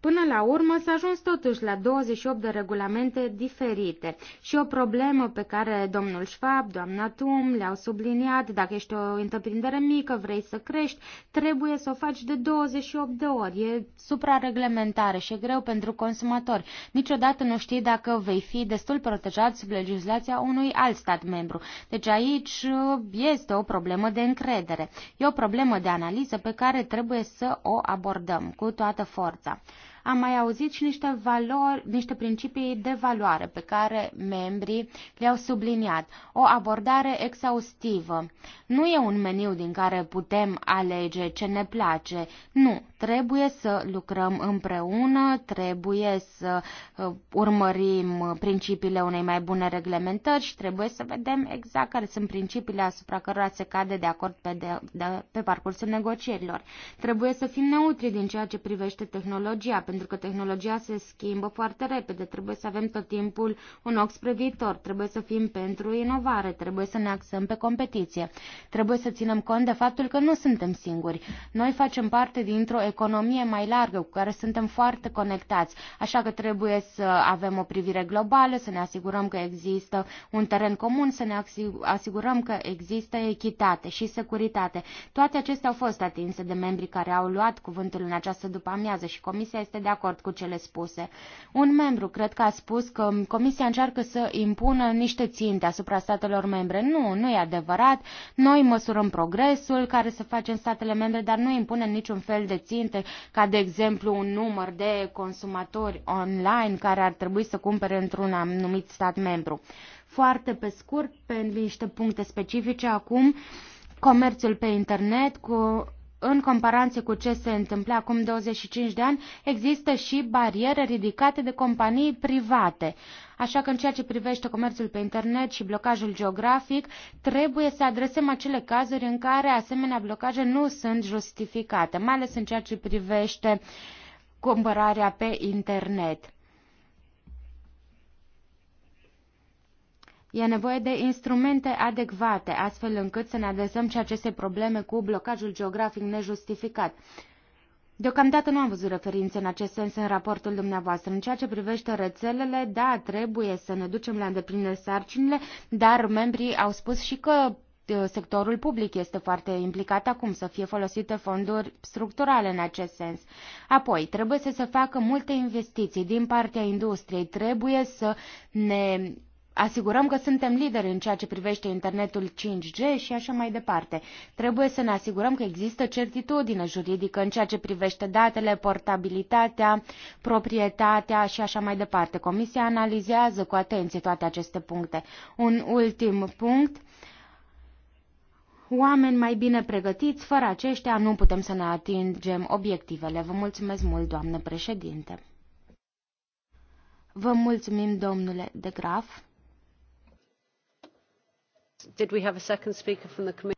Până la urmă s-a ajuns totuși la 28 de regulamente diferite și o problemă pe care domnul Schwab, doamna Tum le-au subliniat, dacă ești o întreprindere mică, vrei să crești, trebuie să o faci de 28 de ori. E suprareglementare și e greu pentru consumatori. Niciodată nu știi dacă vei fi destul protejat sub legislația unui alt stat membru. Deci aici uh, este o problemă de încredere. E o problemă de analiză pe care trebuie să o abordăm cu toată forța am mai auzit și niște, valori, niște principii de valoare pe care membrii le-au subliniat. O abordare exhaustivă. Nu e un meniu din care putem alege ce ne place. Nu, trebuie să lucrăm împreună, trebuie să uh, urmărim principiile unei mai bune reglementări și trebuie să vedem exact care sunt principiile asupra cărora se cade de acord pe, de, de, pe parcursul negocierilor. Trebuie să fim neutri din ceea ce privește tehnologia, pentru pentru că tehnologia se schimbă foarte repede, trebuie să avem tot timpul un ochi spre viitor, trebuie să fim pentru inovare, trebuie să ne axăm pe competiție, trebuie să ținem cont de faptul că nu suntem singuri. Noi facem parte dintr-o economie mai largă cu care suntem foarte conectați, așa că trebuie să avem o privire globală, să ne asigurăm că există un teren comun, să ne asigurăm că există echitate și securitate. Toate acestea au fost atinse de membrii care au luat cuvântul în această după amiază și Comisia este de de acord cu cele spuse. Un membru, cred că a spus că Comisia încearcă să impună niște ținte asupra statelor membre. Nu, nu e adevărat. Noi măsurăm progresul care se face în statele membre, dar nu impunem niciun fel de ținte, ca de exemplu un număr de consumatori online care ar trebui să cumpere într-un anumit stat membru. Foarte pe scurt, pe niște puncte specifice acum, comerțul pe internet cu în comparație cu ce se întâmpla acum 25 de ani, există și bariere ridicate de companii private. Așa că în ceea ce privește comerțul pe internet și blocajul geografic, trebuie să adresăm acele cazuri în care asemenea blocaje nu sunt justificate, mai ales în ceea ce privește cumpărarea pe internet. E nevoie de instrumente adecvate, astfel încât să ne adresăm și aceste probleme cu blocajul geografic nejustificat. Deocamdată nu am văzut referințe în acest sens în raportul dumneavoastră. În ceea ce privește rețelele, da, trebuie să ne ducem la îndeplinire sarcinile, dar membrii au spus și că sectorul public este foarte implicat acum, să fie folosite fonduri structurale în acest sens. Apoi, trebuie să se facă multe investiții din partea industriei, trebuie să ne asigurăm că suntem lideri în ceea ce privește internetul 5G și așa mai departe. Trebuie să ne asigurăm că există certitudine juridică în ceea ce privește datele, portabilitatea, proprietatea și așa mai departe. Comisia analizează cu atenție toate aceste puncte. Un ultim punct. Oameni mai bine pregătiți, fără aceștia nu putem să ne atingem obiectivele. Vă mulțumesc mult, doamnă președinte. Vă mulțumim, domnule de Graf.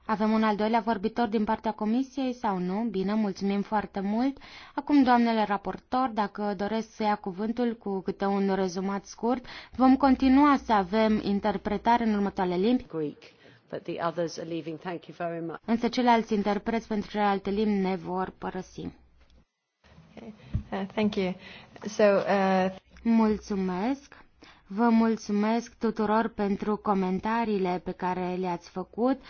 Avem un al doilea vorbitor din partea comisiei sau nu? Bine, mulțumim foarte mult. Acum, doamnele raportor, dacă doresc să ia cuvântul cu câte un rezumat scurt, vom continua să avem interpretare în următoarele limbi. Greek. But the others are leaving. Thank you very much. Însă ceilalți interpreți pentru celelalte limbi ne vor părăsi. Okay. Uh, thank you. So, uh... Mulțumesc. Vă mulțumesc tuturor pentru comentariile pe care le-ați făcut.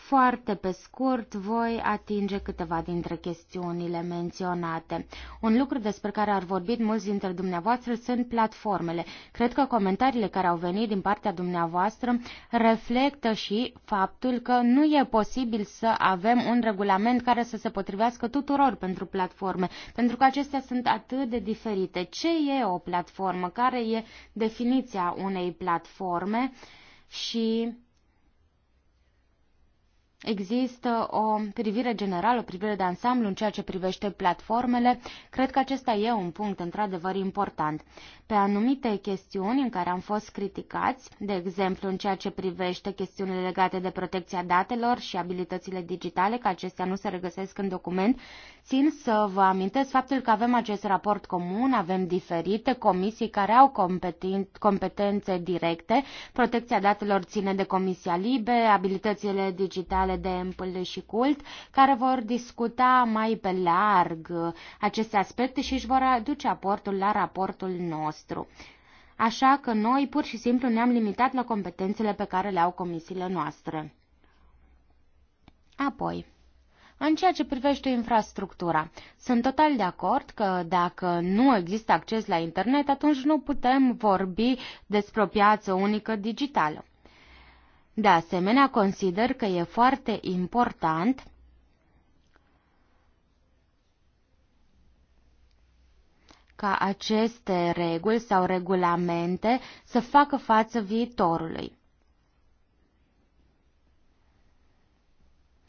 Foarte pe scurt voi atinge câteva dintre chestiunile menționate. Un lucru despre care ar vorbit mulți dintre dumneavoastră sunt platformele. Cred că comentariile care au venit din partea dumneavoastră reflectă și faptul că nu e posibil să avem un regulament care să se potrivească tuturor pentru platforme, pentru că acestea sunt atât de diferite. Ce e o platformă? Care e definiția unei platforme? Și există o privire generală, o privire de ansamblu în ceea ce privește platformele. Cred că acesta e un punct într-adevăr important. Pe anumite chestiuni în care am fost criticați, de exemplu în ceea ce privește chestiunile legate de protecția datelor și abilitățile digitale, că acestea nu se regăsesc în document, țin să vă amintesc faptul că avem acest raport comun, avem diferite comisii care au competențe directe, protecția datelor ține de Comisia Libe, abilitățile digitale naționale de împâlă și cult, care vor discuta mai pe larg aceste aspecte și își vor aduce aportul la raportul nostru. Așa că noi pur și simplu ne-am limitat la competențele pe care le au comisiile noastre. Apoi, în ceea ce privește infrastructura, sunt total de acord că dacă nu există acces la internet, atunci nu putem vorbi despre o piață unică digitală. De asemenea, consider că e foarte important ca aceste reguli sau regulamente să facă față viitorului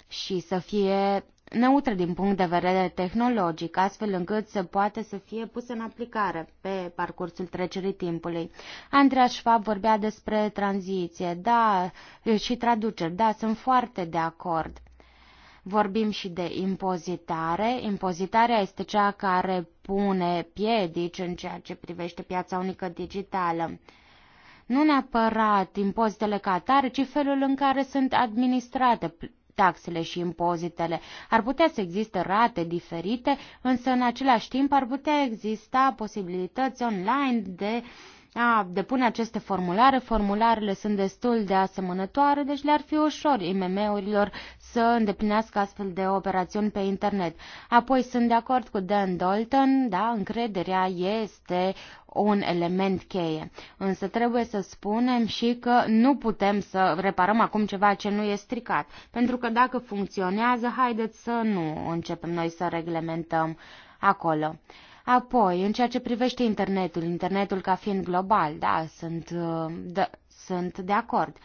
și să fie neutre din punct de vedere tehnologic, astfel încât să poată să fie pusă în aplicare pe parcursul trecerii timpului. Andrea Schwab vorbea despre tranziție, da, și traduceri, da, sunt foarte de acord. Vorbim și de impozitare. Impozitarea este cea care pune piedici în ceea ce privește piața unică digitală nu neapărat impozitele ca atare, ci felul în care sunt administrate taxele și impozitele. Ar putea să existe rate diferite, însă în același timp ar putea exista posibilități online de uh, a depune aceste formulare. Formularele sunt destul de asemănătoare, deci le-ar fi ușor IMM-urilor să îndeplinească astfel de operațiuni pe internet. Apoi sunt de acord cu Dan Dalton, da, încrederea este un element cheie. Însă trebuie să spunem și că nu putem să reparăm acum ceva ce nu e stricat. Pentru că dacă funcționează, haideți să nu începem noi să reglementăm acolo. Apoi, în ceea ce privește internetul, internetul ca fiind global, da, sunt, uh, de, sunt de acord.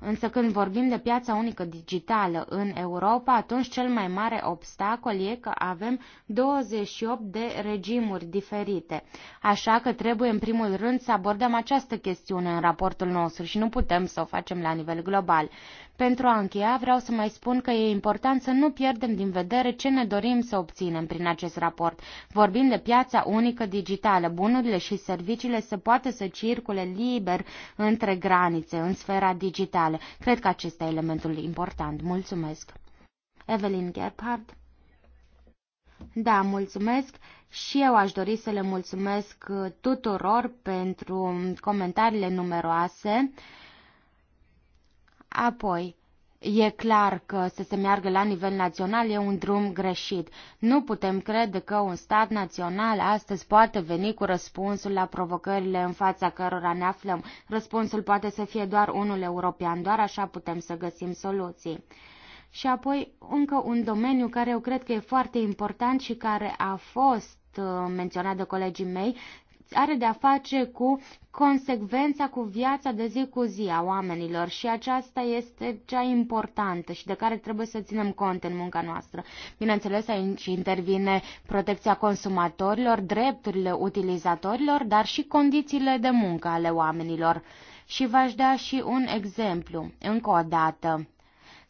Însă când vorbim de piața unică digitală în Europa, atunci cel mai mare obstacol e că avem 28 de regimuri diferite. Așa că trebuie în primul rând să abordăm această chestiune în raportul nostru și nu putem să o facem la nivel global. Pentru a încheia, vreau să mai spun că e important să nu pierdem din vedere ce ne dorim să obținem prin acest raport. Vorbim de piața unică digitală, bunurile și serviciile să poată să circule liber între granițe, în sfera digitală. Cred că acesta e elementul important. Mulțumesc! Evelyn Gerhard. da, mulțumesc și eu aș dori să le mulțumesc uh, tuturor pentru um, comentariile numeroase. Apoi, E clar că să se meargă la nivel național e un drum greșit. Nu putem crede că un stat național astăzi poate veni cu răspunsul la provocările în fața cărora ne aflăm. Răspunsul poate să fie doar unul european, doar așa putem să găsim soluții. Și apoi încă un domeniu care eu cred că e foarte important și care a fost uh, menționat de colegii mei, are de-a face cu consecvența cu viața de zi cu zi a oamenilor și aceasta este cea importantă și de care trebuie să ținem cont în munca noastră. Bineînțeles, aici intervine protecția consumatorilor, drepturile utilizatorilor, dar și condițiile de muncă ale oamenilor. Și v-aș da și un exemplu, încă o dată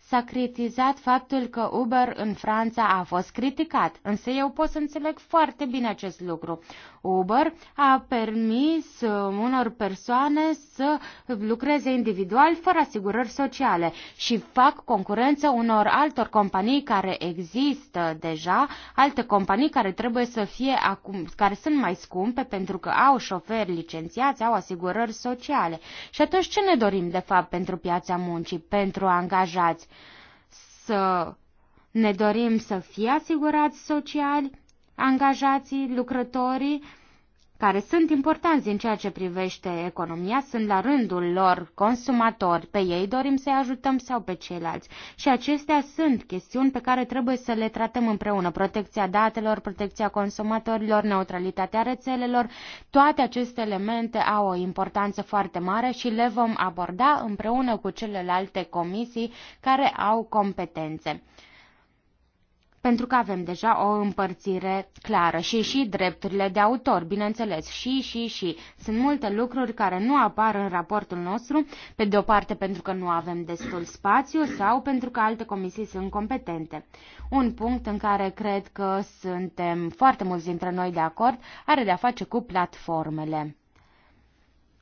s-a criticat faptul că Uber în Franța a fost criticat, însă eu pot să înțeleg foarte bine acest lucru. Uber a permis uh, unor persoane să lucreze individual fără asigurări sociale și fac concurență unor altor companii care există deja, alte companii care trebuie să fie acum, care sunt mai scumpe pentru că au șoferi licențiați, au asigurări sociale. Și atunci ce ne dorim de fapt pentru piața muncii, pentru angajați? Să ne dorim să fie asigurați sociali, angajații, lucrătorii, care sunt importanți în ceea ce privește economia, sunt la rândul lor consumatori, pe ei dorim să-i ajutăm sau pe ceilalți. Și acestea sunt chestiuni pe care trebuie să le tratăm împreună. Protecția datelor, protecția consumatorilor, neutralitatea rețelelor, toate aceste elemente au o importanță foarte mare și le vom aborda împreună cu celelalte comisii care au competențe pentru că avem deja o împărțire clară și și drepturile de autor, bineînțeles, și, și, și. Sunt multe lucruri care nu apar în raportul nostru, pe de o parte pentru că nu avem destul spațiu sau pentru că alte comisii sunt competente. Un punct în care cred că suntem foarte mulți dintre noi de acord are de-a face cu platformele.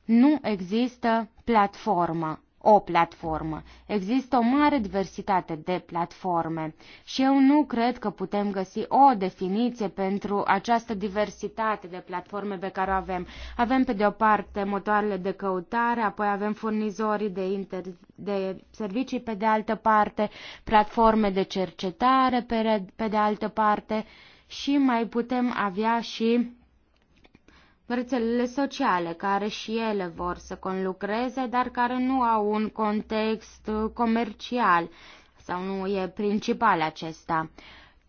Nu există platformă o platformă. Există o mare diversitate de platforme și eu nu cred că putem găsi o definiție pentru această diversitate de platforme pe care o avem. Avem pe de o parte motoarele de căutare, apoi avem furnizorii de, inter... de servicii pe de altă parte, platforme de cercetare pe, de altă parte și mai putem avea și rețelele sociale, care și ele vor să conlucreze, dar care nu au un context uh, comercial sau nu e principal acesta.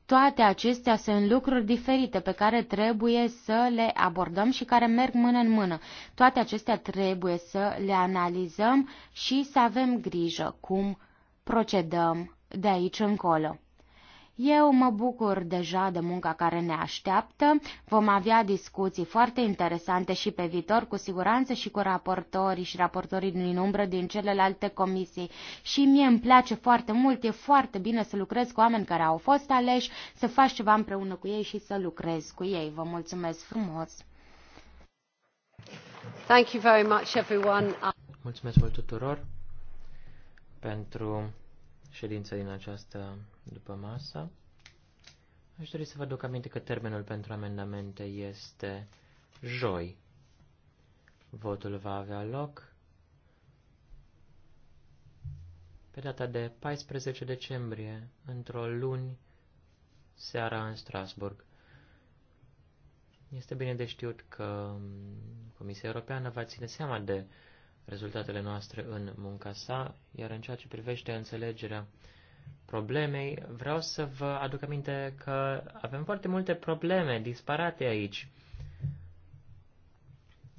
Toate acestea sunt lucruri diferite pe care trebuie să le abordăm și care merg mână în mână. Toate acestea trebuie să le analizăm și să avem grijă cum procedăm de aici încolo. Eu mă bucur deja de munca care ne așteaptă. Vom avea discuții foarte interesante și pe viitor, cu siguranță și cu raportorii și raportorii din umbră din celelalte comisii. Și mie îmi place foarte mult, e foarte bine să lucrez cu oameni care au fost aleși, să faci ceva împreună cu ei și să lucrez cu ei. Vă mulțumesc frumos! Thank you very much, everyone. Mulțumesc mult tuturor pentru ședința din această după masă. Aș dori să vă duc aminte că termenul pentru amendamente este joi. Votul va avea loc pe data de 14 decembrie, într-o luni, seara în Strasburg. Este bine de știut că Comisia Europeană va ține seama de rezultatele noastre în munca sa, iar în ceea ce privește înțelegerea problemei, vreau să vă aduc aminte că avem foarte multe probleme disparate aici.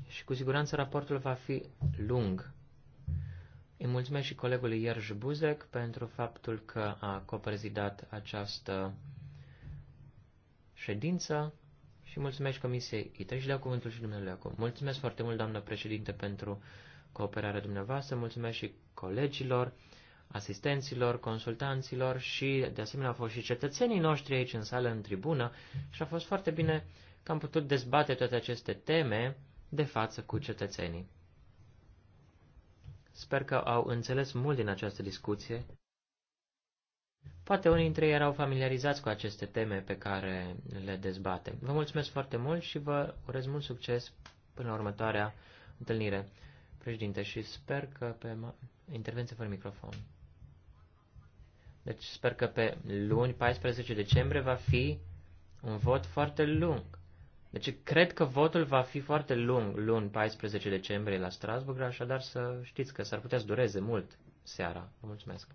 Și cu siguranță raportul va fi lung. Îi mulțumesc și colegului Ierj Buzek pentru faptul că a coprezidat această ședință și mulțumesc Comisiei ITRE și dau cuvântul și dumneavoastră acum. Mulțumesc foarte mult, doamnă președinte, pentru cooperarea dumneavoastră, mulțumesc și colegilor asistenților, consultanților și, de asemenea, au fost și cetățenii noștri aici în sală, în tribună și a fost foarte bine că am putut dezbate toate aceste teme de față cu cetățenii. Sper că au înțeles mult din această discuție. Poate unii dintre ei erau familiarizați cu aceste teme pe care le dezbatem. Vă mulțumesc foarte mult și vă urez mult succes până la următoarea întâlnire, președinte, și sper că pe intervenție fără microfon. Deci sper că pe luni, 14 decembrie, va fi un vot foarte lung. Deci cred că votul va fi foarte lung luni, 14 decembrie la Strasburg, așadar să știți că s-ar putea să dureze mult seara. Vă mulțumesc!